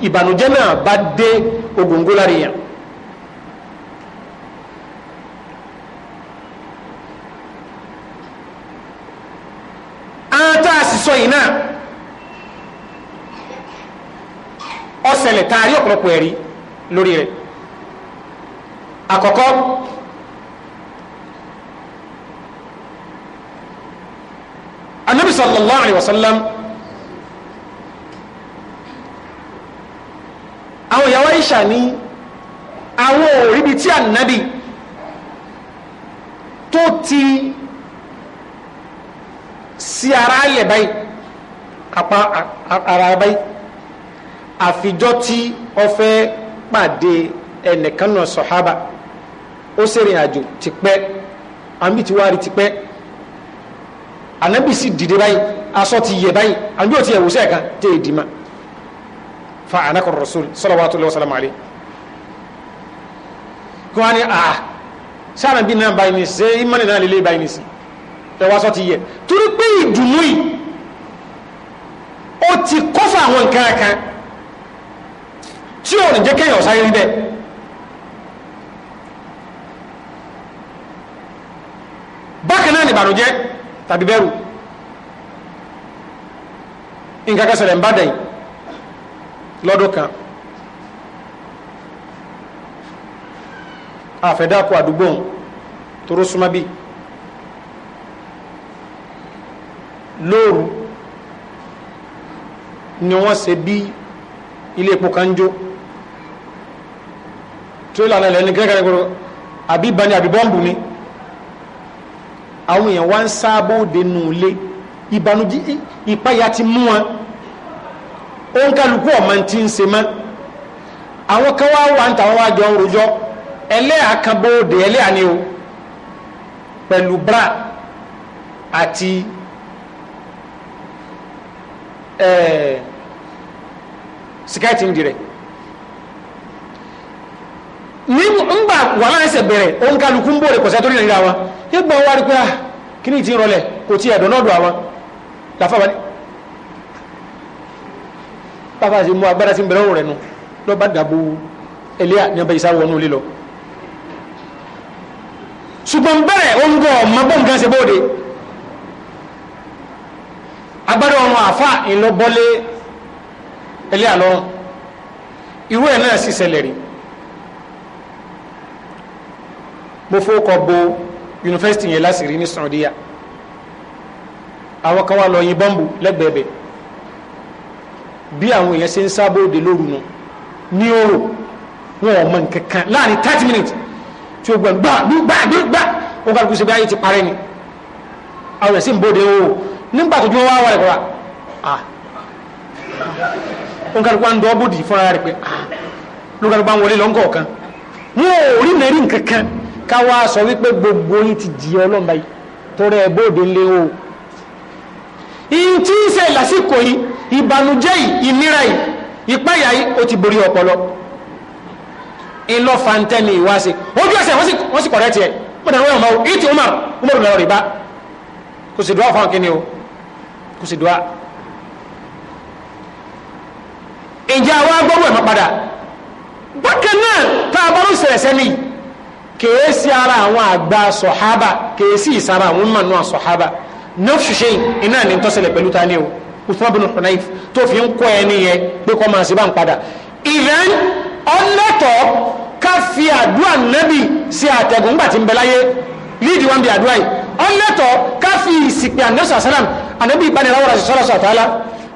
ìbànújẹ́ náà bá dé ògóńgó lára èèyàn. tá a yìí náà ọ̀sẹ̀lẹ̀ tá a rí lórí rẹ̀ àkọ́kọ́. anabi sallallahu alayhi wa sallam àwọn ìyàwó aisha ní àwọn òríbi tí anabi tó ti sí ara alẹ̀ báyìí apá ara báyìí àfijọ́ tí ó fẹ́ pàdé ẹnìkan sọ̀hábà ó sì rìn àjò tipẹ́ àmì tí wàá rí tipẹ́ ànábì sì dìde báyìí aṣọ ti yẹ báyìí àbí òtí ẹ̀wòsẹ́ ẹ̀ka tẹ́ èdè ma fa anakọ̀rọ̀ rasul salawatullahi wa salamu alayhi kí wọ́n á ní àà sáà nàbí náà báyìí ní ṣe ìmọ̀nì náà lélẹ́ báyìí ní sí ẹwà sọ ti yẹ torí pé ìdùnnú yìí o ti kọ́fà àwọn nǹkan kan tí ò ní jẹ́ kéèyàn sáré rí bẹ́ẹ̀ bákan náà nìbànújẹ́ tàbí bẹ̀rù nǹkan kan ṣẹlẹ̀ ń bàdàn lọ́dún kan àfẹ́dàkọ àdúgbò tóró súnmọ́ bí lóòrù ni wọ́n ṣe bí ilé epo kan jó tí lànà ilẹ̀ ní gẹ́gẹ́rẹ́ àbí bani àbí bọ́ǹbù ni. Gregor, àwọn èèyàn wá ń sáábò òde nù ilé ìbànújẹ́ ìpayà ti mú wọn ó ń kálukú ọmọ tí ń ṣe mọ́ àwọn kan wá wà ń tàwọn wá jọ ń rojọ́ ẹlẹ́à kan bóde ẹlẹ́à ni o pẹ̀lú bra àti ẹ̀ẹ́ nígbà wà láìsẹ̀ bẹ̀rẹ̀ òun kálukú ń bòrè pọ̀sẹ̀ torí nàìjíríà wọn nígbà wà rí pé ah, kí ní ti rọlẹ̀ kò ti ẹ̀dọ̀ náà àwọn làfàwà ní bàbá àti mú agbára sí bẹ̀rẹ̀ òun rẹ̀ nu lọ bá dàbò ẹlẹ́à ní ọbẹ̀ ìsáwọ̀ ọ̀nà olílọ ṣùgbọ́n bẹ̀rẹ̀ oúnjẹ ọmọ bọ́ǹkan ṣe bóde agbára ọmọ àfà ìlọbọlé ẹlẹ́à lọ irú ẹ̀ náà sì ṣẹlẹ̀ rí mo fowókọ bo yunifásitì yẹn lásìrí ní Saudiya àwọn kan wà lọ yin bọ́ǹbù lẹ́gbẹ̀ẹ́ bẹ̀ bí àwọn èèyàn ṣe ń sábòde lóru nu ní òrò wọn ò mọ nǹkan kan láàrin thirty minutes tí o gbọ́ gbà gbà gbà ó ká lùkùsí bí ayé ti parẹ́ ni àwọn èèyàn sì ń bòde òrò nígbà tó ju wọn wá wà lẹ́kọ̀ọ́ ah ó ká lùkùsí àndọ́ bòdì fúnra rẹ̀ pé ah ló ká wọlé lọ́ńkọ̀ọ̀kan wọn ò rí nàrí nǹkan kan káwá sọ wípé gbogbo yìí ti di ọlọ́mọba yìí torí ẹ bóde lé o ìyìn tí ń ṣe lásìkò yìí ìbànújẹ́ yìí ìnira yìí ìpáyà yìí ó ti borí ọpọlọ ìlọ́fà ń tẹ́ni ìwáṣe ojú ẹsẹ̀ wọ́n sì kọ̀rẹ́ tiẹ̀ mọ̀dà wọ́n ọmọ ìtì ọmọ ọmọ ìlọrọ̀ rìbá kò sì dùá fún akíní o kò sì dùá ìjà wa gbọ́rù ẹ̀mọ́ padà bákan náà tá a bọ́rù sẹ̀rẹ̀sẹ̀ nìyí kèésì ara àwọn àgbà sọ̀hábà kèésì ìsára àwọn mọ̀nú àsọ̀hábà nọ́ọ̀fù ṣe iná ní tọ́sílẹ̀ pẹ̀lú tani o Uthman bin Hunayf tó fi ń kọ́ ẹni yẹn pé kọ́ máa ṣe bá ń padà ìrẹ́n ọlẹ́tọ̀ ká fi àdúrà nẹ́bì sí àtẹ̀gùn nígbà tí ń bẹ láyé lídìí wọn bí àdúrà yìí ọlẹ́tọ̀ ká fi ìsìnkú àdúrà sàlám ànábì ìbánilárọ̀ sọ̀rọ̀ sọ̀tàlá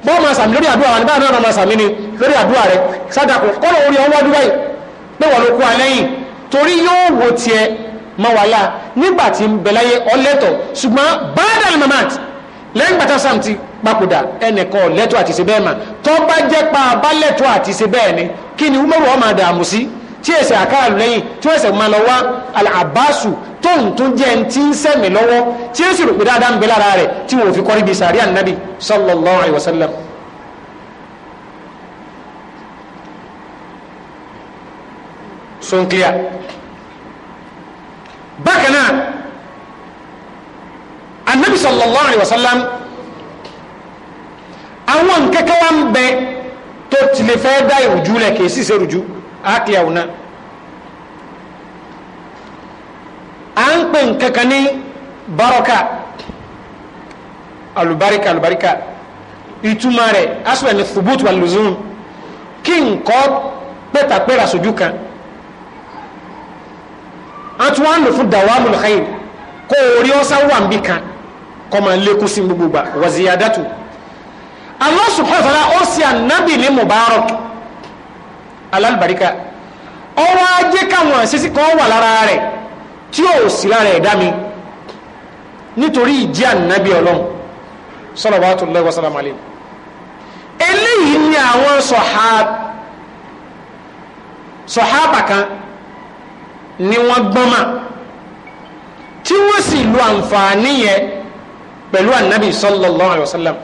bọ́ọ̀ máa sàmì lórí àdúrà wọn báyìí náà máa sàmì ni lórí àdúrà rẹ̀ sádàkùn kọ́lọ̀ torí yóò wo tiẹ̀ mọ́ wa la nígbà tí ń bẹ láyé ọlẹ́tọ̀ ṣùgbọ́n bádàlì mamat lẹ́yìn gbàtà sàmtì papòdà ẹnìkan ọ̀lẹ́tọ̀ àti ṣe bẹ́ẹ̀ mà tó jẹ́ pa abálẹ́tọ̀ àti ṣe bẹ́ẹ̀ ni kí ni umaru ọmọ àdààmú sí tí ẹsẹ̀ àkáàlù lẹ́yìn tí wọ́n ẹsẹ̀ máa lọ wá àbáṣù tó ń tún jẹ́ ń tí ń sẹ̀mí lọ́wọ́ tí ó sì rò pé dáadáa ń bẹ lára rẹ̀ tí wọ́n ò fi kọ́rí bíi sàrí ànábì sallallahu alaihi wasallam sọ́nkíà bákan náà anabi sallallahu alayhi wa sallam àwọn nkẹ́kẹ́ wa ń bẹ tó tilẹ̀ fẹ́ dá ìrùjú lẹ̀ kì í sì ṣe ìrùjú àákìlẹ̀ àwọn náà à ń pè nkankan ní baraka alubarika alubarika ìtumọ̀ rẹ̀ asùnwẹ̀ni thubut wal luzum kí nkọ́ pẹ̀tàpẹ̀rẹ̀ aṣojú kan a tún wá ń lò fún dawamul khair kó orí ọsá wà ń bí kan kọ́ máa lékún sí gbogbo gbà wa ziyadatu Allah subhanahu wa ta'ala ó sì ànábì ní mubarak alálùbáríkà ọwọ́ ajé káwọn àṣìṣì kan wà lára rẹ̀ tí ó sì lára ẹ̀dá mi nítorí ìjẹ́ ànábì ọlọ́run salawatullahi wa salamu alayhi eléyìí ni àwọn sọ̀hábà kan ni wọ́n gbọ́mà tí wọ́n sì lo àǹfààní yẹn pẹ̀lú ànábì sallallahu alayhi wa sallam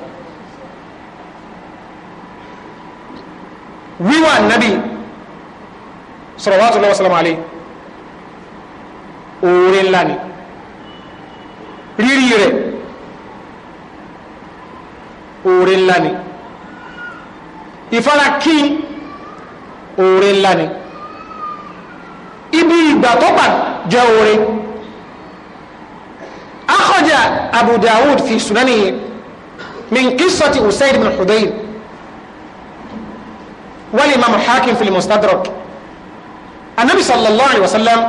wíwá ànábì sallallahu alayhi wa sallam alayhi oore ńlá ni rírí rẹ̀ oore ńlá ni ìfarakí oore ńlá ni. níbi ìgbà tó pà jẹ́ orin akọjá Abu Dawud fi sunanihi min qissati Usaid bin Hudayr wal imam Hakim fil Mustadrak annabi sallallahu alayhi wa sallam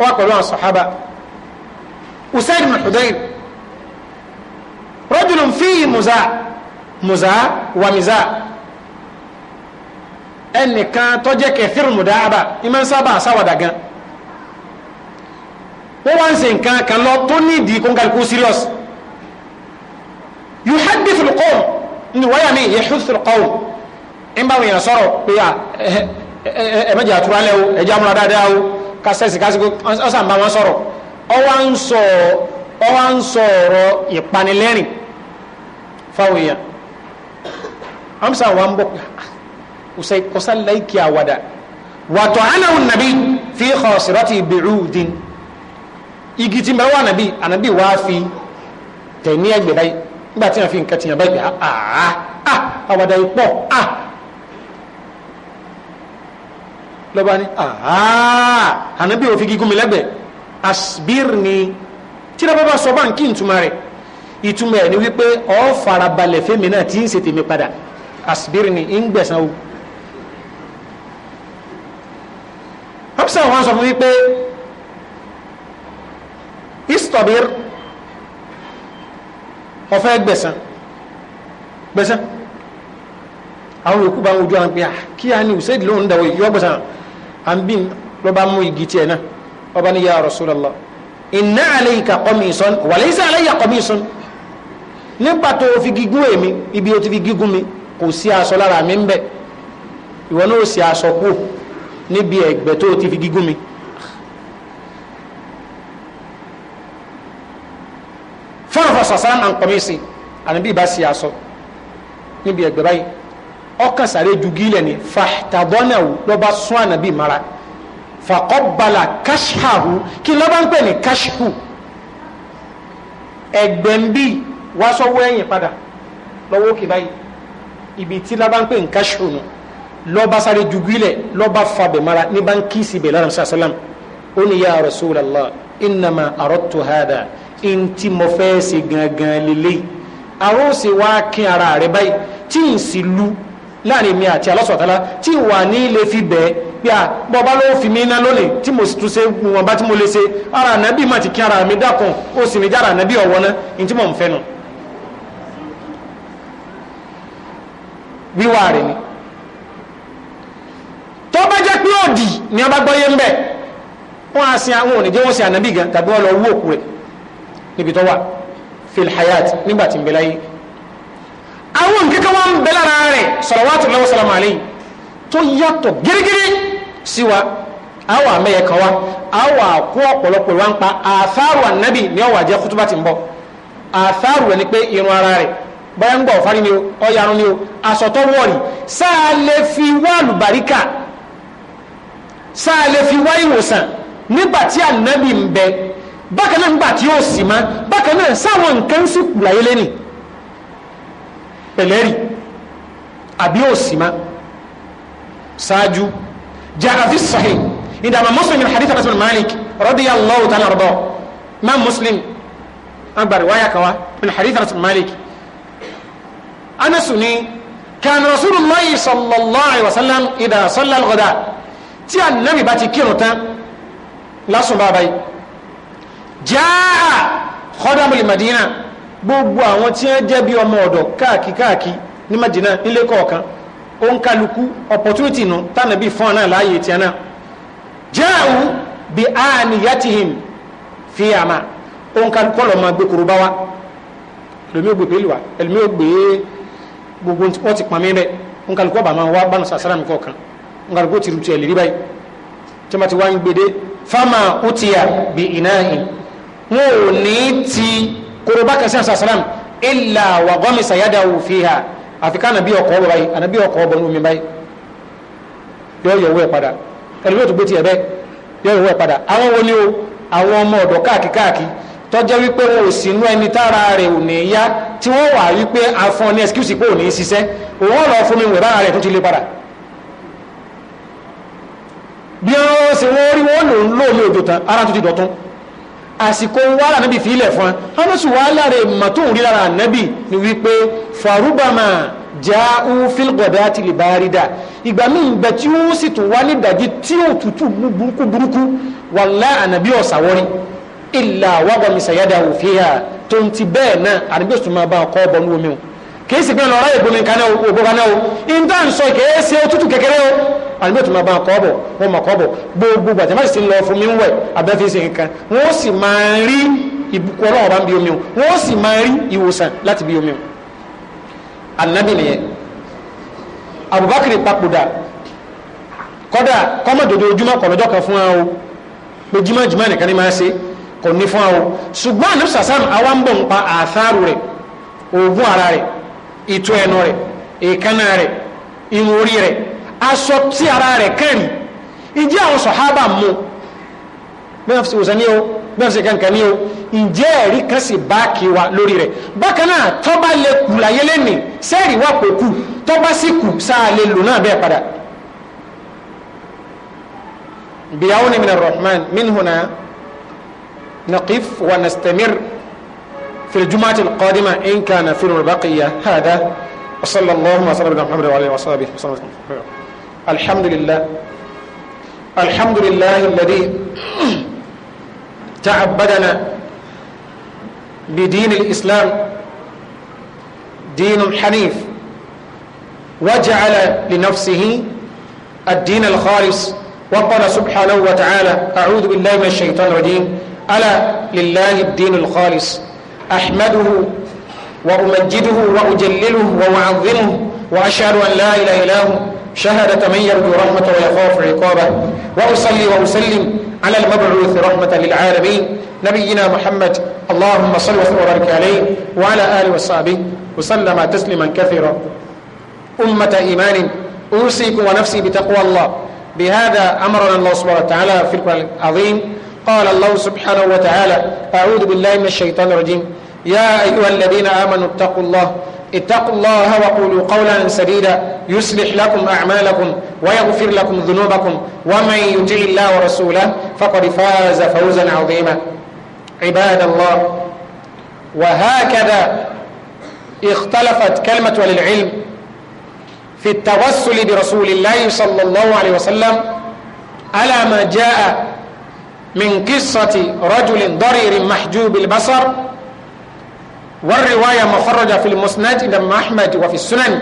wa pẹ̀lú àwọn sahaba Usaid bin Hudayr rajulun fihi muza muza wa miza ẹnìkan tó jẹ́ kẹfìrì mùdáàbà ìmọ̀ ń sábà sáwàdà gan wọ́n wá ń ṣe nǹkan kan lọ tó nídìí kó ń kálukú serious yóò hẹ́dí fìlùkọ́ọ̀ ní wáyà mi yẹ hẹ́dí fìlùkọ́ọ̀ ń bá wọ̀nyàn sọ̀rọ̀ pé à ẹ̀mẹ́jẹ̀ àtúrà lẹ́ o ẹ̀jẹ̀ amúra dáadáa o kásẹ̀sì kásìkò ọ̀sán bá wọn sọ̀rọ̀ ọwọ́ ń sọ̀rọ̀ ìpanilẹ́rìn fáwọn èèyàn amsa wa ń bọ̀ pé kusallaiki awada wato anahu nabi fi khasirati bi'udin igi tí mbẹ wà nàbí ànàbí wà fi tẹ̀ní ẹgbẹ̀ báyìí nígbà tí wọ́n fi nǹkan tìyàn báyìí àá à àwàdà ìpọ̀ à lọ́ba ni àá ànàbí òfin gígùn mi lẹ́gbẹ̀ẹ́ asbir ni tí lọ́ba bá sọ bá ń kí ìtumọ̀ ni wípé ọ̀ farabalẹ̀ fẹ́mi náà tí ń ṣe tèmi padà asbir ni ń o. Hafsa wọn sọ fún mi pé istabir ọ̀fẹ́ gbẹ̀sán gbẹ̀sán àwọn yòókù bá ń wojú àwọn pé à ah, kí á ní Usaid lóun dàwọ̀ yìí ọgbẹ̀sán à ń bí lọ́ba mú igi tiẹ̀ náà ọba ní ya Rasulullah inna alayka qamisan wa laysa alayya qamisun nípa tó fi gígún èmi ibi ó ti fi gígún mi kò sí aṣọ lára mi ń bẹ ìwọ náà ó sì aṣọ kúrò níbi ẹ̀gbẹ́ tó ti fi gígún mi. fọ́nrọ̀fọ́ sàṣán náà ń pọ̀ mí sí ànábì bá sì aṣọ níbi ẹ̀gbẹ́ báyìí ọkàn sáré ju gílẹ̀ ni fàtàbọ́nà lọ́ba sún ànábì mara fàkọ́bala káṣíhàhù kí lọ́ba ń pè ní káṣíhù ẹ̀gbẹ́ ń bí wàá sọ wẹ́yìn padà lọ́wọ́ òkè báyìí ibi tí lọ́ba ń pè ní káṣíhù nù. No lọ́ba sáré jugilẹ̀ lọ́ba fabẹ̀ mara ní bá ń kíìsì bẹ̀ lára sàlám ó ní ya rasulallah innama aradtu hada ntí mo fẹ́ ṣe gangan lélẹ́yìí àwọn òsè wá kí ara rẹ̀ báyìí tí n sì lu láàrin mi àti alọ́sọ̀tálá tí wà ní ilé fi bẹ́ẹ̀ pé à ah, bọ́ba ló fi mí iná lónìí tí mo sì tún ṣe wọn mo lè ṣe ara ànábì má ti kí ara mi dákun ó sì ní jára ànábì ọ̀wọ́ ná ní tí mò ń fẹ́ nu wíwá rẹ̀ ni tó bá jẹ́ pé òdì ni ọba gbọ́yé ń bẹ̀ wọ́n á sin àwọn òníjẹ́ wọ́n sin ànábì gan tàbí wọ́n lọ wú òkú rẹ̀ níbi tó wà fil hayat nígbà tí ń bẹ láyé àwọn nǹkan wọn ń bẹ lára rẹ̀ sọ̀rọ̀wátì lọ́wọ́ sọ̀rọ̀ màálé tó yàtọ̀ gírígírí sí wa àwọn àmẹ́yẹ kan wa àwọn àkó ọ̀pọ̀lọpọ̀ wa ń pa àfáàrù ànábì ní ọ̀wà jẹ́ kútúbà ti ń bọ̀ àfáàrù ẹni pé irun ara rẹ̀ bọ́yá ń gbọ̀ ọ̀fárí ni ó ọ̀yarun ni ó aṣọ wọ̀rì sáà lè fi wọ́ọ̀lù bàríkà sáà lè fi wá ìwòsàn nígbà tí ànábì ń bẹ bákan náà nígbà tí ó sì má bákan náà sáwọn nǹkan sì kù láyé lẹ́nì pẹ̀lẹ́rì àbí ó sì má ṣáájú jaa fi sahih ìdààmú muslim min hadith anas bin malik radiyallahu ta'ala rọ̀bọ̀ máa muslim agbàrí wáyà kan wá hadith anas malik anasu kan rasulullah sallallahu alaihi wasallam idha sallal ghada tí ànábì bá ti kírun tán lásùn bá báyìí jáà kọ́dàmùlì Madina gbogbo àwọn tí wọ́n jẹ́ bí ọmọ ọ̀dọ̀ káàkì ní Madina nílé kọ̀ọ̀kan ó ń kálukú opportunity nù tànàbí fún ọ̀nà láàyè tiẹ̀ náà jáàwù bí àníyàtìhìm fi àmà ó ń kálukú ọ̀lọ́mọ gbé kúrúbá wa ẹlòmí ò gbé pẹ̀lú wa ẹlòmí ò gbé gbogbo wọn ti pàmí bẹ́ẹ̀ ó ń kálukú ọ̀bà máa wá bánu sàsáràmì kọ̀ọ̀kan ngargo ti rutu ẹ̀lẹ́rí báyìí tí wọ́n ti wá ń fama utiya bi inahin wọn ò ní ti koroba kasi asa salam illa wa gọmi sayada fiha àfi ká anabi ọkọ ọbọ báyìí anabi ọkọ ọbọ ní omi báyìí yọ yọ owó ẹ padà ẹni yóò tún gbé tiẹ̀ bẹ́ẹ̀ yọ yọ owó ẹ padà àwọn wo ni o àwọn ọmọ ọ̀dọ̀ káàkiri káàkiri tọ́jẹ́ wípé wọn ò sí inú ẹni tára rẹ̀ ò ní yá tí wọ́n wà wípé afọ́n ní ẹsikúsì pé ò ní ṣiṣẹ́ òun ọ̀rọ̀ fún mi wẹ̀ bára rẹ̀ tó ti lé padà bí wọ́n ṣe wọ́n rí wọ́n lò ń lò lè òjò tán ara tó ti dọ̀tún àsìkò wàhálà níbi fílẹ̀ fún hánúsù wàhálà rẹ̀ mà tó ń rí lára ànábì ni wípé farubama já ń fílgọ̀dá ti lè bá rí dà ìgbà míì bẹ tí ó sì tún wá ní ìdajì tí ó tutù burúkú burúkú wàlá ànábì ọ̀sàwọ́rí ìlà wàgbọ̀mísàyádà òfin hà tó ń ti bẹ́ẹ̀ náà ànábì òsùnmọ́ bá ọkọ̀ ọ̀bọ̀nú omi wọn kìí sì pé lọ́rọ́ ìgbómi ògbókaná o ìdá ń sọ kìí ṣe òtútù kékeré o àníbẹ̀ tó máa bá kọ́ọ̀bọ̀ wọ́n máa kọ́ọ̀bọ̀ gbogbo àti máa sì lọ fún mi ń wẹ̀ abẹ́fẹ́ ṣe nǹkan wọ́n sì máa rí ìbùkún ọlọ́wọ́ bá ń bi omi o wọ́n sì máa rí ìwòsàn láti bi omi o ànábì nìyẹn Abubakar papòdà kọ́dà kọ́mọ̀dòdò ojúmọ́ kọ̀lọ́jọ́ kan fún wa pé jimajima nìkan ni máa ṣe kò ní fún wa ṣùgbọ́n àníbùsàsán àwa ń bọ̀ ń pa àtharu rẹ̀ oògùn ara rẹ̀ ìtọ́ ẹnu rẹ̀ èékánná rẹ̀ irun orí rẹ̀ aṣọ tí ara rẹ̀ kẹ́rì ìjẹ́ àwọn sọ̀hábà mú bẹ́ẹ̀ fi wòsàn ní o bẹ́ẹ̀ fi kankan ìjẹ́ ẹ̀rí kan sì bá kí wa lórí rẹ̀ bákan náà tọ́ba lè kù láyé lẹ́nìí sẹ́ẹ̀rì wà pé kù tọ́ba sì kù sáà lè lò náà bẹ́ẹ̀ padà bíyàwó ni minna rahman min huna naqif wa nastamir في الجمعة القادمة إن كان في البقية هذا وصلى الله وسلم على محمد وعلى وصحبه وسلم الحمد لله الحمد لله الذي تعبدنا بدين الإسلام دين حنيف وجعل لنفسه الدين الخالص وقال سبحانه وتعالى أعوذ بالله من الشيطان الرجيم ألا لله الدين الخالص أحمده وأمجده وأجلله وأعظمه وأشهد أن لا إله إلا هو شهادة من يرجو رحمة ويخاف عقابه وأصلي وأسلم على المبعوث رحمة للعالمين نبينا محمد اللهم صل وسلم وبارك عليه وعلى آله وصحبه وسلم تسليما كثيرا أمة إيمان أوصيكم ونفسي بتقوى الله بهذا أمرنا الله سبحانه وتعالى في القرآن العظيم قال الله سبحانه وتعالى أعوذ بالله من الشيطان الرجيم يا أيها الذين آمنوا اتقوا الله اتقوا الله وقولوا قولا سديدا يصلح لكم أعمالكم ويغفر لكم ذنوبكم ومن يطع الله ورسوله فقد فاز فوزا عظيما عباد الله وهكذا اختلفت كلمة وللعلم في التوسل برسول الله صلى الله عليه وسلم على ما جاء من قصة رجل ضرير محجوب البصر والرواية مخرجة في المسند عند أحمد وفي السنن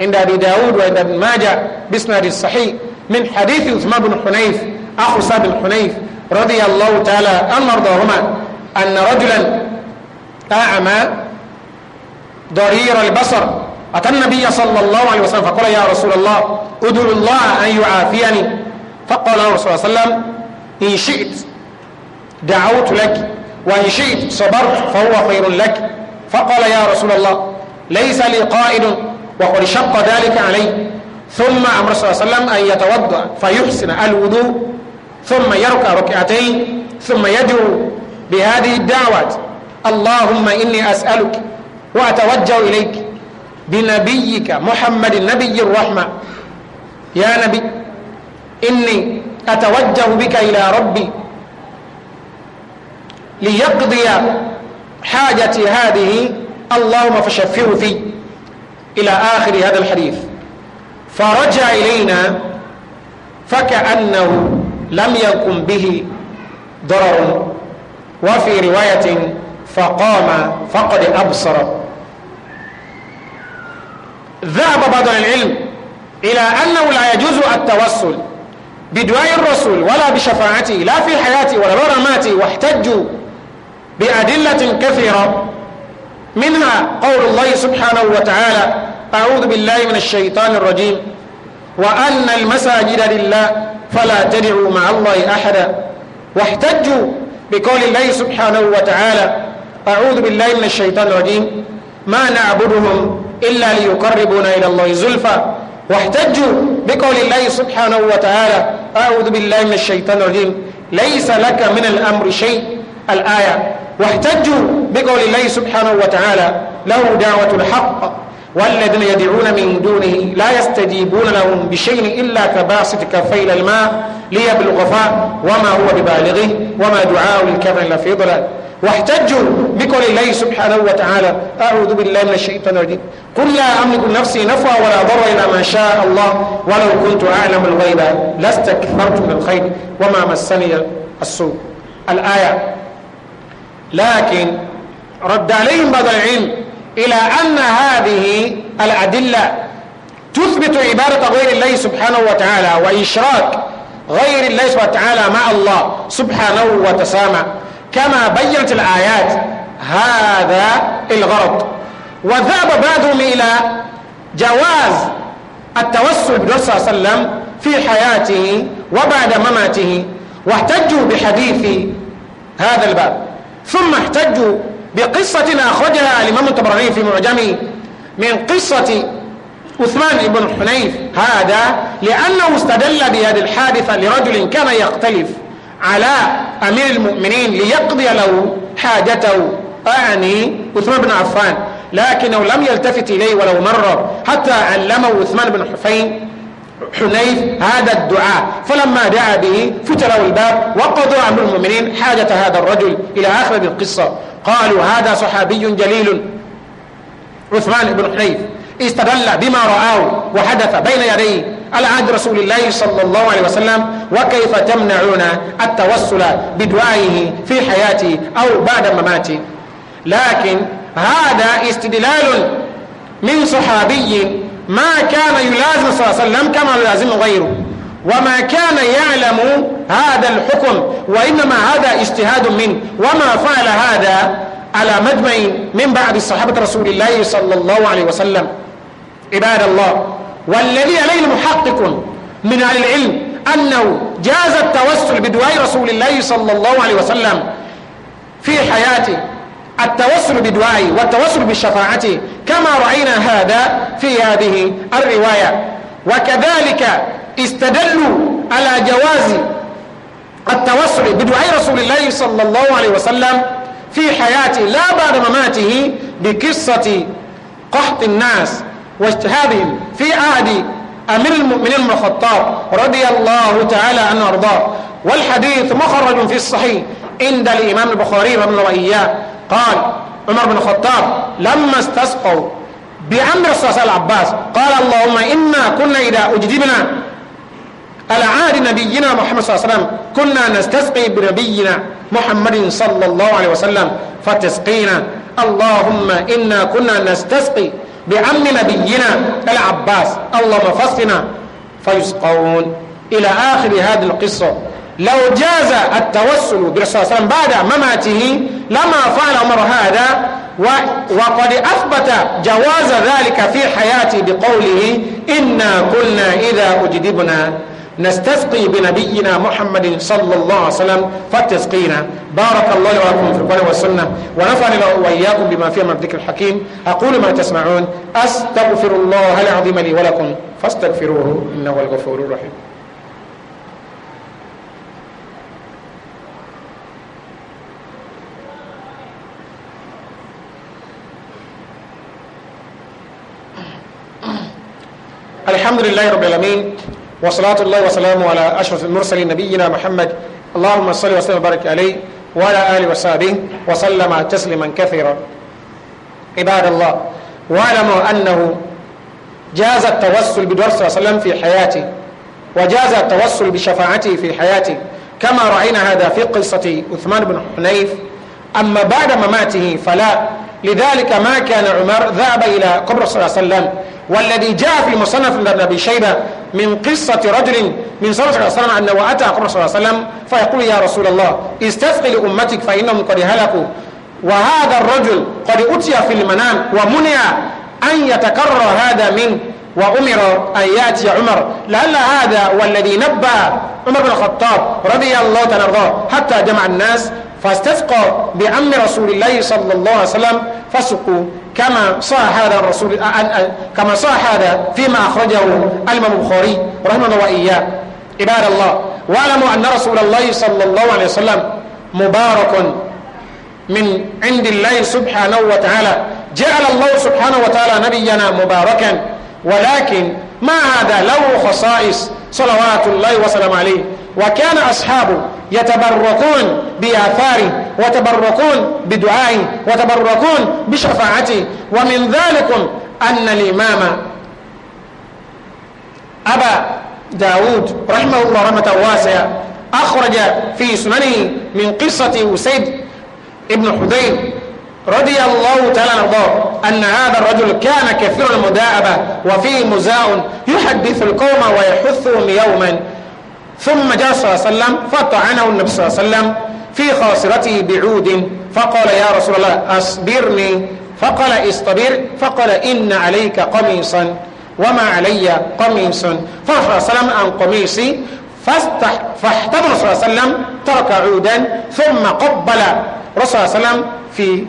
عند أبي داود وعند ابن ماجه بسند الصحيح من حديث عثمان بن حنيف أخو سعد بن حنيف رضي الله تعالى عن مرضاهما أن رجلا أعمى ضرير البصر أتى النبي صلى الله عليه وسلم فقال يا رسول الله أدعو الله أن يعافيني فقال رسول الله صلى الله عليه وسلم إن شئت دعوت لك وإن شئت صبرت فهو خير لك فقال يا رسول الله ليس لي قائد وقد شق ذلك علي ثم أمر صلى الله عليه وسلم أن يتوضأ فيحسن الوضوء ثم يركع ركعتين ثم يدعو بهذه الدعوات اللهم إني أسألك وأتوجه إليك بنبيك محمد النبي الرحمة يا نبي إني أتوجه بك إلى ربي ليقضي حاجتي هذه اللهم فشفه في إلى آخر هذا الحديث فرجع إلينا فكأنه لم يكن به ضرر وفي رواية فقام فقد أبصر ذهب بعض العلم إلى أنه لا يجوز التوسل بدعاء الرسول ولا بشفاعته لا في حياته ولا بعد واحتجوا بأدلة كثيرة منها قول الله سبحانه وتعالى أعوذ بالله من الشيطان الرجيم وأن المساجد لله فلا تدعوا مع الله أحدا واحتجوا بقول الله سبحانه وتعالى أعوذ بالله من الشيطان الرجيم ما نعبدهم إلا ليقربونا إلى الله زلفى واحتجوا بقول الله سبحانه وتعالى أعوذ بالله من الشيطان الرجيم ليس لك من الأمر شيء الآية واحتجوا بقول الله سبحانه وتعالى له دعوة الحق والذين يدعون من دونه لا يستجيبون لهم بشيء إلا كباسط كفيل الماء ليبلغ فاء وما هو ببالغه وما دعاء للكفر إلا في ضلال واحتجوا بقول الله سبحانه وتعالى أعوذ بالله من الشيطان الرجيم قل لا أملك نفسي نفعا ولا ضرا إلا ما شاء الله ولو كنت أعلم الغيب لاستكثرت من الخير وما مسني السوء الآية لكن رد عليهم بعض العلم إلى أن هذه الأدلة تثبت عبادة غير الله سبحانه وتعالى وإشراك غير الله سبحانه وتعالى مع الله سبحانه وتسامى كما بينت الآيات هذا الغرض وذهب بعضهم إلى جواز التوسل بالرسول صلى الله عليه وسلم في حياته وبعد مماته واحتجوا بحديث هذا الباب ثم احتجوا بقصة أخرجها الإمام الطبراني في معجمه من قصة عثمان بن حنيف هذا لأنه استدل بهذه الحادثة لرجل كان يختلف على أمير المؤمنين ليقضي له حاجته أعني عثمان بن عفان لكنه لم يلتفت إليه ولو مرة حتى علمه عثمان بن حفين حنيف هذا الدعاء فلما دعا به فتلوا الباب وقضى أمير المؤمنين حاجة هذا الرجل إلى آخر القصة قالوا هذا صحابي جليل عثمان بن حنيف استدل بما رآه وحدث بين يديه على عهد رسول الله صلى الله عليه وسلم وكيف تمنعون التوسل بدعائه في حياته أو بعد مماته لكن هذا استدلال من صحابي ما كان يلازم صلى الله عليه وسلم كما يلازم غيره وما كان يعلم هذا الحكم وإنما هذا اجتهاد منه وما فعل هذا على مجمع من بعد صحابة رسول الله صلى الله عليه وسلم عباد الله والذي عليه المحقق من أهل العلم أنه جاز التوسل بدعاء رسول الله صلى الله عليه وسلم في حياته التوسل بدعائه والتوسل بشفاعته كما رأينا هذا في هذه الرواية وكذلك استدلوا على جواز التوسل بدعاء رسول الله صلى الله عليه وسلم في حياته لا بعد مماته بقصة قحط الناس واجتهادهم في عهد أمير المؤمنين بن الخطاب رضي الله تعالى عنه وارضاه والحديث مخرج في الصحيح عند الإمام البخاري وابن الله قال عمر بن الخطاب لما استسقوا بأمر الصلاة العباس قال اللهم إنا كنا إذا أجدبنا على عهد نبينا محمد صلى الله عليه وسلم كنا نستسقي بنبينا محمد صلى الله عليه وسلم فتسقينا اللهم إنا كنا نستسقي بعم نبينا العباس اللهم فصلنا فيسقون إلى آخر هذه القصة لو جاز التوسل برسول الله بعد مماته لما فعل عمر هذا وقد أثبت جواز ذلك في حياته بقوله إنا كلنا إذا أجدبنا نستسقي بنبينا محمد صلى الله عليه وسلم فتسقينا بارك الله لكم في القرآن والسنة ونفعني وإياكم بما فيها من الذكر الحكيم أقول ما تسمعون أستغفر الله العظيم لي ولكم فاستغفروه إنه هو الغفور الرحيم الحمد لله رب العالمين وصلاة الله وسلامه على أشرف المرسلين نبينا محمد اللهم صل وسلم وبارك عليه وعلى آله وصحبه وسلم تسليما كثيرا عباد الله واعلموا أنه جاز التوسل بدور صلى الله عليه وسلم في حياته وجاز التوسل بشفاعته في حياته كما رأينا هذا في قصة عثمان بن حنيف أما بعد مماته فلا لذلك ما كان عمر ذهب إلى قبر صلى الله عليه وسلم والذي جاء في مصنف ابن أبي شيبة من قصة رجل من صلى الله عليه وسلم أنه أتى قبر صلى الله عليه وسلم فيقول يا رسول الله استفق لأمتك فإنهم قد هلكوا وهذا الرجل قد أتي في المنام ومنع أن يتكرر هذا من وأمر أن يأتي عمر لعل هذا والذي نبأ عمر بن الخطاب رضي الله تعالى حتى جمع الناس فاستسقى بعم رسول الله صلى الله عليه وسلم فسقوا كما صح هذا الرسول كما صح هذا فيما أخرجه الإمام البخاري رحمه الله وإياه عباد الله واعلموا أن رسول الله صلى الله عليه وسلم مبارك من عند الله سبحانه وتعالى جعل الله سبحانه وتعالى نبينا مباركا ولكن ما هذا له خصائص صلوات الله وسلم عليه وكان أصحابه يتبركون بآثاره وتبركون بدعائه وتبركون بشفاعته ومن ذلك أن الإمام أبا داود رحمه الله رحمة واسعة أخرج في سننه من قصة أسيد ابن حذين رضي الله تعالى عنه أن هذا الرجل كان كثير المداعبة وفيه مزاء يحدث القوم ويحثهم يوما ثم جاء صلى الله عليه وسلم فطعنه النبي صلى الله عليه وسلم في خاصرته بعود فقال يا رسول الله أصبرني فقال استبر فقال إن عليك قميصا وما علي قميص فرفع سلام عن قميصي فاحتضر صلى الله عليه وسلم ترك عودا ثم قبل رسول الله عليه وسلم في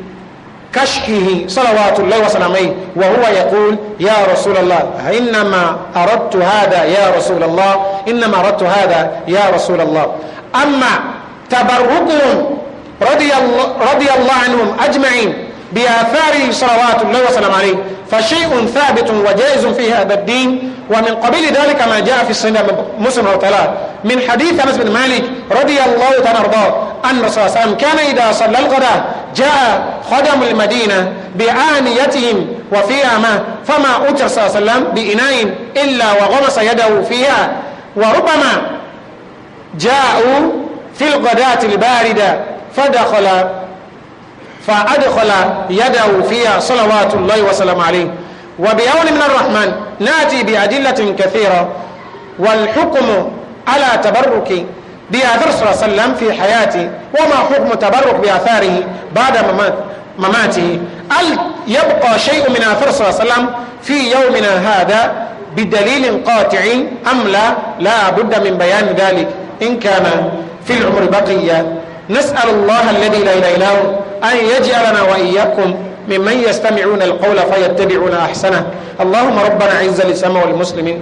كشكه صلوات الله وسلامه وهو يقول يا رسول الله إنما أردت هذا يا رسول الله إنما أردت هذا يا رسول الله أما تبركهم رضي الله, رضي الله عنهم أجمعين بآثاره صلوات الله وسلم عليه فشيء ثابت وجائز في هذا الدين ومن قبيل ذلك ما جاء في السنة مسلم وطلاء من حديث أنس بن مالك رضي الله تعالى ارضاه أن رسول صلى الله عليه وسلم كان إذا صلى الغداء جاء خدم المدينة بآنيتهم وفيها ما فما أتر صلى الله عليه وسلم بإناء إلا وغمس يده فيها وربما جاءوا في الغداة الباردة فدخل فأدخل يده فيها صلوات الله وسلام عليه وبعون من الرحمن نأتي بأدلة كثيرة والحكم على تبرك بآثار صلى الله عليه وسلم في حياته وما حكم تبرك بآثاره بعد مماته هل يبقى شيء من آثار صلى الله عليه وسلم في يومنا هذا بدليل قاطع أم لا لا بد من بيان ذلك إن كان في العمر بقية نسأل الله الذي لا إله إلا هو أن يجعلنا وإياكم ممن يستمعون القول فيتبعون أحسنه اللهم ربنا عز لسمع والمسلمين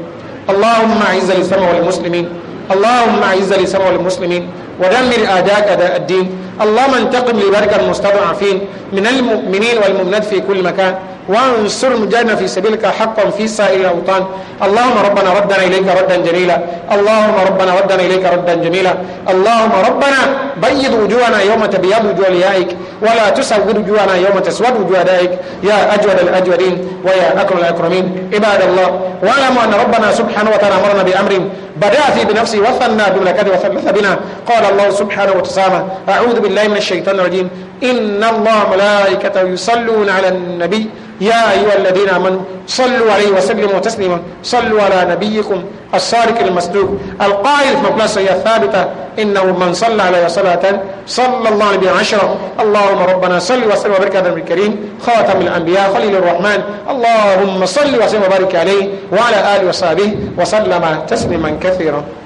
اللهم عز لسمع والمسلمين اللهم عز لسمع والمسلمين ودمر أعداءك أداء الدين اللهم انتقم لبركة المستضعفين من المؤمنين والمؤمنات في كل مكان وانصر مجاهدنا في سبيلك حقا في سائر الاوطان اللهم ربنا ردنا اليك ردا جميلا اللهم ربنا ردنا اليك ردا جميلا اللهم ربنا بيض وجوهنا يوم تبيض وجوه ليائك ولا تسود وجوهنا يوم تسود وجوه دائك يا اجود الاجودين ويا اكرم الاكرمين عباد الله واعلموا ان ربنا سبحانه وتعالى امرنا بامر بدا في بنفسه وثنى بملكته وثلث بنا قال قال الله سبحانه وتعالى أعوذ بالله من الشيطان الرجيم إن الله ملائكته يصلون على النبي يا أيها الذين آمنوا صلوا عليه وسلموا تسليما صلوا على نبيكم الصارك المصدوق القائل في مقلصة هي ثابتة إنه من صلى عليه صلاة صلى الله عليه عشرة اللهم ربنا صل وسلم وبارك على الكريم خاتم الأنبياء خليل الرحمن اللهم صل وسلم وبارك عليه وعلى آله وصحبه وسلم تسليما كثيرا